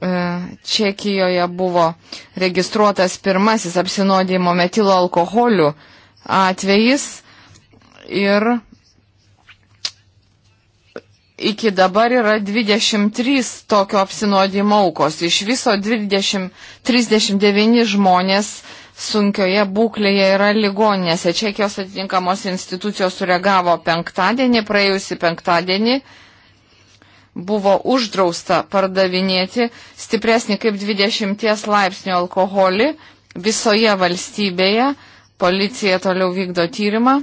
Speaker 4: E, Čekijoje buvo registruotas pirmasis apsinodėjimo metilo alkoholiu atvejis ir iki dabar yra 23 tokio apsinodėjimo aukos. Iš viso 20, 39 žmonės sunkioje būklėje yra ligoninėse. Čekijos atitinkamos institucijos sureagavo penktadienį, praėjusį penktadienį. Uh, buvo uždrausta pardavinėti stipresnį kaip 20 laipsnių alkoholį visoje valstybėje. Policija toliau vykdo tyrimą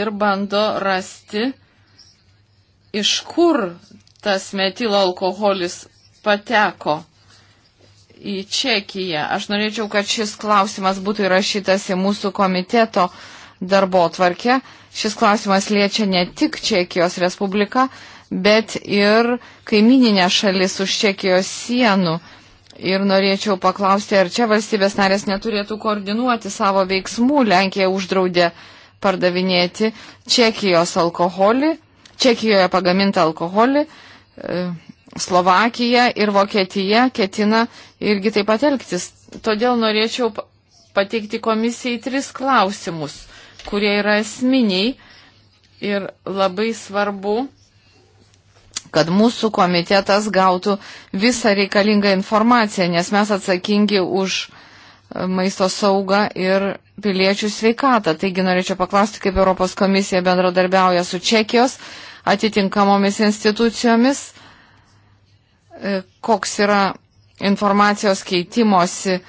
Speaker 4: ir bando rasti, iš kur tas metilo alkoholis pateko į Čekiją. Aš norėčiau, kad šis klausimas būtų įrašytas į mūsų komiteto uh, darbo tvarkę. Šis klausimas liečia ne tik Čekijos Respubliką, bet ir kaimininę šalis už Čekijos sienų. Ir norėčiau paklausti, ar čia valstybės narės neturėtų koordinuoti savo veiksmų. Lenkija uždraudė pardavinėti Čekijos alkoholį, Čekijoje pagamintą alkoholį. E, Slovakija ir Vokietija ketina irgi taip pat elgtis. Todėl norėčiau pateikti komisijai tris klausimus kurie yra esminiai ir labai svarbu, kad mūsų komitetas gautų visą reikalingą informaciją, nes mes atsakingi už e, maisto saugą ir piliečių sveikatą. Taigi norėčiau paklausti, kaip Europos komisija bendradarbiauja su Čekijos atitinkamomis institucijomis, e, koks yra informacijos keitimosi e,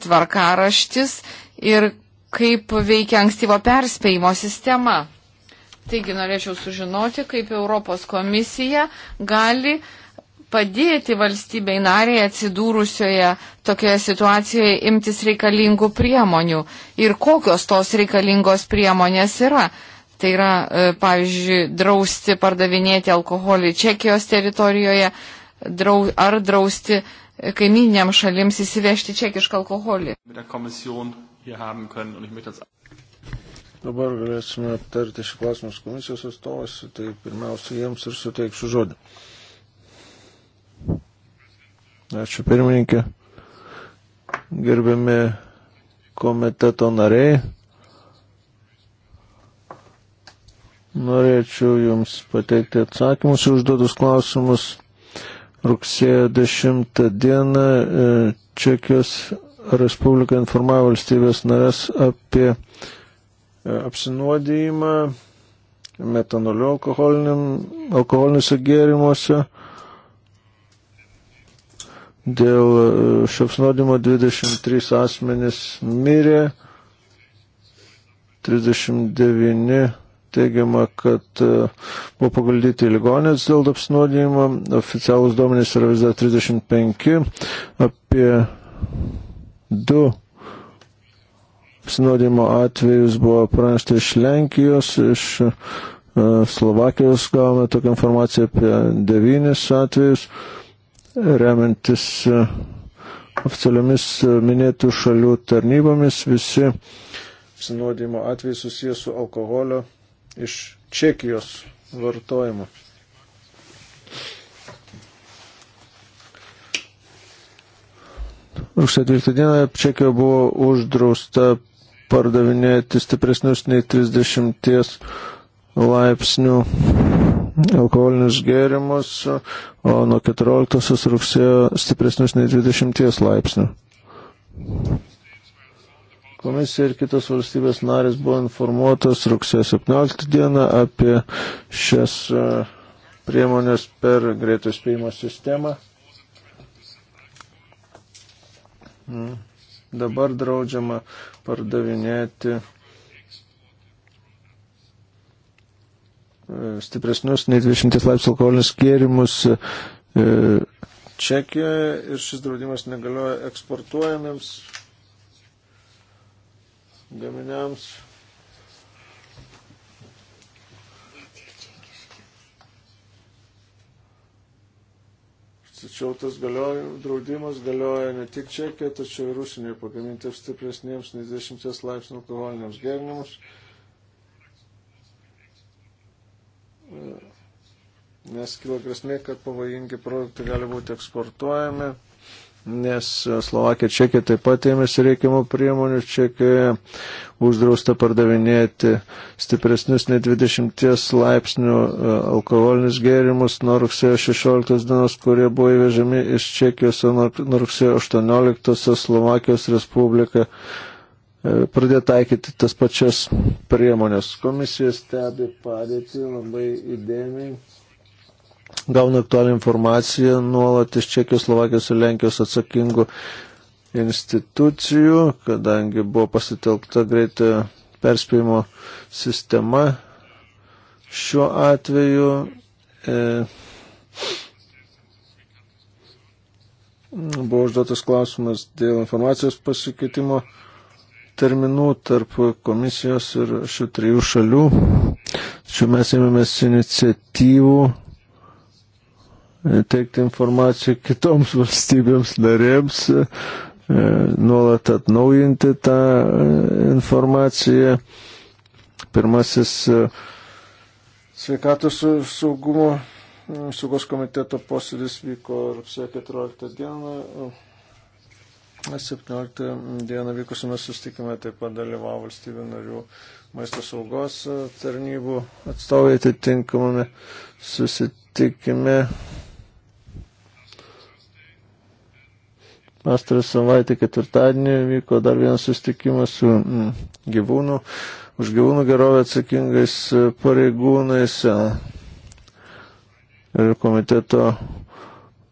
Speaker 4: tvarkaraštis ir kaip veikia ankstyvo perspėjimo sistema. Taigi norėčiau sužinoti, kaip Europos komisija gali padėti valstybei nariai atsidūrusioje tokioje situacijoje imtis reikalingų priemonių ir kokios tos reikalingos priemonės yra. Tai yra, e, pavyzdžiui, drausti pardavinėti alkoholį Čekijos teritorijoje drau, ar drausti e, kaiminėm šalims įsivežti čekišką alkoholį.
Speaker 1: Komisijom
Speaker 3: hier haben können. Und ich möchte das Dabar galėsime aptarti šį klausimą su komisijos atstovas, tai pirmiausia jiems ir suteiksiu žodį. Ačiū pirmininkė, gerbiami komiteto nariai. Norėčiau Jums pateikti atsakymus į užduotus klausimus. Rugsėjo 10 dieną e, Čekijos Respublika informavo valstybės narės apie e, apsinuodėjimą metanoliu alkoholiniuose gėrimuose. Dėl e, šiapsnodimo 23 asmenys mirė, 39 teigiama, kad e, buvo paguldyti ligonės dėl apsnodėjimo, oficialus duomenys yra vis dar 35, apie Du apsinuodimo atvejus buvo pranešta iš Lenkijos, iš e, Slovakijos gavome tokią informaciją apie devynis atvejus, remiantis e, oficialiomis e, minėtų šalių tarnybomis, visi apsinuodimo atvejai susijęs su alkoholio iš Čekijos vartojimu. Rugsėjo 12 dieną Čekijoje buvo uždrausta pardavinėti stipresnius nei 30 laipsnių alkoholinius gėrimus, o nuo 14 rugsėjo stipresnius nei 20 laipsnių. Komisija ir kitos valstybės narės buvo informuotos rugsėjo 17 dieną apie šias e, priemonės per greito spėjimo sistemą. Dabar draudžiama pardavinėti e, stipresnius nei 20 laipsnių alkoholinius gėrimus e, Čekijoje ir šis draudimas negalioja eksportuojamiems gaminiams Tačiau tas galioja, draudimas galioja ne tik Čekija, tačiau ir Rusinėje pagamintiems stipresniems nei 10 laipsnių alkoholiniams gerinimams. E, nes kilo grėsmė, kad pavojingi produktai gali būti eksportuojami nes Slovakija Čekija taip pat ėmėsi reikiamų priemonių. Čekijoje uždrausta pardavinėti stipresnius nei 20 laipsnių e, alkoholinius gėrimus nuo rugsėjo 16 dienos, kurie buvo įvežami iš Čekijos nuo rugsėjo 18 Slovakijos Respublika e, pradėjo taikyti tas pačias priemonės. Komisija stebi padėtį labai įdėmiai gauna aktualią informaciją nuolat iš Čekijos, Slovakijos ir Lenkijos atsakingų institucijų, kadangi buvo pasitelkta greitojo perspėjimo sistema šiuo atveju. E, Buvo užduotas klausimas dėl informacijos pasikeitimo terminų tarp komisijos ir šių trijų šalių. Tačiau mes ėmėmės iniciatyvų teikti informaciją kitoms valstybėms narėms, e, nuolat atnaujinti tą e, informaciją. Pirmasis e, sveikatos saugumo saugos komiteto posėdis vyko rugsėjo 14 dieną. 17 dieną vykusime sustikime taip pat dalyvavo valstybių narių maisto saugos tarnybų atstovai atitinkamame susitikime Pastarą savaitę ketvirtadienį vyko dar vienas susitikimas su mm, gyvūnų, už gyvūnų gerovę atsakingais e, pareigūnais e, ir komiteto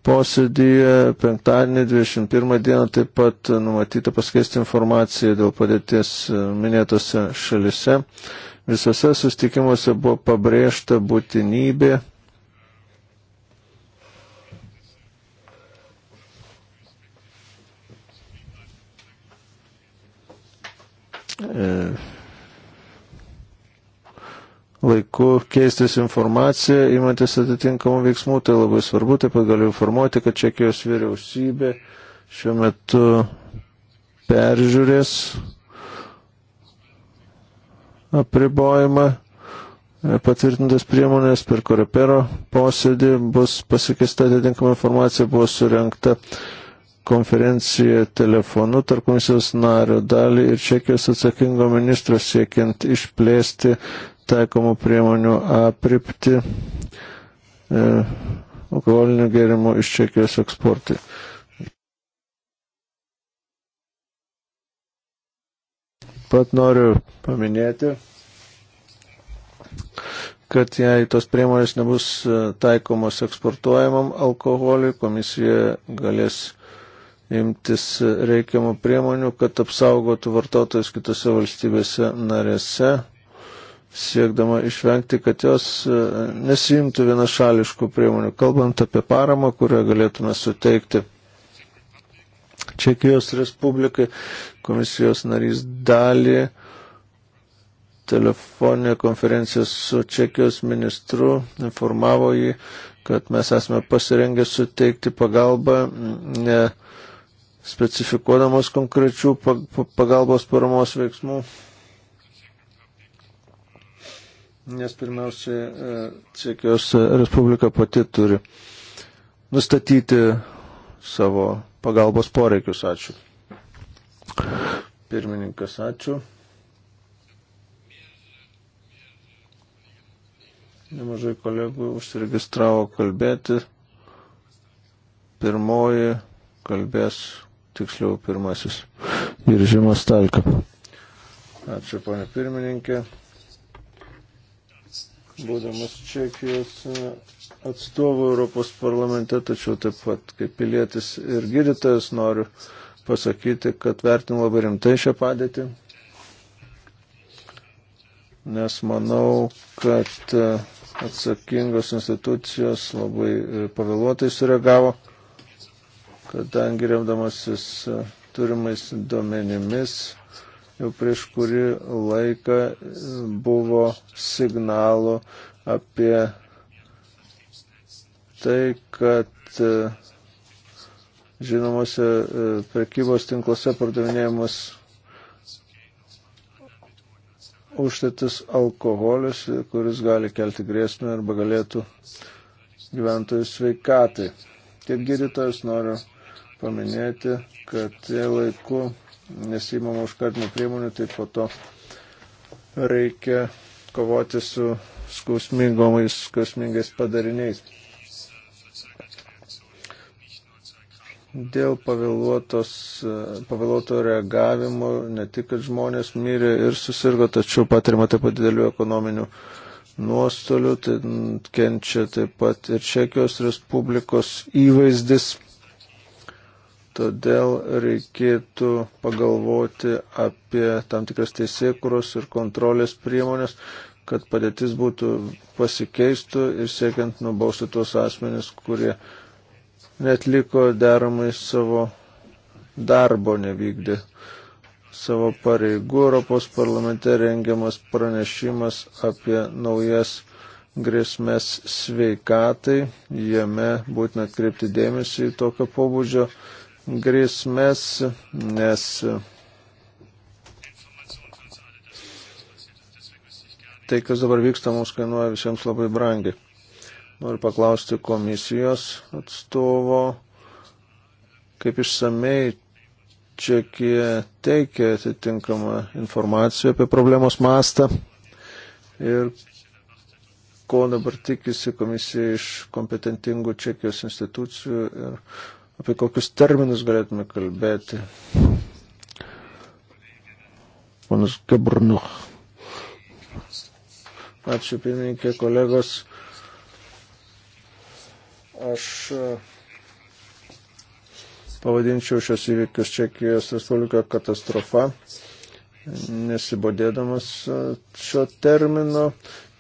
Speaker 3: posėdyje penktadienį 21 dieną taip pat numatyta paskeisti informaciją dėl padėties e, minėtose šalise. Visose sustikimuose buvo pabrėžta būtinybė E, laiku keistis informaciją, imantis atitinkamų veiksmų, tai labai svarbu, taip pat galiu informuoti, kad Čekijos vyriausybė šiuo metu peržiūrės apribojimą e, patvirtintas priemonės per Korepero posėdį, bus pasikesta atitinkama informacija, buvo surenkta konferenciją telefonu tarp komisijos nario dalį ir Čekijos atsakingo ministro siekiant išplėsti taikomų priemonių apripti e, alkoholinių gėrimų iš Čekijos eksportui. Pat noriu paminėti, kad jei tos priemonės nebus e, taikomos eksportuojamam alkoholiui, komisija galės imtis reikiamų priemonių, kad apsaugotų vartotojus kitose valstybėse narėse, siekdama išvengti, kad jos e, nesijimtų vienašališkų priemonių. Kalbant apie paramą, kurią galėtume suteikti Čekijos Respublikai, komisijos narys dalį telefoninė konferencija su Čekijos ministru informavo jį, kad mes esame pasirengę suteikti pagalbą. Ne, specifikuodamos konkrečių pagalbos paramos veiksmų, nes pirmiausia, e, Čekijos Respublika pati turi nustatyti savo pagalbos poreikius. Ačiū. Pirmininkas, ačiū. Nemažai kolegų užsiregistravo kalbėti. Pirmoji kalbės tiksliau pirmasis Viržimas Talka. Ačiū, ponė pirmininkė. Būdamas Čekijos e, atstovu Europos parlamente, tačiau taip pat kaip pilietis ir gydytojas noriu pasakyti, kad vertinu labai rimtai šią padėtį, nes manau, kad e, atsakingos institucijos labai e, pavėluotai sureagavo kadangi remdamasis e, turimais duomenimis jau prieš kurį laiką e, buvo signalų apie tai, kad e, žinomose prekybos tinkluose pardavinėjimas užtatis alkoholis, kuris gali kelti grėsmę arba galėtų gyventojų sveikatai. Kaip gydytojas noriu paminėti, kad jei laiku nesimama užkartinių priemonių, tai po to reikia kovoti su skausmingomais, skausmingais padariniais. Dėl pavėluoto reagavimo ne tik, kad žmonės mirė ir susirgo, tačiau patirima taip pat didelių ekonominių nuostolių, tai kenčia taip pat ir Čekijos Respublikos įvaizdis Todėl reikėtų pagalvoti apie tam tikras teisėkuros ir kontrolės priemonės, kad padėtis būtų pasikeistų ir siekiant nubausti tuos asmenis, kurie netliko deramai savo darbo, nevykdė savo pareigų. Europos parlamente rengiamas pranešimas apie naujas grėsmės sveikatai. Jame būtina atkreipti dėmesį į tokio pobūdžio grėsmės, nes tai, kas dabar vyksta, mums kainuoja visiems labai brangiai. Noriu paklausti komisijos atstovo, kaip išsamei Čekija teikia atitinkamą informaciją apie problemos mastą ir ko dabar tikisi komisija iš kompetentingų Čekijos institucijų ir apie kokius terminus galėtume kalbėti. Ponas Gabrnuch. Ačiū, pirmininkė, kolegos. Aš e, pavadinčiau šios įvykius Čekijos Respublika katastrofa, nesibodėdamas e, šio termino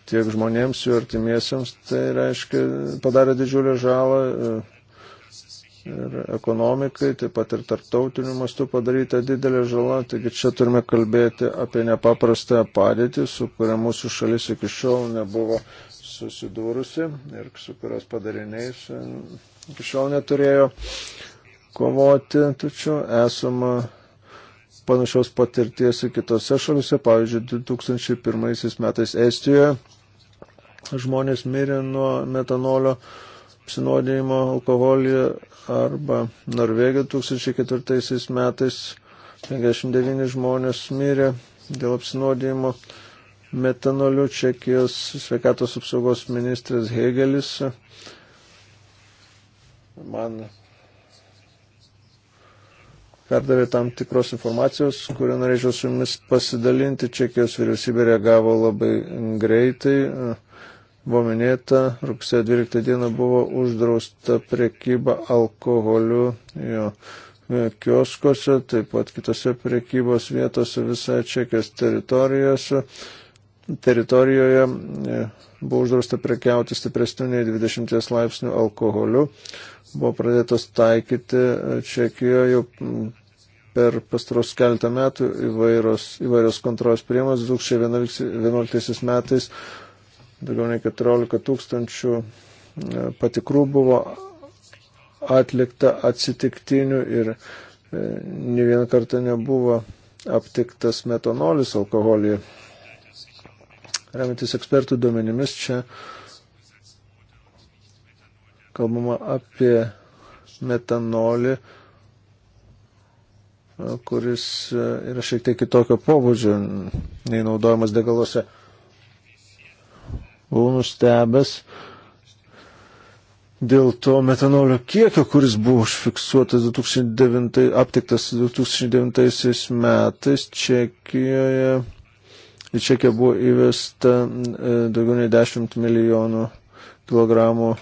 Speaker 3: tiek žmonėms, jų artimiesiams, tai reiškia, padarė didžiulę žalą, e, ir ekonomikai, taip pat ir tarptautiniu mastu padaryta didelė žala, taigi čia turime kalbėti apie nepaprastą padėtį, su kuria mūsų šalis iki šiol nebuvo susidūrusi ir su kurios padariniais e, iki šiol neturėjo kovoti, tačiau esama panašios patirties ir kitose šalise, pavyzdžiui, 2001 metais Estijoje žmonės mirė nuo metanolio apsinuodėjimo alkoholį arba Norvegija 2004 metais 59 žmonės mirė dėl apsinuodėjimo metanoliu Čekijos sveikatos apsaugos ministras Hegelis. Man perdavė tam tikros informacijos, kurią norėčiau su jumis pasidalinti. Čekijos vyriausybė reagavo labai greitai. Uh, buvo minėta, rugsėjo 12 dieną buvo uždrausta prekyba alkoholiu jo e, kioskose, taip pat kitose prekybos vietose visai Čekijos teritorijose. Teritorijoje e, buvo uždrausta prekiauti stipresniu nei 20 laipsnių alkoholiu. Buvo pradėtos taikyti e, Čekijoje jau per pastaros keletą metų įvairios, įvairios kontrolės priemonės. 2011 metais Daugiau nei 14 tūkstančių e, patikrų buvo atlikta atsitiktinių ir e, ne vieną kartą nebuvo aptiktas metanolis alkoholyje. Remiantis ekspertų duomenimis, čia kalbama apie metanolį, e, kuris yra šiek tiek kitokio pobūdžio nei naudojamas degaluose buvau nustebęs dėl to metanolio kiekio, kuris buvo užfiksuotas 2009, aptiktas 2009 metais Čekijoje. Į Čekiją buvo įvesta e, daugiau nei 10 milijonų kilogramų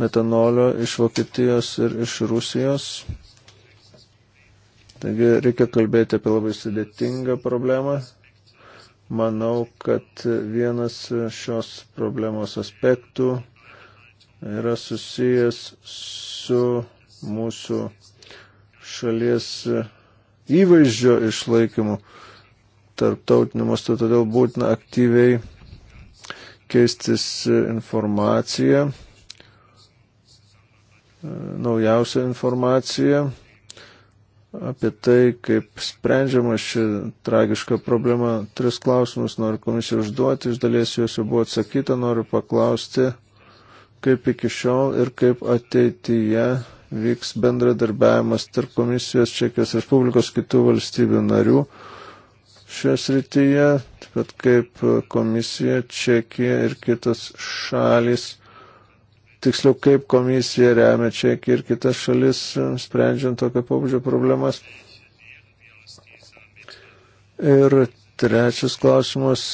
Speaker 3: metanolio iš Vokietijos ir iš Rusijos. Taigi reikia kalbėti apie labai sudėtingą problemą, Manau, kad vienas šios problemos aspektų yra susijęs su mūsų šalies įvaizdžio išlaikymu tarptautiniu mastu, todėl būtina aktyviai keistis informaciją, e, naujausią informaciją apie tai, kaip sprendžiama ši tragiška problema. Tris klausimus noriu komisijai užduoti, iš dalies juos jau buvo atsakyta, noriu paklausti, kaip iki šiol ir kaip ateityje vyks bendradarbiavimas tarp komisijos Čekijos Respublikos kitų valstybių narių šioje srityje, taip pat kaip komisija Čekija ir kitos šalis tiksliau kaip komisija remia Čekiją ir kitas šalis, sprendžiant tokio pobūdžio problemas. Ir trečias klausimas,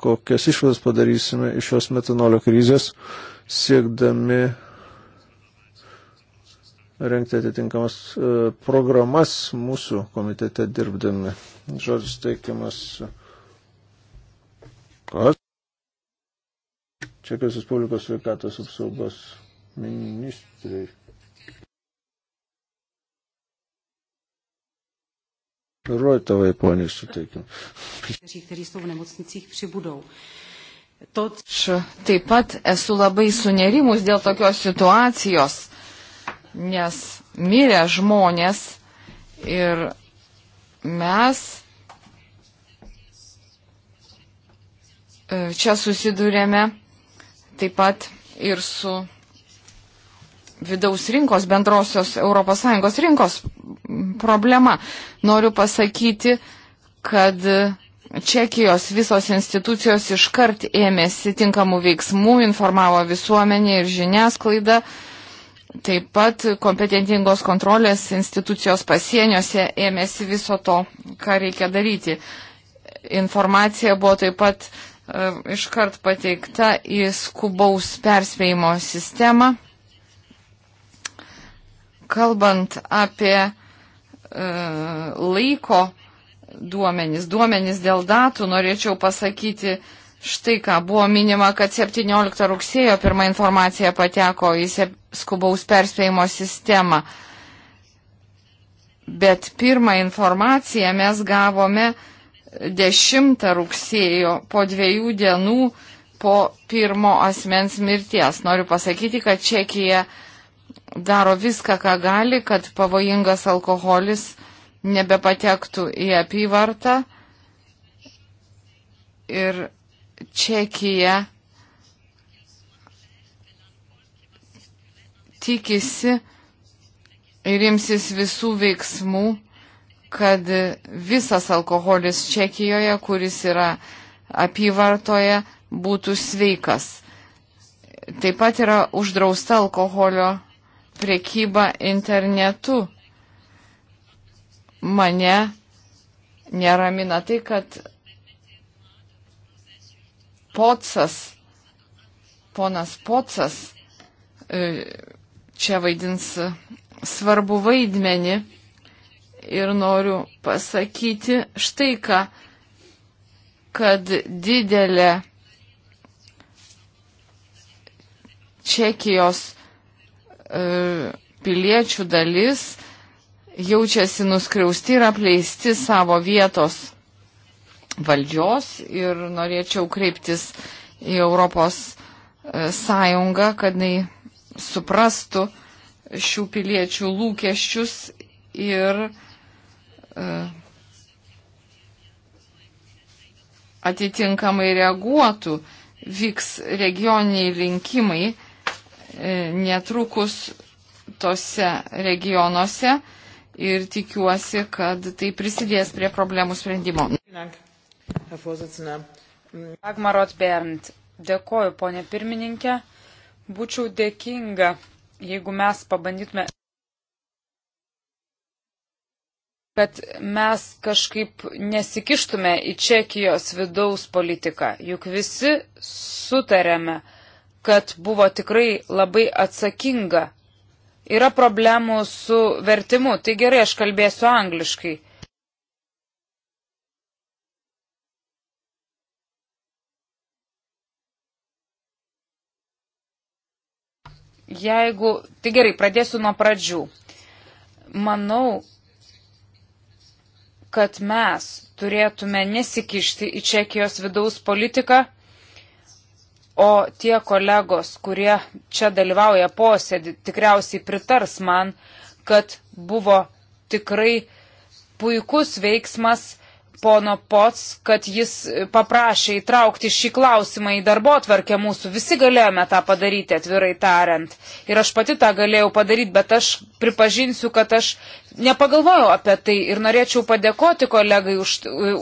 Speaker 3: kokias išvadas padarysime iš šios metanolio krizės, siekdami rengti atitinkamas e, programas mūsų komitete dirbdami. Žodis teikiamas. Kas? Čekijos Respublikos sveikatos apsaugos ministrui. Rojtovej poniai suteikim.
Speaker 4: Aš taip pat esu labai sunerimus dėl tokios situacijos, nes mirė žmonės ir mes e, čia susidurėme taip pat ir su vidaus rinkos, bendrosios ES rinkos problema. Noriu pasakyti, kad Čekijos visos institucijos iškart ėmėsi tinkamų veiksmų, informavo visuomenį ir žiniasklaidą. Taip pat kompetentingos kontrolės institucijos pasieniuose ėmėsi viso to, ką reikia daryti. Informacija buvo taip pat E, iškart pateikta į skubaus perspėjimo sistemą. Kalbant apie e, laiko duomenys, duomenys dėl datų, norėčiau pasakyti štai ką. Buvo minima, kad 17 rugsėjo pirma informacija pateko į skubaus perspėjimo sistemą. Bet pirmą informaciją mes gavome 10 rugsėjo po dviejų dienų po pirmo asmens mirties. Noriu pasakyti, kad Čekija daro viską, ką gali, kad pavojingas alkoholis nebepatektų į apyvartą. Ir Čekija tikisi ir imsis visų veiksmų, kad visas alkoholis Čekijoje, kuris yra apyvartoje, būtų sveikas. Taip pat yra uždrausta alkoholio priekyba internetu. Mane neramina tai, kad Potsas, ponas Potsas e, čia vaidins svarbu vaidmenį ir noriu pasakyti štai ką, kad didelė Čekijos e, piliečių dalis jaučiasi nuskriausti ir apleisti savo vietos valdžios ir norėčiau kreiptis į Europos e, Sąjungą, kad jinai suprastų šių piliečių lūkesčius ir uh, E, atitinkamai reaguotų. Vyks regioniniai rinkimai e, netrukus tose regionuose ir tikiuosi, kad tai prisidės prie problemų sprendimo.
Speaker 2: Agmarot Bernd, dėkoju, ponė pirmininkė. Būčiau dėkinga, jeigu mes pabandytume. kad mes kažkaip nesikištume į Čekijos vidaus politiką. Juk visi sutarėme, kad buvo tikrai labai atsakinga. Yra problemų su vertimu, tai gerai, aš kalbėsiu angliškai. Jeigu, tai gerai, pradėsiu nuo pradžių. Manau, kad mes turėtume nesikišti į Čekijos vidaus politiką, o tie kolegos, kurie čia dalyvauja posėdį, tikriausiai pritars man, kad buvo tikrai puikus veiksmas pono Pots, kad jis paprašė įtraukti šį klausimą į darbo atvarkę mūsų. Visi galėjome tą padaryti, atvirai tariant. Ir aš pati tą galėjau padaryti, bet aš pripažinsiu, kad aš nepagalvojau apie tai ir norėčiau padėkoti kolegai už,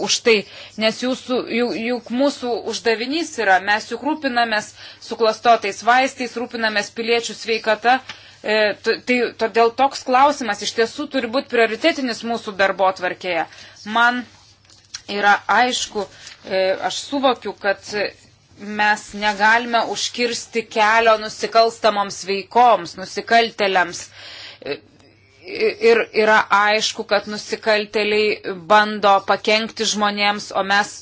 Speaker 2: už tai, nes jūsų, juk mūsų uždavinys yra, mes juk rūpinamės suklastotais vaistais, rūpinamės piliečių sveikata. E, tai todėl toks klausimas iš tiesų turi būti prioritetinis mūsų darbo atvarkėje. Man yra aišku, e, aš suvokiu, kad mes negalime užkirsti kelio nusikalstamoms veikoms, nusikaltelėms. E, ir yra aišku, kad nusikalteliai bando pakengti žmonėms, o mes,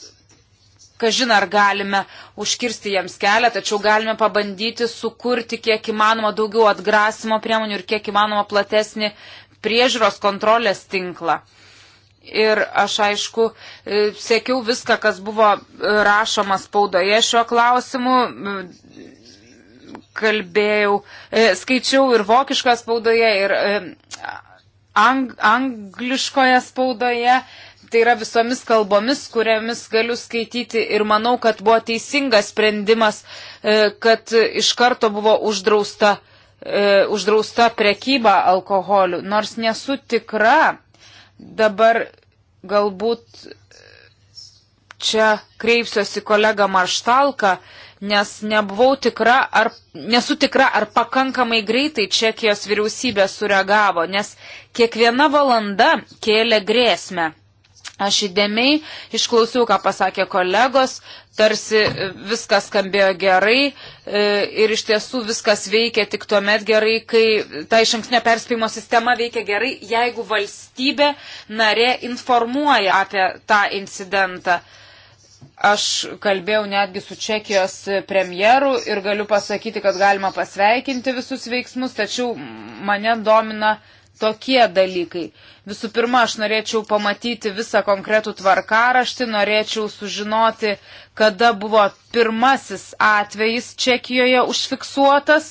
Speaker 2: kažin ar galime užkirsti jiems kelią, tačiau galime pabandyti sukurti kiek įmanoma daugiau atgrasimo priemonių ir kiek įmanoma platesnį priežiūros kontrolės tinklą. Ir aš aišku, e, sėkiau viską, kas buvo e, rašoma spaudoje šiuo klausimu, kalbėjau, e, skaičiau ir vokiškoje spaudoje, ir ang, angliškoje spaudoje tai yra visomis kalbomis, kuriamis galiu skaityti ir manau, kad buvo teisingas sprendimas, kad iš karto buvo uždrausta, uždrausta prekyba alkoholiu, nors nesu tikra, Dabar galbūt čia kreipsiuosi kolega Marštalka, nes nebuvau tikra, ar, nesu tikra, ar pakankamai greitai Čekijos vyriausybė sureagavo, nes kiekviena valanda kėlė grėsmę. Aš įdėmiai išklausiau, ką pasakė kolegos, tarsi viskas skambėjo gerai e, ir iš tiesų viskas veikia tik tuo met gerai, kai ta išankstinio perspėjimo sistema veikia gerai, jeigu valstybė narė informuoja apie tą incidentą. Aš kalbėjau netgi su Čekijos premjeru ir galiu pasakyti, kad galima pasveikinti visus veiksmus, tačiau mane domina tokie dalykai. Visų pirma, aš norėčiau pamatyti visą konkretų tvarkaraštį, norėčiau sužinoti, kada buvo pirmasis atvejis Čekijoje užfiksuotas.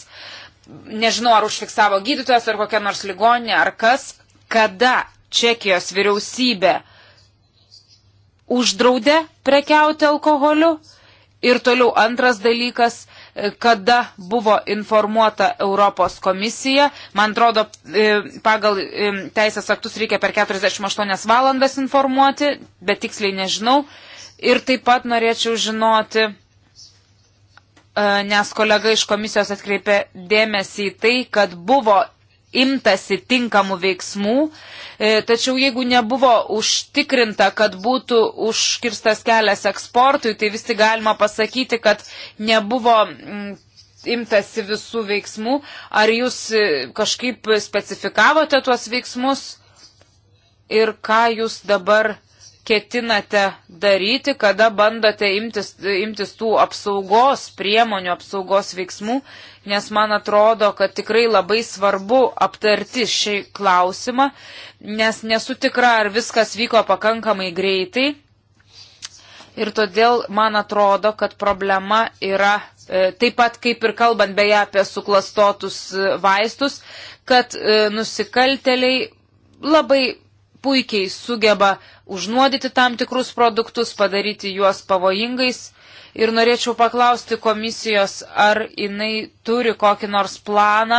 Speaker 2: Nežinau, ar užfiksavo gydytojas, ar kokia nors ligoninė, ar kas. Kada Čekijos vyriausybė uždraudė prekiauti alkoholiu. Ir toliau antras dalykas, kada buvo informuota Europos komisija. Man atrodo, e, pagal e, teisės aktus reikia per 48 valandas informuoti, bet tiksliai nežinau. Ir taip pat norėčiau žinoti, e, nes kolega iš komisijos atkreipė dėmesį į tai, kad buvo imtasi tinkamų veiksmų, e, tačiau jeigu nebuvo užtikrinta, kad būtų užkirstas kelias eksportui, tai vis tik galima pasakyti, kad nebuvo mm, imtasi visų veiksmų. Ar jūs e, kažkaip specifikavote tuos veiksmus ir ką jūs dabar ketinate daryti, kada bandote imtis, imtis tų apsaugos priemonių, apsaugos veiksmų, nes man atrodo, kad tikrai labai svarbu aptarti šį klausimą, nes nesu tikra, ar viskas vyko pakankamai greitai. Ir todėl man atrodo, kad problema yra e, taip pat kaip ir kalbant beje apie suklastotus e, vaistus, kad e, nusikalteliai labai puikiai sugeba užnuodyti tam tikrus produktus, padaryti juos pavojingais. Ir norėčiau paklausti komisijos, ar jinai turi kokį nors planą,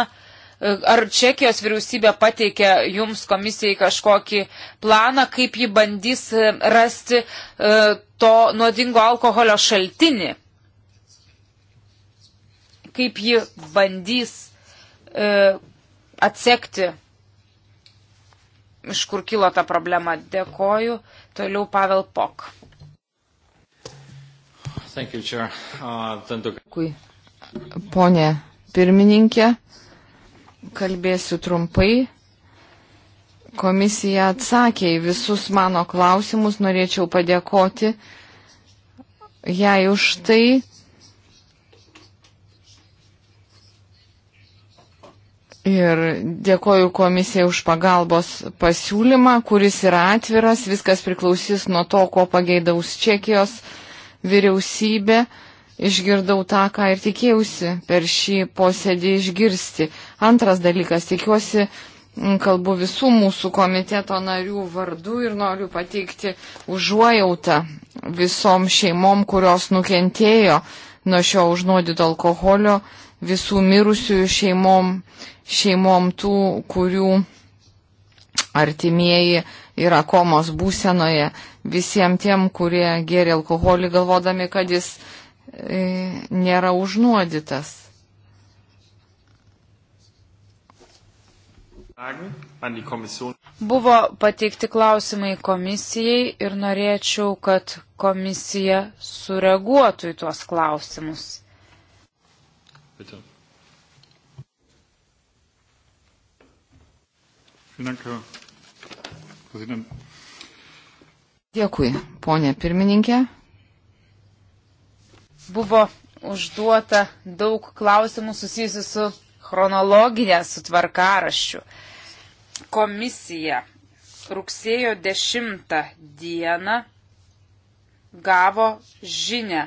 Speaker 2: ar Čekijos vyriausybė pateikė jums komisijai kažkokį planą, kaip ji bandys e, rasti e, to nuodingo alkoholio šaltinį, kaip ji bandys e, atsekti iš kur kilo ta problema. Dėkoju. Toliau Pavel Pok.
Speaker 4: Thank you, Chair. Uh,
Speaker 2: to...
Speaker 4: Pone pirmininkė, kalbėsiu trumpai. Komisija atsakė į visus mano klausimus, norėčiau padėkoti jai už tai. Ir dėkoju komisijai už pagalbos pasiūlymą, kuris yra atviras, viskas priklausys nuo to, ko pageidaus Čekijos vyriausybė. Išgirdau tą, ką ir tikėjausi per šį posėdį išgirsti. Antras dalykas, tikiuosi, kalbu visų mūsų komiteto narių vardu ir noriu pateikti užuojautą visom šeimom, kurios nukentėjo nuo šio užnuodyto alkoholio visų mirusiųjų šeimom, šeimom tų, kurių artimieji yra komos būsenoje, visiems tiem, kurie gėrė alkoholį galvodami, kad jis e, nėra užnuodytas.
Speaker 2: Buvo pateikti klausimai komisijai ir norėčiau, kad komisija sureaguotų į tuos klausimus
Speaker 1: bitte.
Speaker 4: Dėkui, ponė pirmininkė.
Speaker 2: Buvo užduota daug klausimų susijusių su chronologinė, su tvarkaraščiu. Komisija rugsėjo 10 dieną gavo žinę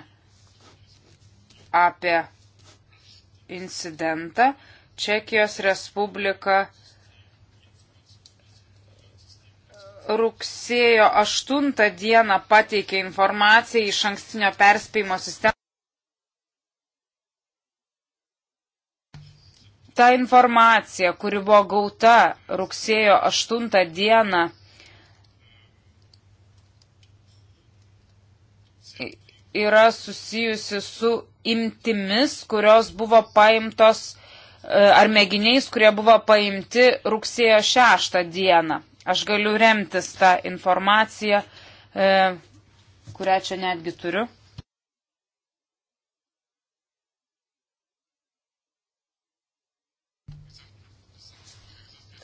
Speaker 2: apie incidentą. Čekijos Respublika rugsėjo 8 dieną pateikė informaciją iš ankstinio perspėjimo sistemą. Ta informacija, kuri buvo gauta rugsėjo 8 dieną, yra susijusi su imtimis, kurios buvo paimtos e, ar mėginiais, kurie buvo paimti rugsėjo 6 dieną. Aš galiu remtis tą informaciją, e, kurią čia netgi turiu.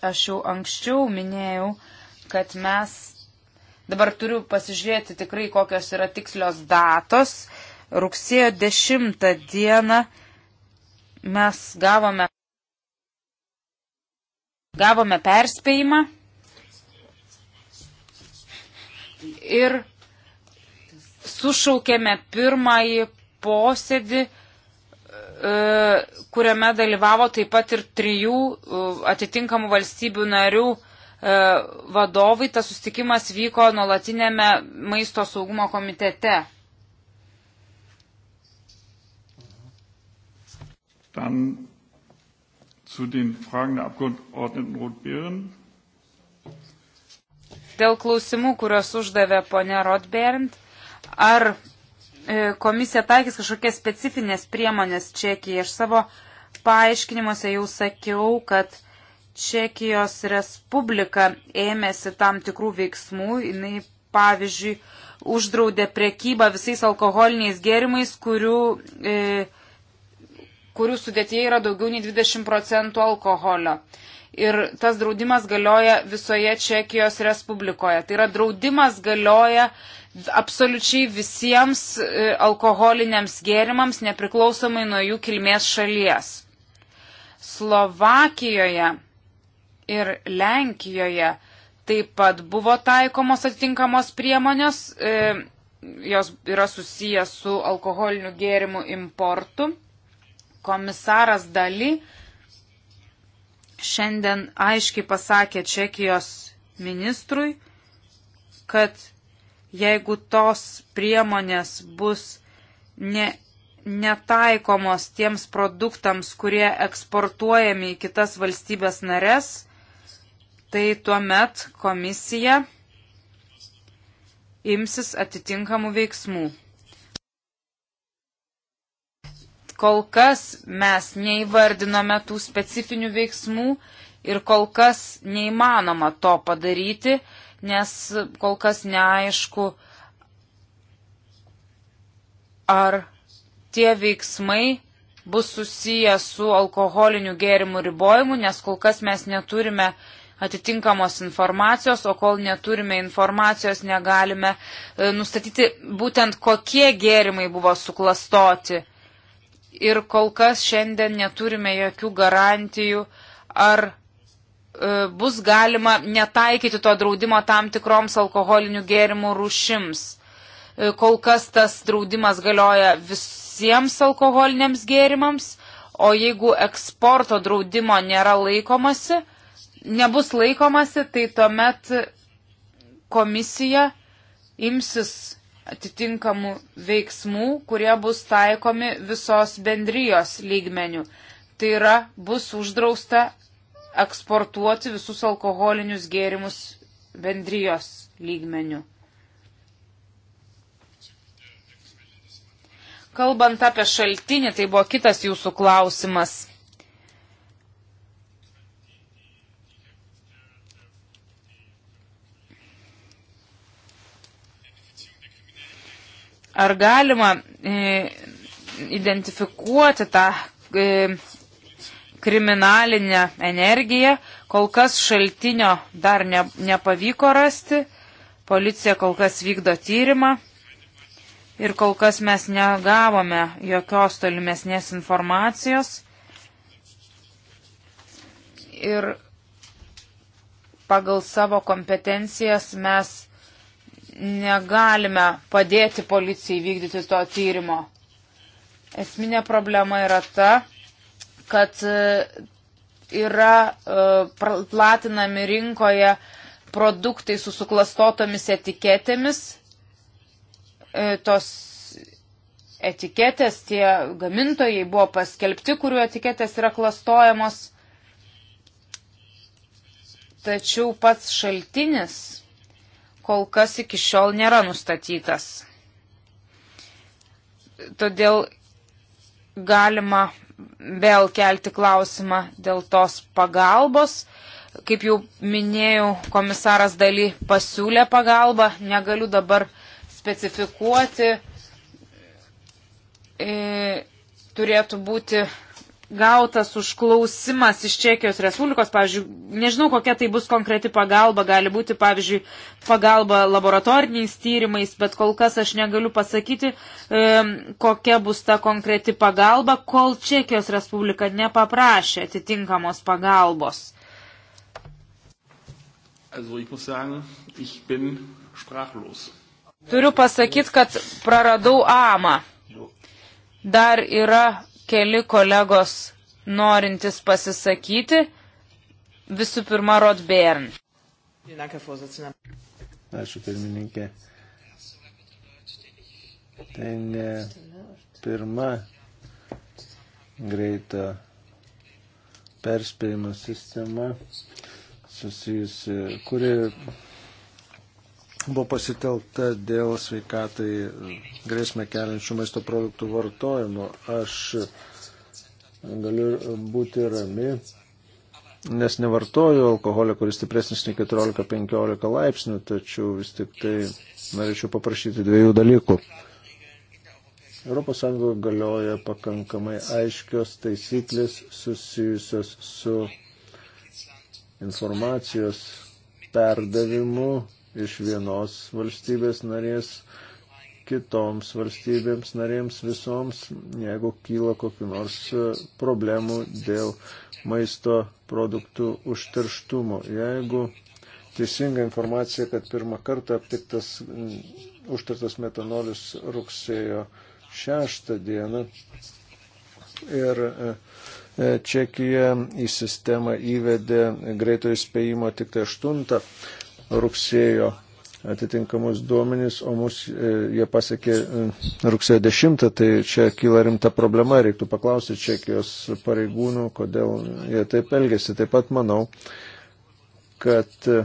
Speaker 2: Aš jau anksčiau minėjau, kad mes dabar turiu pasižiūrėti tikrai, kokios yra tikslios datos. Rugsėjo 10 dieną mes gavome, gavome perspėjimą ir sušaukėme pirmąjį posėdį, e, kuriame dalyvavo taip pat ir trijų e, atitinkamų valstybių narių e, vadovai. Tas sustikimas vyko nuolatinėme maisto saugumo komitete.
Speaker 1: Dann zu den Fragen der Abgeordneten Roth-Behren.
Speaker 2: Dėl klausimų, kuriuos uždavė ponia Roth-Behrend, ar e, komisija taikys kažkokias specifinės priemonės Čekijai? Aš savo paaiškinimuose jau sakiau, kad Čekijos Respublika ėmėsi tam tikrų veiksmų. Jis, pavyzdžiui, uždraudė prekybą visais alkoholiniais gėrimais, kurių e, kurių sudėtyje yra daugiau nei 20 procentų alkoholio. Ir tas draudimas galioja visoje Čekijos Respublikoje. Tai yra draudimas galioja absoliučiai visiems e, alkoholiniams gėrimams, nepriklausomai nuo jų kilmės šalies. Slovakijoje ir Lenkijoje taip pat buvo taikomos atitinkamos priemonės, e, jos yra susijęs su alkoholiniu gėrimu importu komisaras Dali šiandien aiškiai pasakė Čekijos ministrui, kad jeigu tos priemonės bus ne, netaikomos tiems produktams, kurie eksportuojami į kitas valstybės nares, tai tuomet komisija imsis atitinkamų veiksmų. Kol kas mes neįvardinome tų specifinių veiksmų ir kol kas neįmanoma to padaryti, nes kol kas neaišku, ar tie veiksmai bus susiję su alkoholiniu gėrimu ribojimu, nes kol kas mes neturime atitinkamos informacijos, o kol neturime informacijos, negalime e, nustatyti būtent kokie gėrimai buvo suklastoti ir kol kas šiandien neturime jokių garantijų, ar e, bus galima netaikyti to draudimo tam tikroms alkoholinių gėrimų rušims. E, kol kas tas draudimas galioja visiems alkoholiniams gėrimams, o jeigu eksporto draudimo nėra laikomasi, nebus laikomasi, tai tuomet komisija imsis atitinkamų veiksmų, kurie bus taikomi visos bendrijos lygmenių. Tai yra, bus uždrausta eksportuoti visus alkoholinius gėrimus bendrijos lygmenių. Kalbant apie šaltinį, tai buvo kitas jūsų klausimas. Ar galima e, identifikuoti tą e, kriminalinę energiją? Kol kas šaltinio dar ne, nepavyko rasti. Policija kol kas vykdo tyrimą. Ir kol kas mes negavome jokios tolimesnės informacijos. Ir pagal savo kompetencijas mes negalime padėti policijai vykdyti to tyrimo. Esminė problema yra ta, kad e, yra e, platinami rinkoje produktai su suklastotomis etiketėmis. E, tos etiketės, tie gamintojai buvo paskelbti, kurių etiketės yra klastojamos. Tačiau pats šaltinis kol kas iki šiol nėra nustatytas. Todėl galima vėl kelti klausimą dėl tos pagalbos. Kaip jau minėjau, komisaras daly pasiūlė pagalbą, negaliu dabar specifikuoti. E, turėtų būti gautas užklausimas iš Čekijos Respublikos, pavyzdžiui, nežinau, kokia tai bus konkreti pagalba, gali būti, pavyzdžiui, pagalba laboratoriniais tyrimais, bet kol kas aš negaliu pasakyti, e, kokia bus ta konkreti pagalba, kol Čekijos Respublika nepaprašė atitinkamos pagalbos.
Speaker 1: Also, ich muss sagen, ich bin sprachlos.
Speaker 2: Turiu pasakyti, kad praradau amą. Dar yra keli kolegos norintis pasisakyti. Visų pirma, Rod Bern.
Speaker 3: Ačiū, pirmininkė. Tai ne pirma greito perspėjimo sistema susijusi, kuri buvo pasitelkta dėl sveikatai grėsmę keliančių maisto produktų vartojimo. Aš galiu būti rami, nes nevartoju alkoholio, kuris stipresnis nei 14-15 laipsnių, tačiau vis tik tai norėčiau paprašyti dviejų dalykų. ES galioja pakankamai aiškios taisyklės susijusios su informacijos perdavimu iš vienos valstybės narės kitoms valstybėms narėms visoms, jeigu kyla kokiu nors e, problemų dėl maisto produktų užterštumo. Jeigu teisinga informacija, kad pirmą kartą aptiktas mm, užtartas metanolis rugsėjo 6 dieną ir e, e, Čekija į sistemą įvedė greito įspėjimo tik tai 8 rugsėjo atitinkamus duomenys, o mus e, jie pasiekė e, rugsėjo 10, tai čia kyla rimta problema, reiktų paklausyti Čekijos pareigūnų, kodėl jie taip elgėsi. Taip pat manau, kad e,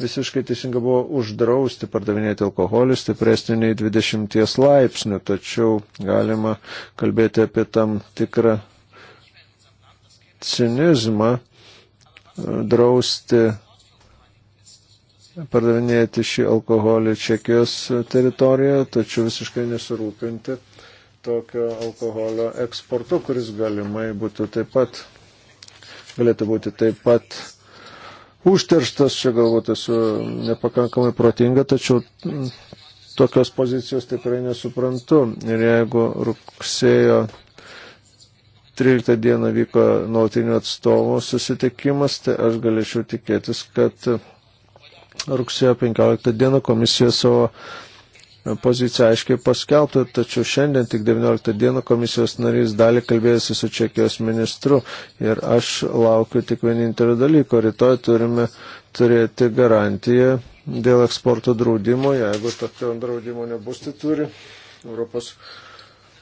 Speaker 3: visiškai teisinga buvo uždrausti pardavinėti alkoholį stipresnį nei 20 laipsnių, tačiau galima kalbėti apie tam tikrą cinizmą drausti pardavinėti šį alkoholį Čekijos teritorijoje, tačiau visiškai nesirūpinti tokio alkoholio eksportu, kuris galimai būtų taip pat, galėtų būti taip pat užterštas, čia galbūt esu nepakankamai protinga, tačiau mm, tokios pozicijos tikrai nesuprantu. Ir jeigu rugsėjo 13 dieną vyko nuolatinių atstovų susitikimas, tai aš galėčiau tikėtis, kad rugsėjo 15 dieną komisija savo poziciją aiškiai paskelbtų, tačiau šiandien tik 19 dieną komisijos narys dalį kalbėjusi su Čekijos ministru ir aš laukiu tik vienintelio dalyko. Rytoj turime turėti garantiją dėl eksporto draudimo, jeigu tokio draudimo nebus, tai turi Europos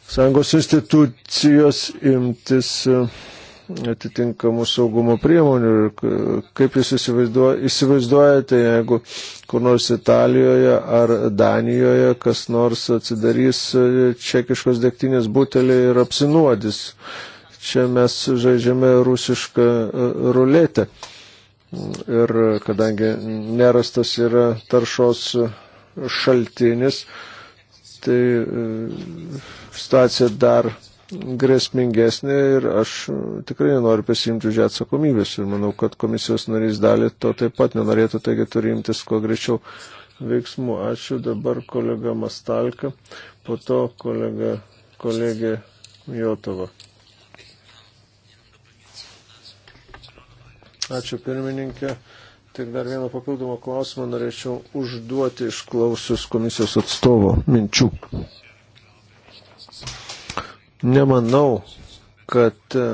Speaker 3: Sąjungos institucijos imtis. Uh, atitinkamų saugumo priemonių ir kaip jūs įsivaizduoja, įsivaizduojate, jeigu kur nors Italijoje ar Danijoje kas nors atsidarys e, čekiškos degtinės butelį ir apsinuodys. Čia mes žaidžiame rusišką e, ruletę. Ir kadangi nerastas yra taršos šaltinis, tai e, situacija dar grėsmingesnė ir aš tikrai nenoriu pasimti už ją atsakomybės ir manau, kad komisijos narys dalį to taip pat nenorėtų, taigi turi imtis kuo greičiau veiksmų. Ačiū dabar kolega Mastalka, po to kolega, kolegė Jotova. Ačiū pirmininkė. Tik dar vieną papildomą klausimą norėčiau užduoti išklausius komisijos atstovo minčių. Nemanau, kad e,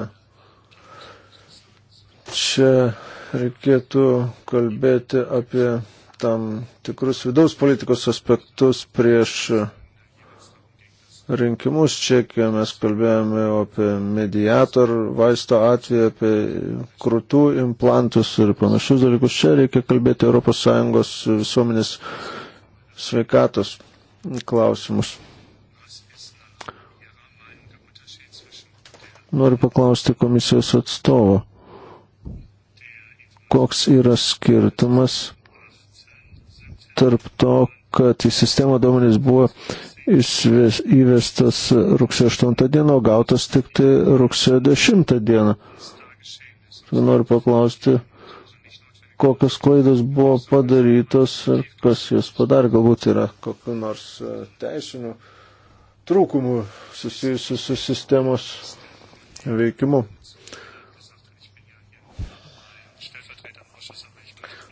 Speaker 3: čia reikėtų kalbėti apie tam tikrus vidaus politikos aspektus prieš e, rinkimus Čekijoje. Mes kalbėjome apie mediator vaisto atveju, apie krūtų implantus ir panašius dalykus. Čia reikia kalbėti ES visuomenės sveikatos klausimus. Noriu paklausti komisijos atstovo, koks yra skirtumas tarp to, kad į sistemą duomenys buvo įvestas rugsėjo 8 dieną, o gautas tik tai rugsėjo 10 dieną. Noriu paklausti, kokios klaidos buvo padarytos ir kas jas padarė. Galbūt yra kokiu nors e, teisiniu trūkumu susijusiu su sistemos veikimu.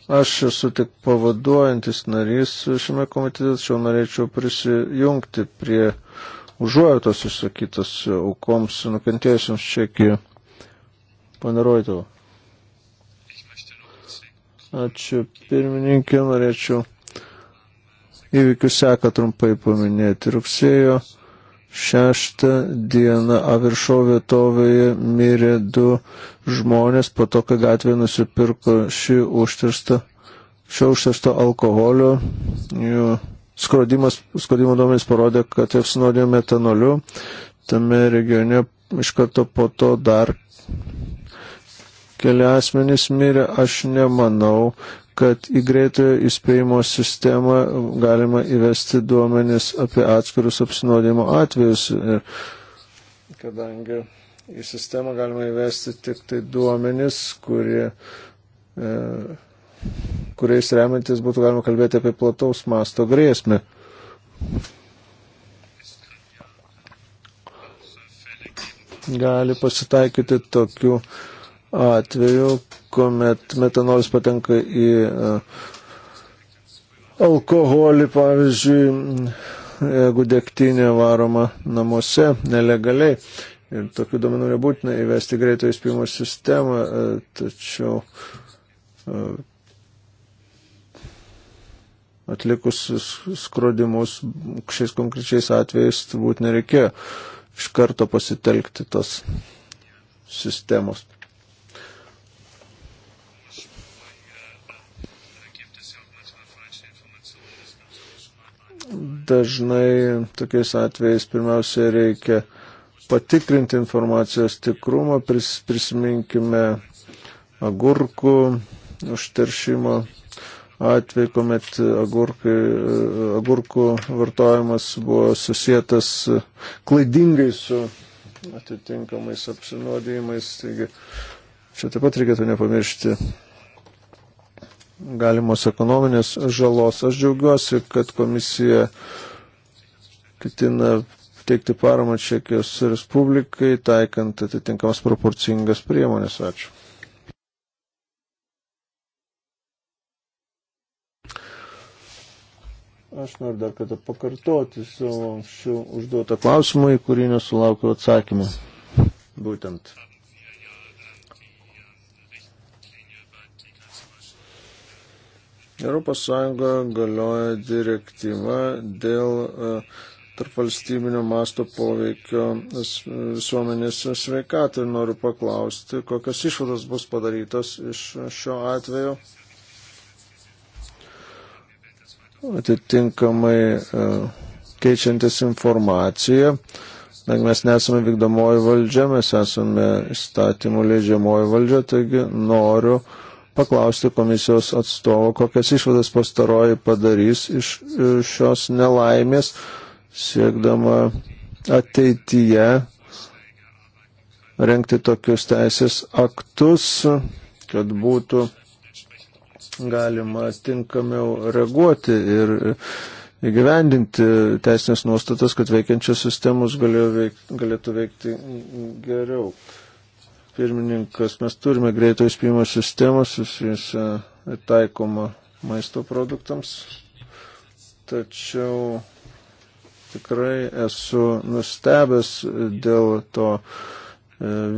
Speaker 3: Aš esu tik pavaduojantis narys šiame komitete, tačiau norėčiau prisijungti prie užuojotos išsakytas aukoms nukentėjusiems Čekijoje. Paneroitavo. Ačiū pirmininkė, norėčiau įvykių seką trumpai paminėti. Rugsėjo šeštą dieną Aviršo vietovėje mirė du žmonės po to, kai gatvė nusipirko šį užtirstą, šio užtirsto alkoholio. Jų skrodimas, skrodimo duomenys parodė, kad jie apsinodėjo metanoliu. Tame regione iš karto po to dar keli asmenys mirė. Aš nemanau, kad į greitojo įspėjimo sistemą galima įvesti duomenis apie atskirus apsinuodimo atvejus. Ir kadangi į sistemą galima įvesti tik tai duomenis, kurie, e, kuriais remiantis būtų galima kalbėti apie plataus masto grėsmę. Gali pasitaikyti tokių atveju, kuomet metanolis patenka į e, alkoholį, pavyzdžiui, jeigu degtinė varoma namuose nelegaliai. Ir tokių domenų nebūtina įvesti greito įspėjimo sistemą, e, tačiau e, atlikus skrodimus šiais konkrečiais atvejais turbūt nereikėjo iš karto pasitelkti tos sistemos. dažnai tokiais atvejais pirmiausia reikia patikrinti informacijos tikrumą, pris, prisiminkime agurkų užteršimo atveju, kuomet agurkai, agurkų vartojimas buvo susijęs klaidingai su atitinkamais apsinuodėjimais. Taigi, čia taip pat reikėtų nepamiršti galimos ekonominės žalos. Aš džiaugiuosi, kad komisija ketina teikti paramą Čekijos Respublikai, taikant atitinkamas proporcingas priemonės. Ačiū. Aš noriu dar kartą pakartoti savo anksčiau užduotą klausimą, į kurį nesulaukiu atsakymą. Būtent ES galioja direktyva dėl e, tarp valstybinio masto poveikio visuomenės sveikatai. Noriu paklausti, kokios išvados bus padarytos iš šio atvejo. Atitinkamai e, keičiantis informaciją, Negi mes nesame vykdomoji valdžia, mes esame įstatymų leidžiamoji valdžia, taigi noriu uh, paklausti komisijos atstovo, kokias išvadas pastaroji padarys iš e, šios nelaimės, siekdama ateityje renkti tokius teisės aktus, kad būtų galima tinkamiau reaguoti ir įgyvendinti teisinės nuostatas, kad veikiančios sistemos galėtų veikti geriau pirmininkas, mes turime greito įspėjimo sistemą susijusią ir taikomą maisto produktams, tačiau tikrai esu nustebęs dėl to e,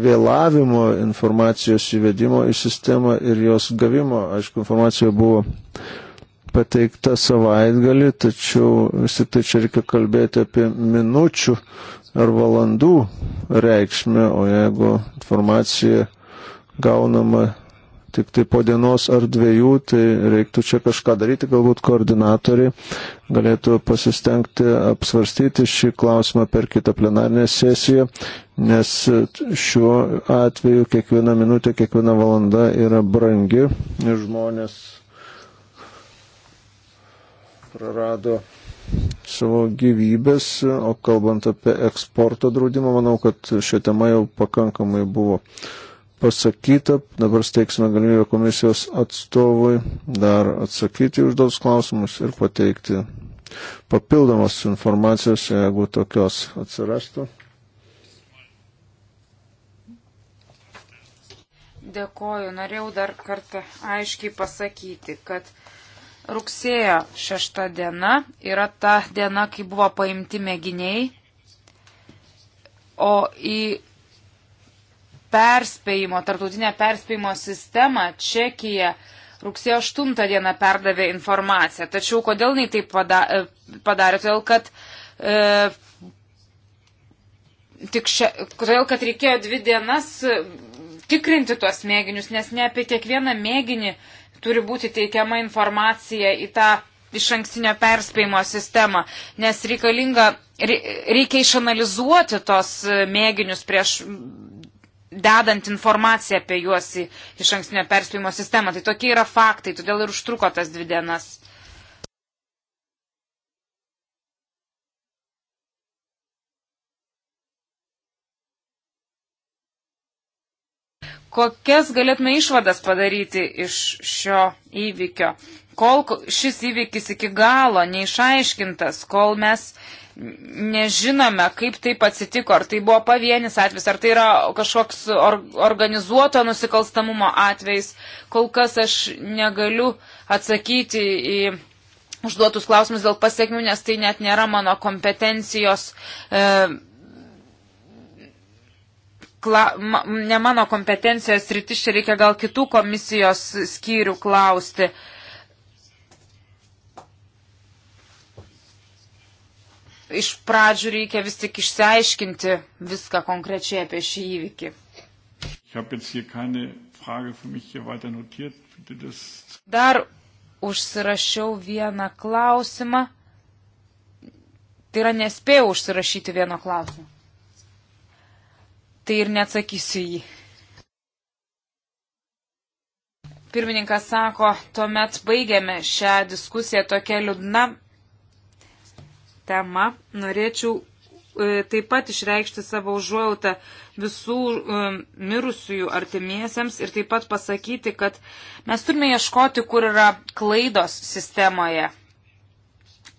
Speaker 3: vėlavimo informacijos įvedimo į sistemą ir jos gavimo. Aišku, informacija buvo pateikta savaitgalį, tačiau vis tik tai čia reikia kalbėti apie minučių ar valandų reikšmę, o jeigu informacija gaunama tik tai po dienos ar dviejų, tai reiktų čia kažką daryti, galbūt koordinatoriai galėtų pasistengti apsvarstyti šį klausimą per kitą plenarinę sesiją, nes šiuo atveju kiekviena minutė, kiekviena valanda yra brangi ir žmonės prarado savo gyvybės, o kalbant apie eksporto draudimą, manau, kad šią temą jau pakankamai buvo pasakyta. Dabar steiksime galimybę komisijos atstovui dar atsakyti užduotus klausimus ir pateikti papildomas informacijos, jeigu tokios atsirastų.
Speaker 2: Dėkoju. Norėjau dar kartą aiškiai pasakyti, kad Rugsėjo šešta diena yra ta diena, kai buvo paimti mėginiai, o į perspėjimo, tartutinę perspėjimo sistemą Čekija rugsėjo 8 dieną perdavė informaciją. Tačiau kodėl jinai taip e, padarė? Todėl, kad e, tik šia, todėl, kad reikėjo dvi dienas e, tikrinti tuos mėginius, nes ne apie kiekvieną mėginį turi būti teikiama informacija į tą iš ankstinio perspėjimo sistemą, nes reikalinga, reikia išanalizuoti tos e, mėginius prieš dedant informaciją apie juos į iš ankstinio perspėjimo sistemą. Tai tokie yra faktai, todėl ir užtruko tas dvi dienas. Kokias galėtume išvadas padaryti iš šio įvykio? Kol šis įvykis iki galo neišaiškintas, kol mes nežinome, kaip taip atsitiko, ar tai buvo pavienis atvejs, ar tai yra kažkoks or organizuoto nusikalstamumo atvejs, kol kas aš negaliu atsakyti į užduotus klausimus dėl pasiekmių, nes tai net nėra mano kompetencijos. E, kla, ma, ne mano kompetencijos rytis, čia reikia gal kitų komisijos skyrių klausti. Iš pradžių reikia vis tik išsiaiškinti viską konkrečiai apie šį įvykį. Dar užsirašiau vieną klausimą. Tai yra nespėjau užsirašyti vieno klausimo tai ir neatsakysiu jį. Pirmininkas sako, tuomet baigiame šią diskusiją tokia liūdna tema. Norėčiau e, taip pat išreikšti savo užuojautą visų e, mirusiųjų artimiesiems ir taip pat pasakyti, kad mes turime ieškoti, kur yra klaidos sistemoje.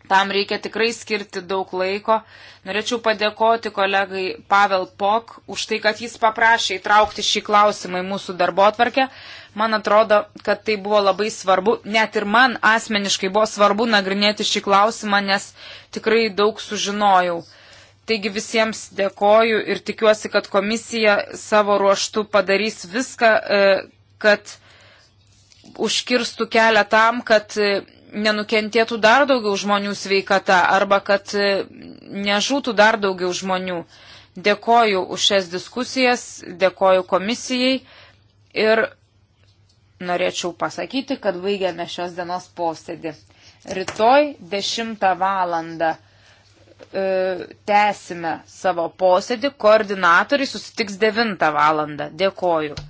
Speaker 2: Tam reikia tikrai skirti daug laiko. Norėčiau padėkoti kolegai Pavel Pok už tai, kad jis paprašė įtraukti šį klausimą į mūsų darbo atvarkę. Man atrodo, kad tai buvo labai svarbu. Net ir man asmeniškai buvo svarbu nagrinėti šį klausimą, nes tikrai daug sužinojau. Taigi visiems dėkoju ir tikiuosi, kad komisija savo ruoštų padarys viską, e, kad užkirstų kelią tam, kad e, nenukentėtų dar daugiau žmonių sveikata arba kad e, nežūtų dar daugiau žmonių. Dėkoju už šias diskusijas, dėkoju komisijai ir norėčiau pasakyti, kad baigiame šios dienos posėdį. Rytoj 10 valandą e, tęsime savo posėdį, koordinatoriai susitiks 9 valandą. Dėkoju.